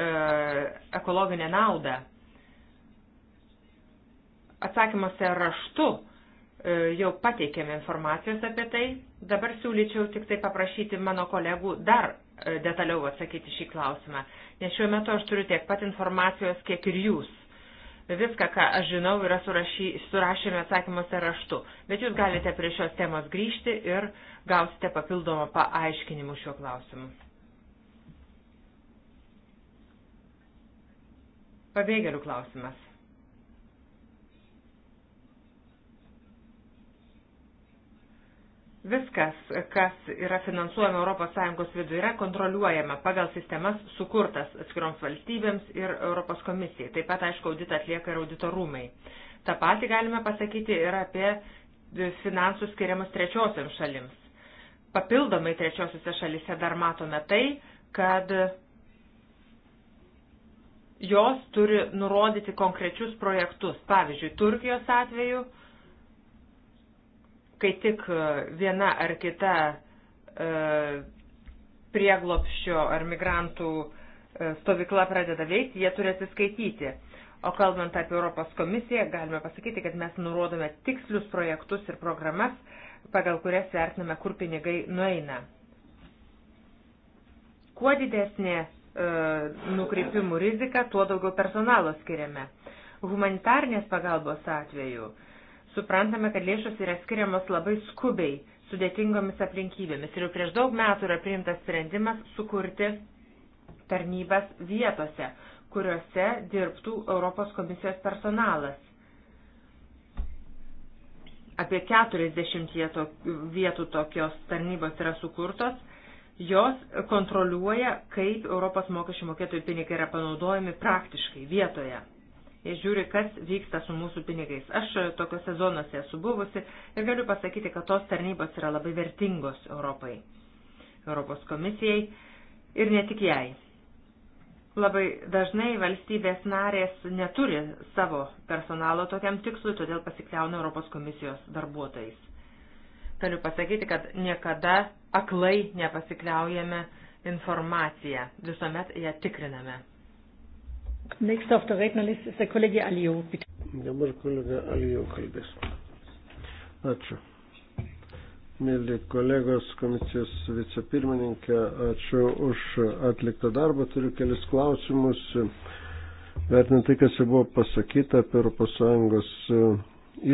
ekologinę naudą. Atsakymuose raštu e, jau pateikėme informacijos apie tai. Dabar siūlyčiau tik tai paprašyti mano kolegų dar E, detaliau atsakyti šį klausimą, nes šiuo metu aš turiu tiek pat informacijos, kiek ir jūs. Viską, ką aš žinau, yra surašy, surašėme atsakymuose raštu, bet jūs galite prie šios temos grįžti ir gausite papildomą paaiškinimų šiuo klausimu. Pabėgėlių klausimas. Viskas, kas yra finansuojama ES viduje, yra kontroliuojama pagal sistemas sukurtas atskiroms valstybėms ir Europos komisijai. Taip pat, aišku, auditą atlieka ir audito rūmai. Ta pati galime pasakyti ir apie finansus skiriamus trečiosiams šalims. Papildomai trečiosiuose šalise dar matome tai, kad jos turi nurodyti konkrečius projektus. Pavyzdžiui, Turkijos atveju kai tik e, viena ar kita e, prieglopščio ar migrantų e, stovykla pradeda veikti, jie turi atsiskaityti. O kalbant apie Europos komisiją, galime pasakyti, kad mes nurodome tikslius projektus ir programas, pagal kurias vertiname, kur pinigai nueina. Kuo didesnė e, nukreipimų rizika, tuo daugiau personalo skiriame. Humanitarnės pagalbos atveju e, Suprantame, kad lėšos yra skiriamos labai skubiai, sudėtingomis aplinkybėmis. Ir jau prieš daug metų yra priimtas sprendimas sukurti tarnybas vietose, kuriuose dirbtų Europos komisijos personalas. Apie 40 vietų tokios tarnybos yra sukurtos. Jos kontroliuoja, kaip Europos mokesčių mokėtojų pinigai yra panaudojami praktiškai vietoje ir žiūri, kas vyksta su mūsų pinigais. Aš tokiuose zonose esu buvusi ir galiu pasakyti, kad tos tarnybos yra labai vertingos Europai, Europos komisijai ir ne tik jai. Labai dažnai valstybės narės neturi savo personalo tokiam tikslui, todėl pasikliauna Europos komisijos darbuotojais. Galiu pasakyti, kad niekada aklai nepasikliaujame informaciją, visuomet ją tikriname. Nächster auf der Rednerliste ist der Kollege Alijo, bitte. Dabar kolega Alijo kalbės. Ačiū. Mėly kolegos, komisijos vicepirmininkė, ačiū už atliktą darbą. Turiu kelis klausimus. Vertinant tai, kas jau buvo pasakyta apie ES e,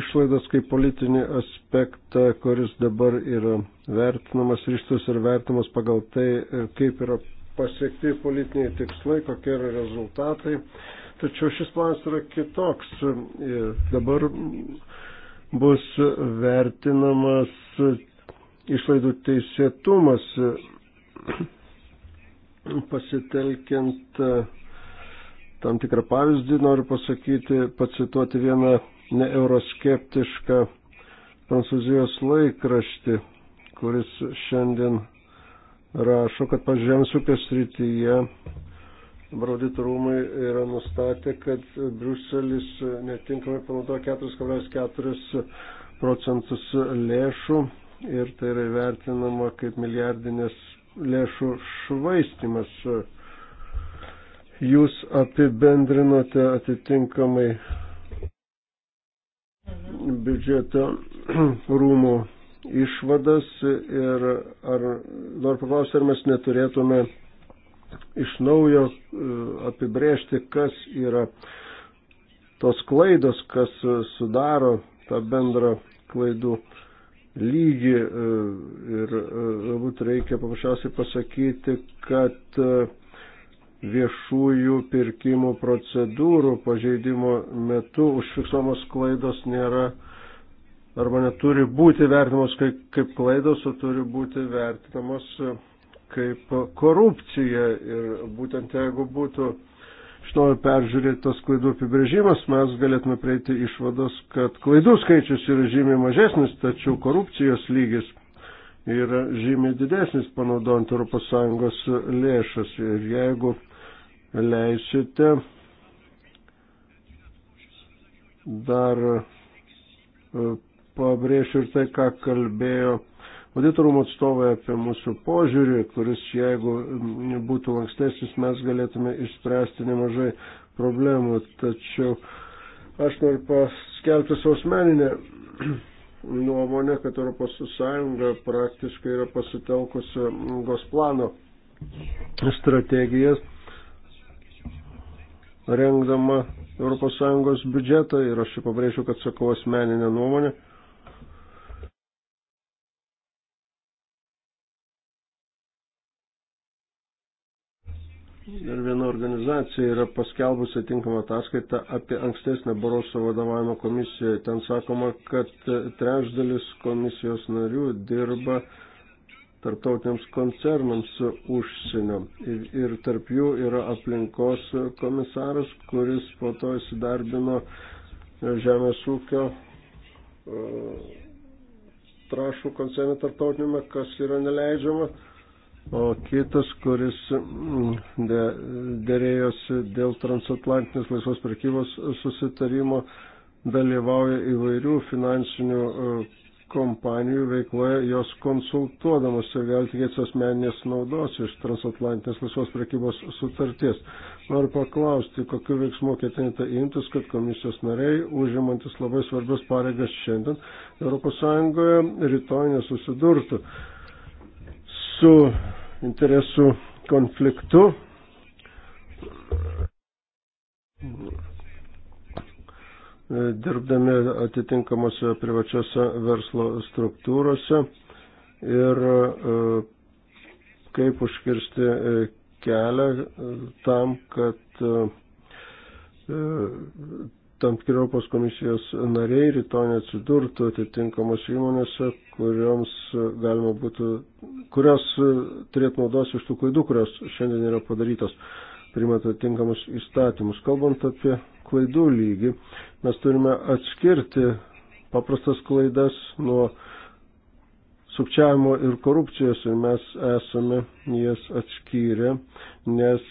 išlaidas kaip politinį aspektą, kuris dabar yra vertinamas, ryštus ir vertinamas pagal tai, e, kaip yra pasiekti politiniai tikslai, kokie yra rezultatai. Tačiau šis planas yra kitoks. Dabar bus vertinamas išlaidų teisėtumas pasitelkiant tam tikrą pavyzdį, noriu pasakyti, pacituoti vieną neuroskeptišką prancūzijos laikraštį, kuris šiandien rašo, kad pažemės ūkio srityje Braudytų rūmai yra nustatę, kad Bruselis netinkamai panaudoja 4,4 procentus lėšų ir tai yra vertinama kaip milijardinės lėšų švaistimas. Jūs apibendrinote atitinkamai biudžeto rūmų išvadas ir ar noriu paklausti, ar mes neturėtume iš naujo e, apibrėžti, kas yra tos klaidos, kas sudaro tą bendrą klaidų lygį e, ir e, galbūt reikia paprasčiausiai pasakyti, kad viešųjų pirkimų procedūrų pažeidimo metu užfiksuomos klaidos nėra arba neturi būti vertinamos kaip, kaip klaidos, o turi būti vertinamos e, kaip korupcija. Ir būtent jeigu būtų iš naujo peržiūrėtas klaidų apibrėžimas, mes galėtume prieiti išvados, kad klaidų skaičius yra žymiai mažesnis, tačiau korupcijos lygis yra žymiai didesnis panaudojant ES lėšas. Ir jeigu leisite dar e, pabrėšiu ir tai, ką kalbėjo auditorumo atstovai apie mūsų požiūrį, kuris jeigu būtų lankstesnis, mes galėtume išspręsti nemažai problemų. Tačiau aš noriu paskelbti savo asmeninę nuomonę, kad ES praktiškai yra pasitelkusi Gosplano strategijas, rengdama ES biudžetą ir aš čia pabrėžiu, kad sakau asmeninę nuomonę ir viena organizacija yra paskelbusi tinkamą ataskaitą apie ankstesnę Baroso vadovavimo komisiją. Ten sakoma, kad trečdalis komisijos narių dirba tarptautiniams koncernams užsienio. Ir, ir tarp jų yra aplinkos komisaras, kuris po to įsidarbino žemės ūkio e, trašų koncerne tarptautinėme, kas yra neleidžiama o kitas, kuris mm, de, dėrėjosi dėl transatlantinės laisvos prekybos susitarimo, dalyvauja įvairių finansinių e, kompanijų veikloje, jos konsultuodamas ir gali tikėtis asmeninės naudos iš transatlantinės laisvos prekybos sutarties. Noriu paklausti, kokiu veiksmu ketinate imtis, kad komisijos nariai, užimantis labai svarbios pareigas šiandien, ES rytoj nesusidurtų su interesų konfliktu. Dirbdami atitinkamose privačiose verslo struktūrose ir e, kaip užkirsti e, kelią tam, kad e, tam tikri Europos komisijos nariai rytoj neatsidurtų atitinkamos įmonėse, kurioms e, galima būtų, kurios e, turėtų naudos iš tų klaidų, kurios šiandien yra padarytos, primant atitinkamus įstatymus. Kalbant apie klaidų lygį, mes turime atskirti paprastas klaidas nuo sukčiavimo ir korupcijos ir mes esame jas atskyrę, nes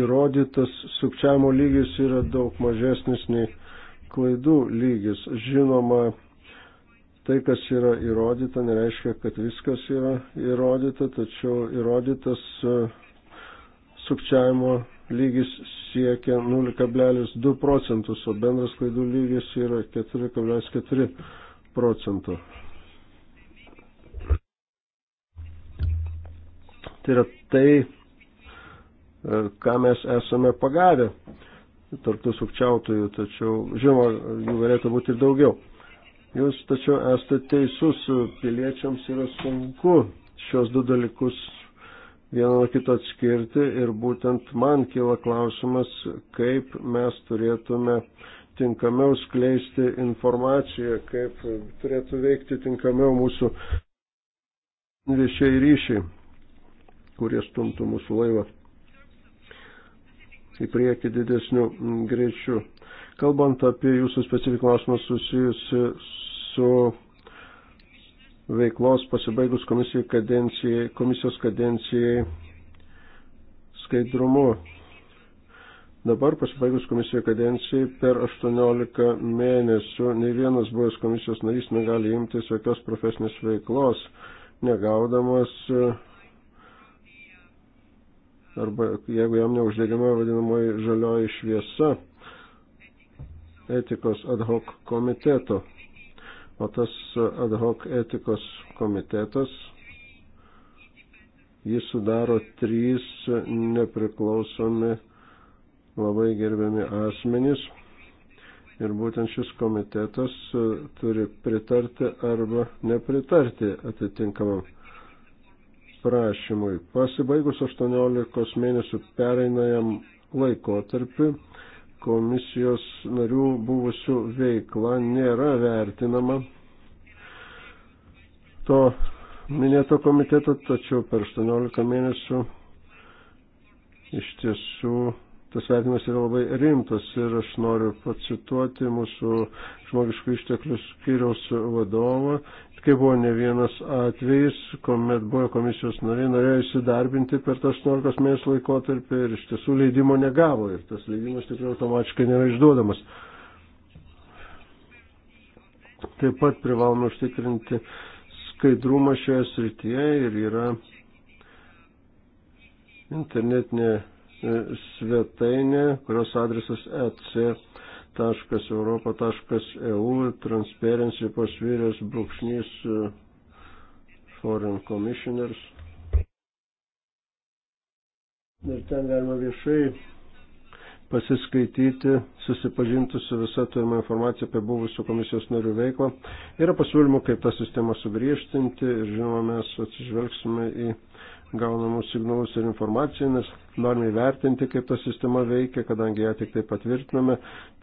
įrodytas sukčiavimo lygis yra daug mažesnis nei klaidų lygis. Žinoma, tai, kas yra įrodyta, nereiškia, kad viskas yra įrodyta, tačiau įrodytas e, sukčiavimo lygis siekia 0,2 procentus, o bendras klaidų lygis yra 4,4 procentų. Tai yra tai, e, ką mes esame pagavę tarptų sukčiautojų, tačiau, žinoma, jų galėtų būti ir daugiau. Jūs tačiau esate teisus, piliečiams yra sunku šios du dalykus vieną nuo kito atskirti ir būtent man kyla klausimas, kaip mes turėtume tinkamiau skleisti informaciją, kaip turėtų veikti tinkamiau mūsų viešiai ryšiai kurie stumtų mūsų laivą į priekį didesnių greičių. Kalbant apie jūsų specifinį klausimą susijusi su veiklos pasibaigus komisijai kadencijai, komisijos kadencijai skaidrumu. Dabar pasibaigus komisijoje kadencijai per 18 mėnesių nei vienas buvęs komisijos narys negali imtis jokios profesinės veiklos, negaudamas uh, arba jeigu jam neuždegama vadinamoji žalioji šviesa etikos ad hoc komiteto. O tas ad hoc etikos komitetas, jį sudaro trys nepriklausomi labai gerbiami asmenys. Ir būtent šis komitetas turi pritarti arba nepritarti atitinkamam prašymui. Pasibaigus 18 mėnesių pereinajam laikotarpiu komisijos narių buvusių veikla nėra vertinama to minėto komiteto, tačiau per 18 mėnesių iš tiesų tas vertinimas yra labai rimtas ir aš noriu pacituoti mūsų žmogiškų išteklių skyriaus vadovą. Tai buvo ne vienas atvejis, kuomet buvo komisijos nariai, norėjo įsidarbinti per tą 18 mėnesių laikotarpį ir iš tiesų leidimo negavo ir tas leidimas tikrai automatiškai nėra išduodamas. Taip pat privalome užtikrinti skaidrumą šioje srityje ir yra internetinė e, svetainė, kurios adresas EC www.europa.eu Transparency pasvyrės brūkšnys e, Foreign Commissioners. Ir ten galima viešai pasiskaityti, susipažinti su visą turimą informaciją apie buvusių komisijos narių veiklą. Yra pasiūlymų, kaip tą sistemą sugriežtinti ir žinoma, mes atsižvelgsime į gaunamus signalus ir informaciją, nes norime įvertinti, kaip ta sistema veikia, kadangi ją tik tai patvirtiname.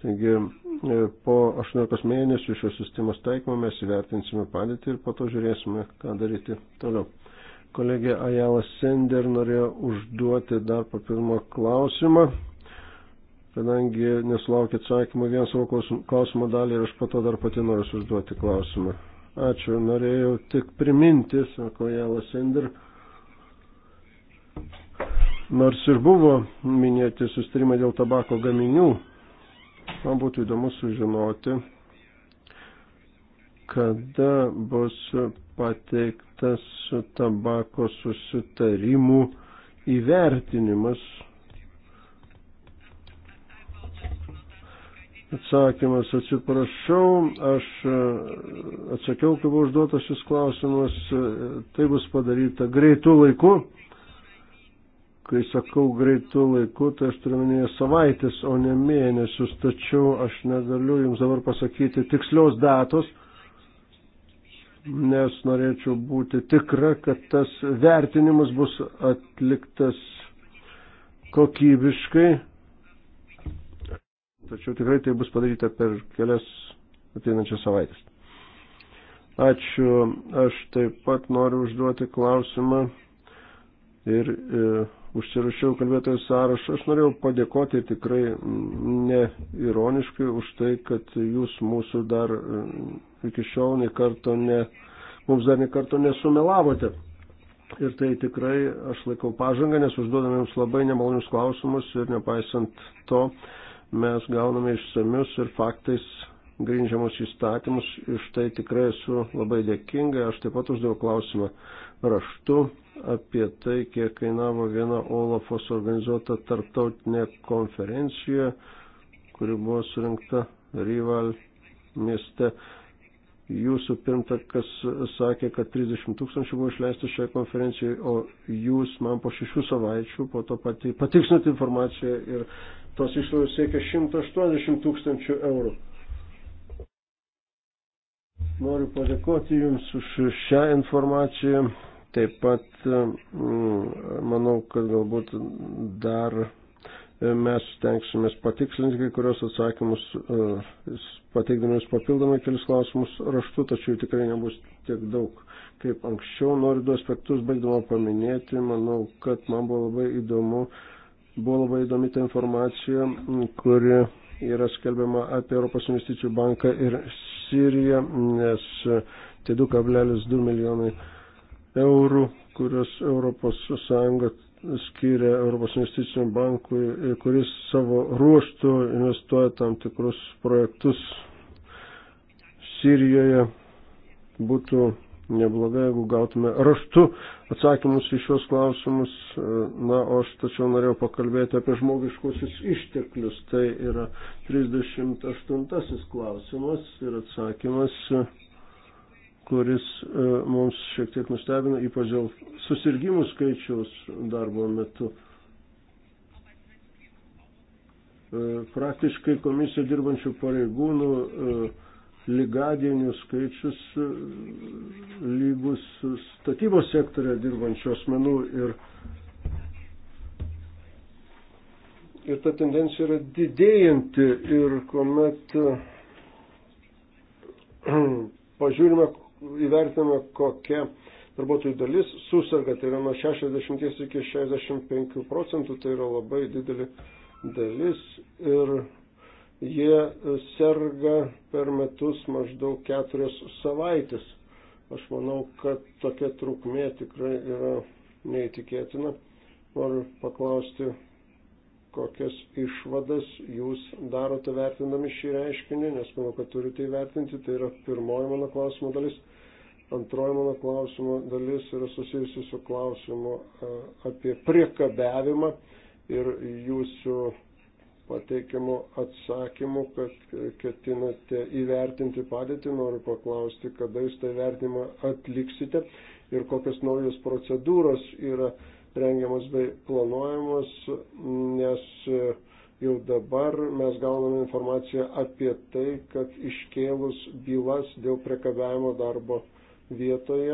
Taigi e, po 18 mėnesių šios sistemos taikymo mes įvertinsime padėtį ir po to žiūrėsime, ką daryti toliau. Kolegė Ajala Sender norėjo užduoti dar papildomą klausimą, kadangi nesulaukė atsakymą vieną savo klausimo dalį ir aš po to dar pati noriu užduoti klausimą. Ačiū, norėjau tik priminti, sako Jela Sender, Nors ir buvo minėti sustarimai dėl tabako gaminių, man būtų įdomu sužinoti, kada bus pateiktas tabako susitarimų įvertinimas. Atsakymas, atsiprašau, aš atsakiau, kai buvo užduotas šis klausimas, tai bus padaryta greitų laikų. Kai sakau greitų laikų, tai aš turiu minėję savaitės, o ne mėnesius, tačiau aš negaliu jums dabar pasakyti tikslios datos, nes norėčiau būti tikra, kad tas vertinimas bus atliktas kokybiškai, tačiau tikrai tai bus padaryta per kelias ateinančias savaitės. Ačiū. Aš taip pat noriu užduoti klausimą ir e, užsirašiau kalbėtojų sąrašą. Aš norėjau padėkoti tikrai ne ironiškai už tai, kad jūs mūsų dar e, iki šiol nekarto ne, mums dar nekarto nesumelavote. Ir tai tikrai aš laikau pažangą, nes užduodame jums labai nemalonius klausimus ir nepaisant to mes gauname išsamius ir faktais grindžiamus įstatymus. Iš tai tikrai esu labai dėkinga. Aš taip pat uždėjau klausimą raštu apie tai, kiek kainavo viena Olafo suorganizuota tarptautinė konferencija, kuri buvo surinkta Rival mieste. Jūsų pirmtakas sakė, kad 30 tūkstančių buvo išleista šioje konferencijoje, o jūs man po šešių savaičių po to pati, patiksnat informaciją ir tos išlaidos siekia 180 tūkstančių eurų. Noriu padėkoti Jums už šią informaciją. Taip pat manau, kad galbūt dar mes tenksimės patikslinti kai kurios atsakymus, e, pateikdami papildomai kelis klausimus raštu, tačiau tikrai nebus tiek daug kaip anksčiau. Noriu du aspektus baigdama paminėti. Manau, kad man buvo labai įdomu, buvo labai įdomi ta informacija, kuri yra skelbiama apie Europos investicijų banką ir Siriją, nes tie 2,2 milijonai eurų, kurios ES skiria Europos investiciniam bankui, kuris savo ruoštų investuoja tam tikrus projektus Sirijoje. Būtų neblogai, jeigu gautume raštu atsakymus į šios klausimus. Na, o aš tačiau norėjau pakalbėti apie žmogiškusius išteklius. Tai yra 38 klausimas ir atsakymas kuris e, mums šiek tiek nustebino, ypač dėl susirgymų skaičiaus darbo metu. E, praktiškai komisija dirbančių pareigūnų e, lygadienių skaičius lygus statybos sektorė dirbančių asmenų ir, ir ta tendencija yra didėjanti ir kuomet pažiūrime, įvertiname, kokia darbuotojų dalis susirga, tai yra nuo 60 iki 65 procentų, tai yra labai didelė dalis ir jie serga per metus maždaug keturias savaitės. Aš manau, kad tokia trukmė tikrai yra neįtikėtina. Noriu paklausti, kokias išvadas jūs darote vertindami šį reiškinį, nes manau, kad turite įvertinti, tai yra pirmoji mano klausimo dalis. Antroji mano klausimo dalis yra susijusi su klausimu e, apie priekabiavimą ir jūsų pateikimu atsakymu, kad ketinate įvertinti padėtį. Noriu paklausti, kada jūs tą įvertinimą atliksite ir kokios naujos procedūros yra rengiamas bei planuojamas, nes jau dabar mes gauname informaciją apie tai, kad iškėlus bylas dėl priekabiavimo darbo vietoje.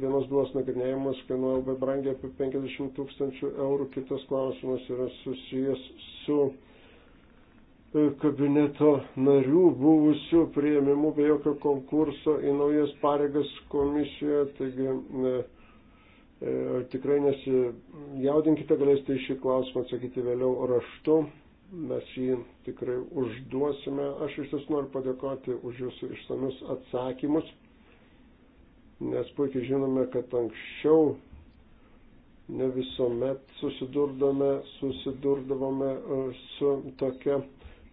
Vienos bylos nagrinėjimas kainuoja labai brangiai apie 50 tūkstančių eurų, kitas klausimas yra susijęs su e, kabineto narių buvusių prieimimu be jokio konkurso į naujas pareigas komisijoje. Taigi e, e, tikrai nesijaudinkite, galėsite į šį klausimą atsakyti vėliau raštu. Mes jį tikrai užduosime. Aš iš tiesų noriu padėkoti už jūsų išsamius atsakymus nes puikiai žinome, kad anksčiau ne visuomet susidurdome, susidurdavome e, su tokia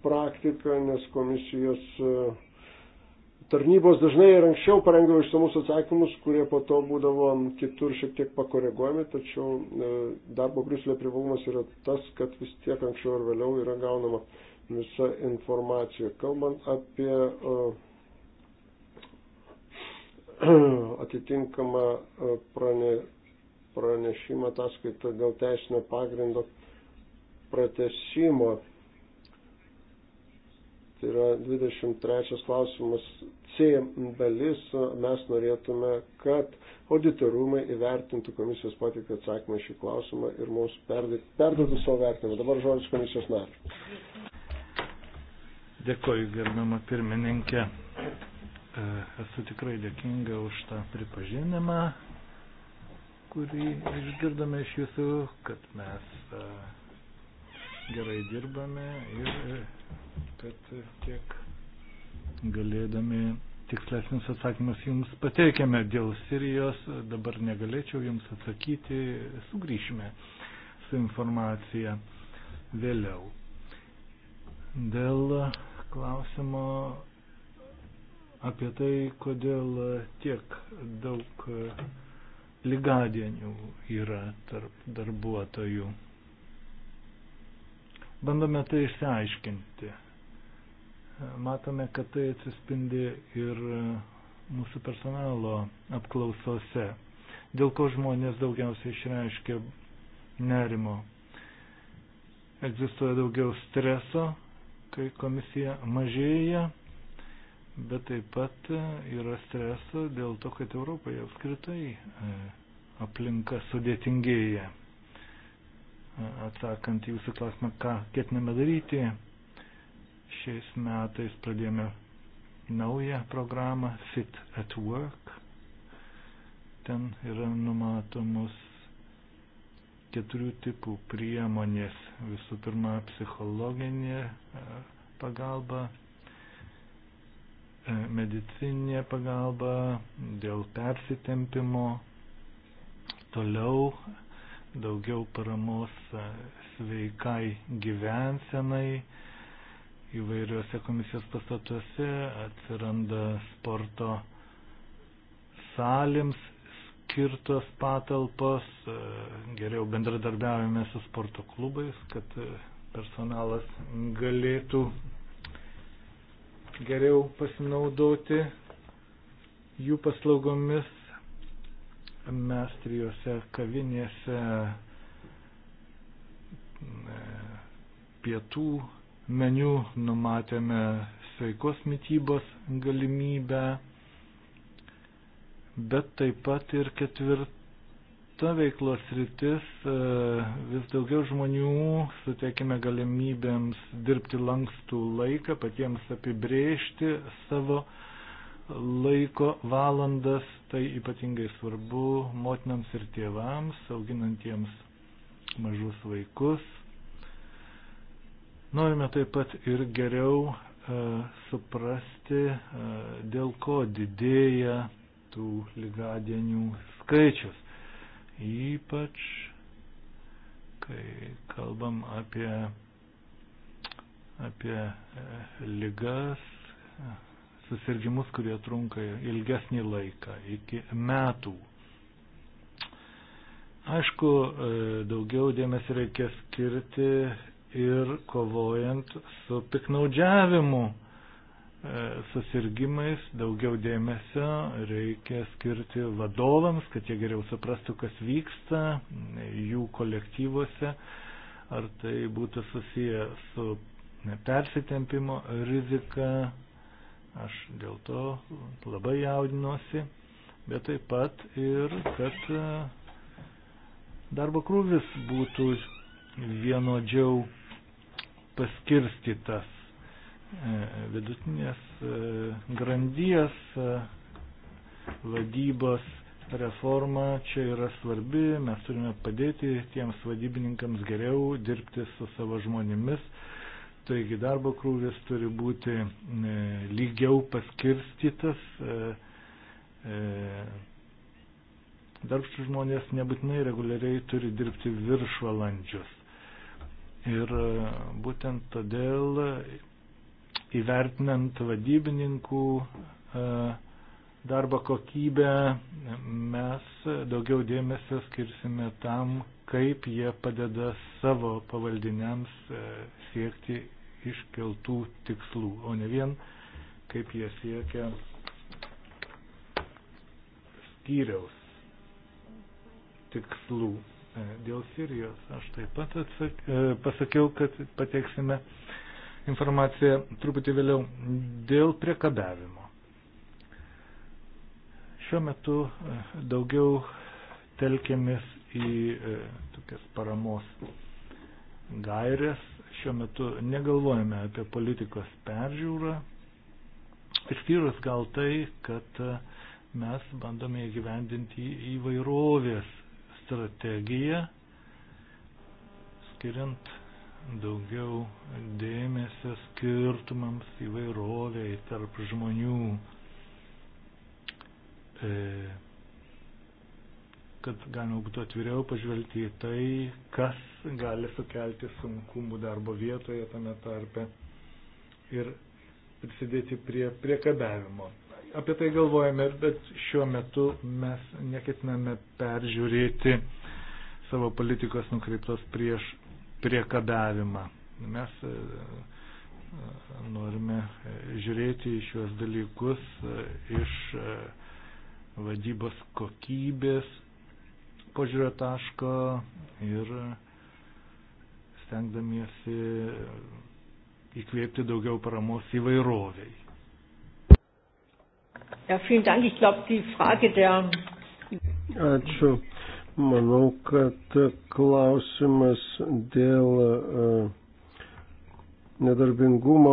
praktika, nes komisijos e, tarnybos dažnai ir anksčiau parengdavo išsamus atsakymus, kurie po to būdavo kitur šiek tiek pakoreguojami, tačiau e, darbo Briuselio privalumas yra tas, kad vis tiek anksčiau ar vėliau yra gaunama visa informacija. Kalbant apie uh, atitinkamą e, prane, pranešimą ataskaitą dėl teisinio pagrindo pratesimo. Tai yra 23 klausimas C dalis. Mes norėtume, kad auditorumai įvertintų komisijos pateiktą atsakymą šį klausimą ir mums perduotų savo vertinimą. Dabar žodis komisijos nariui. Dėkoju, gerbiama pirmininkė. E, esu tikrai dėkinga už tą pripažinimą, kurį išgirdome iš jūsų, kad mes e, gerai dirbame ir e, kad tiek galėdami tikslesnius atsakymus jums pateikėme dėl Sirijos, dabar negalėčiau jums atsakyti, sugrįšime su informacija vėliau. Dėl klausimo apie tai, kodėl tiek daug e, lygadienių yra tarp darbuotojų. Bandome tai išsiaiškinti. E, matome, kad tai atsispindi ir e, mūsų personalo apklausose, dėl ko žmonės daugiausiai išreiškia nerimo. Egzistuoja daugiau streso, kai komisija mažėja bet taip pat e, yra streso dėl to, kad Europoje apskritai e, aplinka sudėtingėja. E, atsakant jūsų klausimą, ką ketiname daryti, šiais metais pradėjome naują programą Fit at Work. Ten yra numatomos keturių tipų priemonės. Visų pirma, psichologinė pagalba, E, medicinė pagalba, dėl persitempimo, toliau daugiau paramos e, sveikai gyvensenai. Įvairiuose komisijos pastatuose atsiranda sporto salėms skirtos patalpos, e, geriau bendradarbiavime su sporto klubais, kad personalas galėtų geriau pasinaudoti jų paslaugomis. Mes trijose kavinėse e, pietų meniu numatėme sveikos mytybos galimybę, bet taip pat ir ketvirt kita veiklos rytis e, vis daugiau žmonių suteikime galimybėms dirbti lankstų laiką, patiems apibrėžti savo laiko valandas, tai ypatingai svarbu motinams ir tėvams, auginantiems mažus vaikus. Norime taip pat ir geriau e, suprasti, e, dėl ko didėja tų lygadienių skaičius ypač kai kalbam apie, apie e, ligas, e, susirgymus, kurie trunka ilgesnį laiką, iki metų. Aišku, e, daugiau dėmesio reikia skirti ir kovojant su piknaudžiavimu E, susirgymais daugiau dėmesio reikia skirti vadovams, kad jie geriau suprastų, kas vyksta e, jų kolektyvuose, ar tai būtų susiję su persitempimo rizika. Aš dėl to labai jaudinuosi, bet taip pat ir, kad e, darbo krūvis būtų vienodžiau paskirstytas E, vidutinės e, grandies e, vadybos reforma čia yra svarbi, mes turime padėti tiems vadybininkams geriau dirbti su savo žmonėmis, taigi darbo krūvis turi būti lygiau paskirstytas, darbščių žmonės nebūtinai reguliariai turi dirbti viršvalandžius. Ir būtent todėl įvertinant vadybininkų e, darbo kokybę, mes daugiau dėmesio skirsime tam, kaip jie padeda savo pavaldiniams e, siekti iškeltų tikslų, o ne vien kaip jie siekia skyriaus tikslų. E, dėl Sirijos aš taip pat atsak, pasakiau, kad pateiksime informaciją truputį vėliau dėl priekabiavimo. Šiuo metu e, daugiau telkėmės į e, tokias paramos gairės. Šiuo metu negalvojame apie politikos peržiūrą, išskyrus gal tai, kad e, mes bandome įgyvendinti įvairovės strategiją, skiriant daugiau dėmesio skirtumams įvairoviai tarp žmonių, e, kad galima būtų atviriau pažvelgti į tai, kas gali sukelti sunkumų darbo vietoje tame tarpe ir prisidėti prie priekabiavimo. Apie tai galvojame, bet šiuo metu mes neketiname peržiūrėti savo politikos nukreiptos prieš priekabiavimą. Mes e, e, norime žiūrėti į šiuos dalykus e, iš vadybos kokybės požiūrio taško ir stengdamiesi įkvėpti daugiau paramos įvairoviai. Ja, vielen Dank. Ich glaube, die Frage der. Ačiū. Manau, kad klausimas dėl e, nedarbingumo,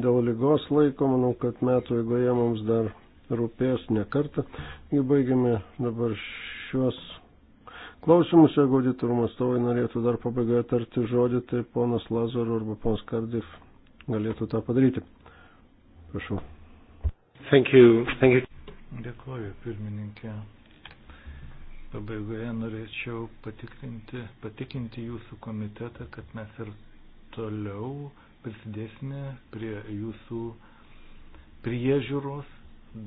dėl lygos laiko, manau, kad metų eigoje mums dar rūpės ne kartą. Įbaigėme dabar šiuos klausimus, jeigu auditorumo atstovai norėtų dar pabaigoje tarti žodį, tai ponas Lazaro arba ponas Kardif galėtų tą padaryti. Prašau. Thank you. Thank you. Dėkuoju, pirmininkė. Pabaigoje norėčiau patikrinti, patikinti jūsų komitetą, kad mes ir toliau prisidėsime prie jūsų priežiūros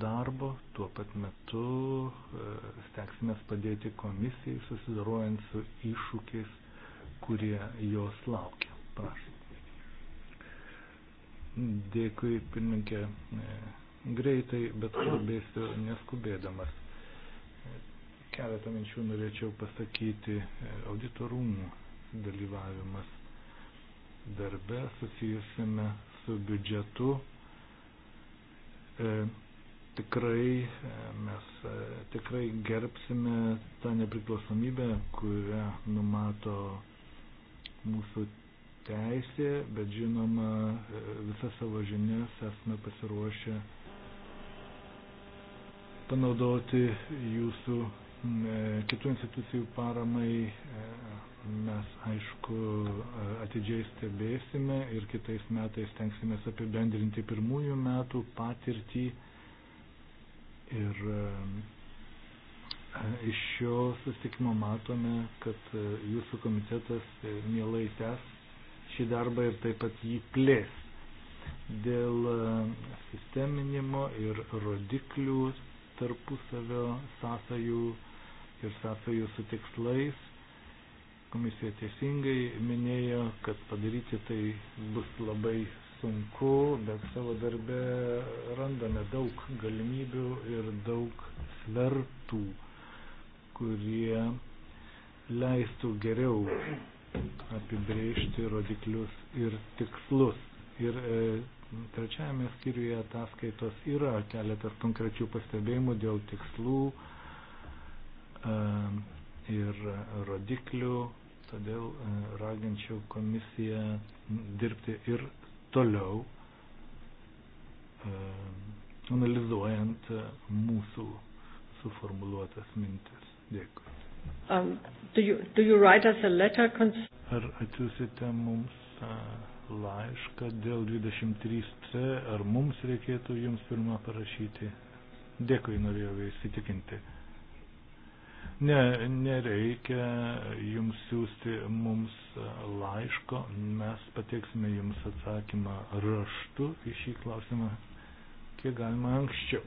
darbo, tuo pat metu e, steksime padėti komisijai susidarojant su iššūkiais, kurie jos laukia. Prašau. Dėkui, pirmininkė. E, greitai, bet kalbėsiu neskubėdamas keletą minčių norėčiau pasakyti. E, auditorumų dalyvavimas darbe susijusime su biudžetu. E, tikrai e, mes e, tikrai gerbsime tą nepriklausomybę, kurią numato mūsų teisė, bet žinoma, visą savo žinias esame pasiruošę panaudoti jūsų Mm, e, kitų institucijų paramai e, mes, aišku, e, atidžiai stebėsime ir kitais metais tenksimės apibendrinti pirmųjų metų patirtį ir iš šio susitikimo matome, kad jūsų komitetas mielai tęs šį darbą ir taip pat jį plės. Dėl sisteminimo ir rodiklių tarpusavio sąsajų ir sąsajų su tikslais. Komisija teisingai minėjo, kad padaryti tai bus labai sunku, bet savo darbe randame daug galimybių ir daug svertų, kurie leistų geriau apibrėžti rodiklius ir tikslus. Ir e, trečiajame skyriuje ataskaitos yra keletas konkrečių pastebėjimų dėl tikslų, e, Ehm, ir e, rodiklių, todėl e, raginčiau komisiją dirbti ir toliau ehm, analizuojant e, mūsų suformuluotas mintis. Dėkui. Um, do you, do you write us a letter Ar atsiusite mums laišką dėl 23C, ar mums reikėtų jums pirmą parašyti? Dėkui, norėjau įsitikinti. Ne, nereikia jums siūsti mums e, laiško, mes pateiksime jums atsakymą raštu į šį klausimą kiek galima anksčiau.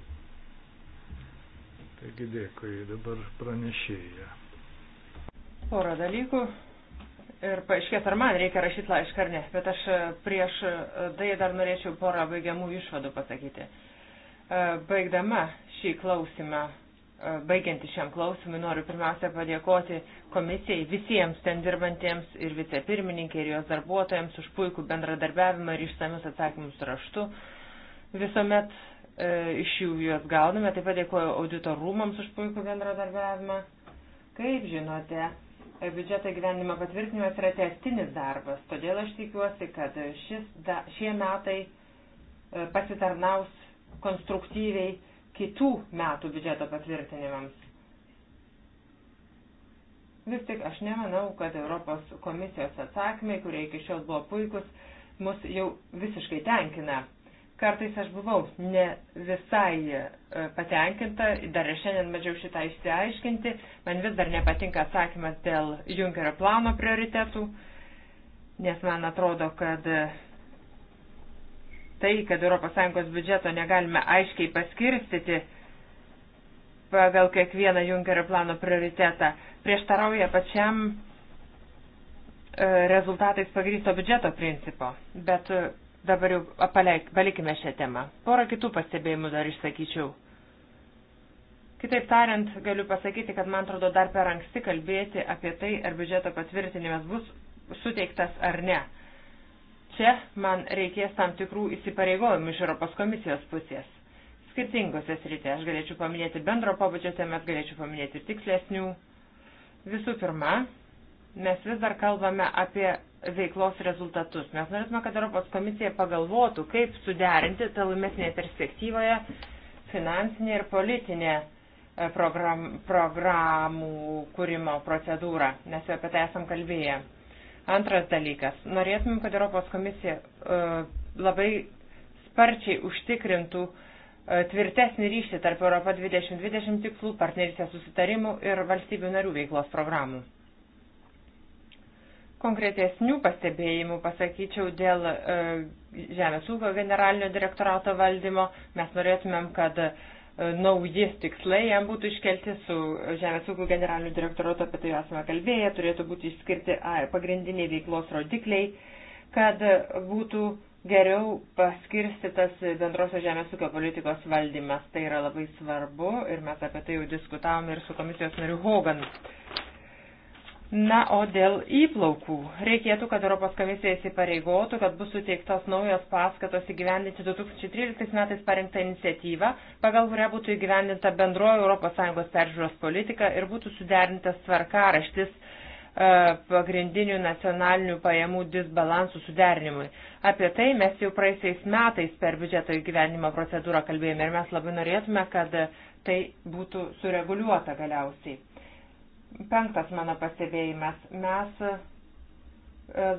Taigi dėkui, dabar pranešėja. Porą dalykų ir paaiškės, ar man reikia rašyti laišką ar ne, bet aš e, prieš e, tai dar norėčiau porą baigiamų išvadų pasakyti. Baigdama šį klausimą E, baigianti šiam klausimui, noriu pirmiausia padėkoti komisijai visiems ten dirbantiems ir vicepirmininkai ir jos darbuotojams už puikų bendradarbiavimą ir išsamius atsakymus raštu. Visuomet e, iš jų juos gauname, taip pat dėkoju audito rūmams už puikų bendradarbiavimą. Kaip žinote, biudžeto gyvenimo patvirtinimas yra testinis darbas, todėl aš tikiuosi, kad šis da, šie metai e, pasitarnaus konstruktyviai kitų metų biudžeto patvirtinimams. Vis tik aš nemanau, kad Europos komisijos atsakymai, kurie iki šiol buvo puikus, mus jau visiškai tenkina. Kartais aš buvau ne visai e, patenkinta, dar ir šiandien mažiau šitą išsiaiškinti, man vis dar nepatinka atsakymas dėl Junkerio plano prioritetų, nes man atrodo, kad Tai, kad ES biudžeto negalime aiškiai paskirstyti pagal kiekvieną Junkerio plano prioritetą, prieštarauja pačiam e, rezultatais pagrysto biudžeto principo. Bet e, dabar jau apaleik, palikime šią temą. Porą kitų pastebėjimų dar išsakyčiau. Kitaip tariant, galiu pasakyti, kad man atrodo dar per anksti kalbėti apie tai, ar biudžeto patvirtinimas bus suteiktas ar ne. Čia man reikės tam tikrų įsipareigojimų iš Europos komisijos pusės. Skirtingose srityje aš galėčiau paminėti bendro pobūdžio temas, galėčiau paminėti tikslesnių. Visų pirma, mes vis dar kalbame apie veiklos rezultatus. Mes norėtume, kad Europos komisija pagalvotų, kaip suderinti tolimesnėje perspektyvoje finansinė ir politinė e, program, programų kūrimo procedūra, nes jau apie tai esam kalbėję. Antras dalykas. Norėtumėm, kad Europos komisija e, labai sparčiai užtikrintų e, tvirtesnį ryšį tarp Europą 2020 tikslų, partnerystės susitarimų ir valstybių narių veiklos programų. Konkretesnių pastebėjimų pasakyčiau dėl e, Žemės ūkio generalinio direktorato valdymo. Mes norėtumėm, kad E, nauji tikslai jam būtų iškelti su Žemės ūkio generaliniu direktoratu, apie tai esame kalbėję, turėtų būti išskirti pagrindiniai veiklos rodikliai, kad būtų geriau paskirstytas bendrosios žemės ūkio politikos valdymas. Tai yra labai svarbu ir mes apie tai jau diskutavome ir su komisijos nariu Hogan. Na, o dėl įplaukų reikėtų, kad Europos komisija įsipareigotų, kad bus suteiktos naujos paskatos įgyvendinti 2013 metais parengtą iniciatyvą, pagal kurią būtų įgyvendinta bendroji ES peržiūros politika ir būtų suderintas tvarkaraštis e, pagrindinių nacionalinių pajamų disbalansų suderinimui. Apie tai mes jau praeisiais metais per biudžeto įgyvenimo procedūrą kalbėjome ir mes labai norėtume, kad tai būtų sureguliuota galiausiai. Penktas mano pastebėjimas. Mes e,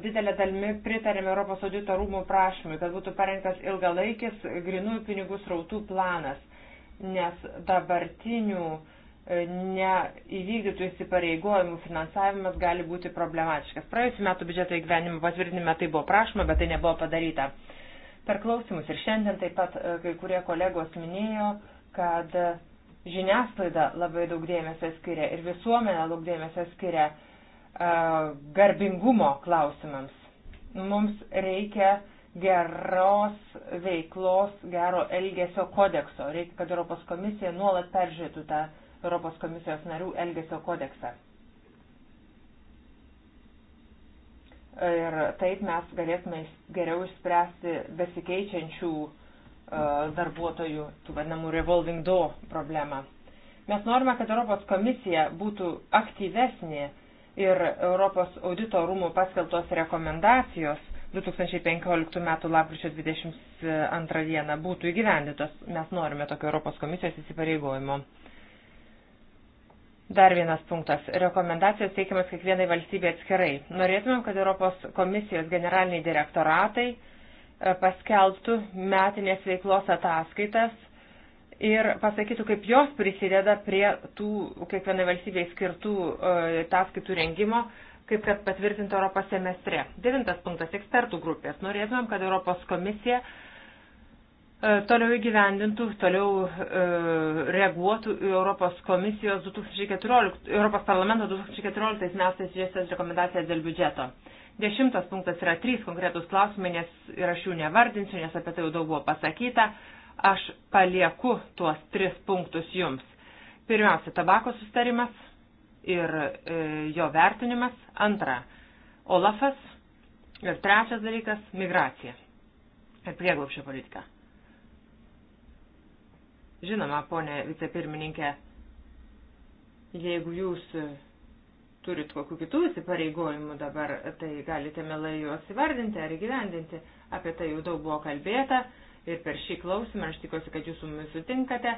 didelė dalimi pritarėme Europos audito rūmų prašymui, kad būtų parengtas ilgalaikis grinųjų pinigų srautų planas, nes dabartinių e, neįvykdytų įsipareigojimų finansavimas gali būti problematiškas. Praėjusiu metu biudžeto įgyvenimo patvirtinime tai buvo prašoma, bet tai nebuvo padaryta. Per klausimus ir šiandien taip pat e, kai kurie kolegos minėjo, kad žiniasklaida labai daug dėmesio skiria ir visuomenė daug dėmesio skiria uh, garbingumo klausimams. Mums reikia geros veiklos, gero elgesio kodekso. Reikia, kad Europos komisija nuolat peržiūrėtų tą Europos komisijos narių elgesio kodeksą. Ir taip mes galėtume geriau išspręsti besikeičiančių uh, E, darbuotojų, tų vadinamų revolving door problemą. Mes norime, kad Europos komisija būtų aktyvesnė ir Europos audito rūmų paskeltos rekomendacijos 2015 m. lapkričio 22 d. būtų įgyvendytos. Mes norime tokio Europos komisijos įsipareigojimo. Dar vienas punktas. Rekomendacijos teikiamas kiekvienai valstybei atskirai. Norėtumėm, kad Europos komisijos generaliniai direktoratai E, paskelbtų metinės veiklos ataskaitas ir pasakytų, kaip jos prisideda prie tų kiekvienai valstybei skirtų e, ataskaitų rengimo, kaip kad patvirtinta Europos semestre. Devintas punktas - ekspertų grupės. Norėtumėm, kad Europos komisija e, toliau įgyvendintų, toliau reaguotų į Europos komisijos 2014, Europos parlamento 2014 metais išdėstas rekomendacijas dėl biudžeto. Dešimtas punktas yra trys konkretus klausimai, nes ir aš jų nevardinsiu, nes apie tai jau daug buvo pasakyta. Aš palieku tuos tris punktus jums. Pirmiausia, tabako sustarimas ir e, jo vertinimas. Antra, Olafas. Ir trečias dalykas - migracija ir prieglopšio politika. Žinoma, ponė vicepirmininkė, jeigu jūs turit kokiu kitų įsipareigojimų dabar, tai galite mielai juos įvardinti ar įgyvendinti. Apie tai jau daug buvo kalbėta ir per šį klausimą aš tikiuosi, kad jūs su mumis sutinkate.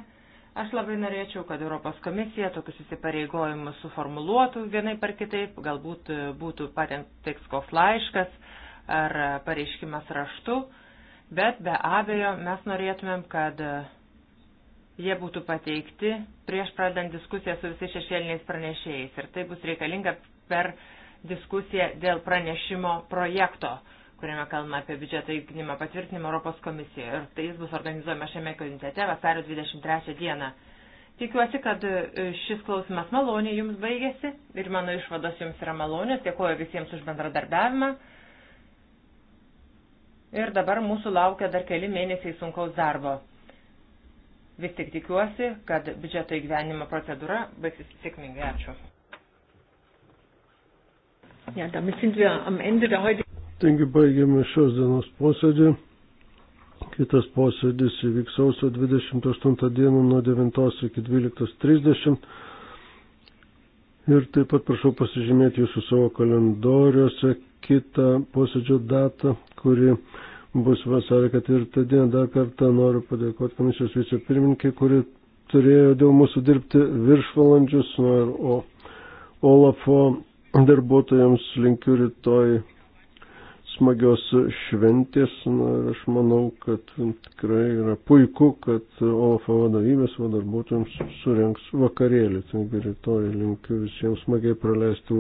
Aš labai norėčiau, kad Europos komisija tokius įsipareigojimus suformuluotų vienai par kitaip, galbūt būtų patentiks koks laiškas ar pareiškimas raštu, bet be abejo mes norėtumėm, kad jie būtų pateikti prieš pradant diskusiją su visais šešėliniais pranešėjais. Ir tai bus reikalinga per diskusiją dėl pranešimo projekto, kuriame kalbame apie biudžetą įgnimą patvirtinimą Europos komisijoje. Ir tai jis bus organizuojama šiame komitete vasario 23 dieną. Tikiuosi, kad e, šis klausimas maloniai jums baigėsi ir mano išvados jums yra malonios. Dėkuoju visiems už bendradarbiavimą. Ir dabar mūsų laukia dar keli mėnesiai sunkaus darbo. Vis tik tikiuosi, kad biudžeto įgyvenimo procedūra baigsis sėkmingai. Ačiū. Ja, damit sind wir am Ende der heutigen. Taigi baigiame šios dienos posėdį. Kitas posėdis įvyks sausio 28 dieną nuo 9 iki 12.30. Ir taip pat prašau pasižymėti jūsų savo kalendoriuose kitą posėdžio datą, kuri bus vasario 4 dieną. Dar kartą noriu padėkoti komisijos vicepirmininkai, kuri turėjo dėl mūsų dirbti viršvalandžius, nu ir o Olafo darbuotojams linkiu rytoj smagios šventės nu, ir aš manau, kad tikrai yra puiku, kad Olafo vadovybės vadovautojams surenks vakarėlį. Taigi rytoj linkiu visiems smagiai praleisti.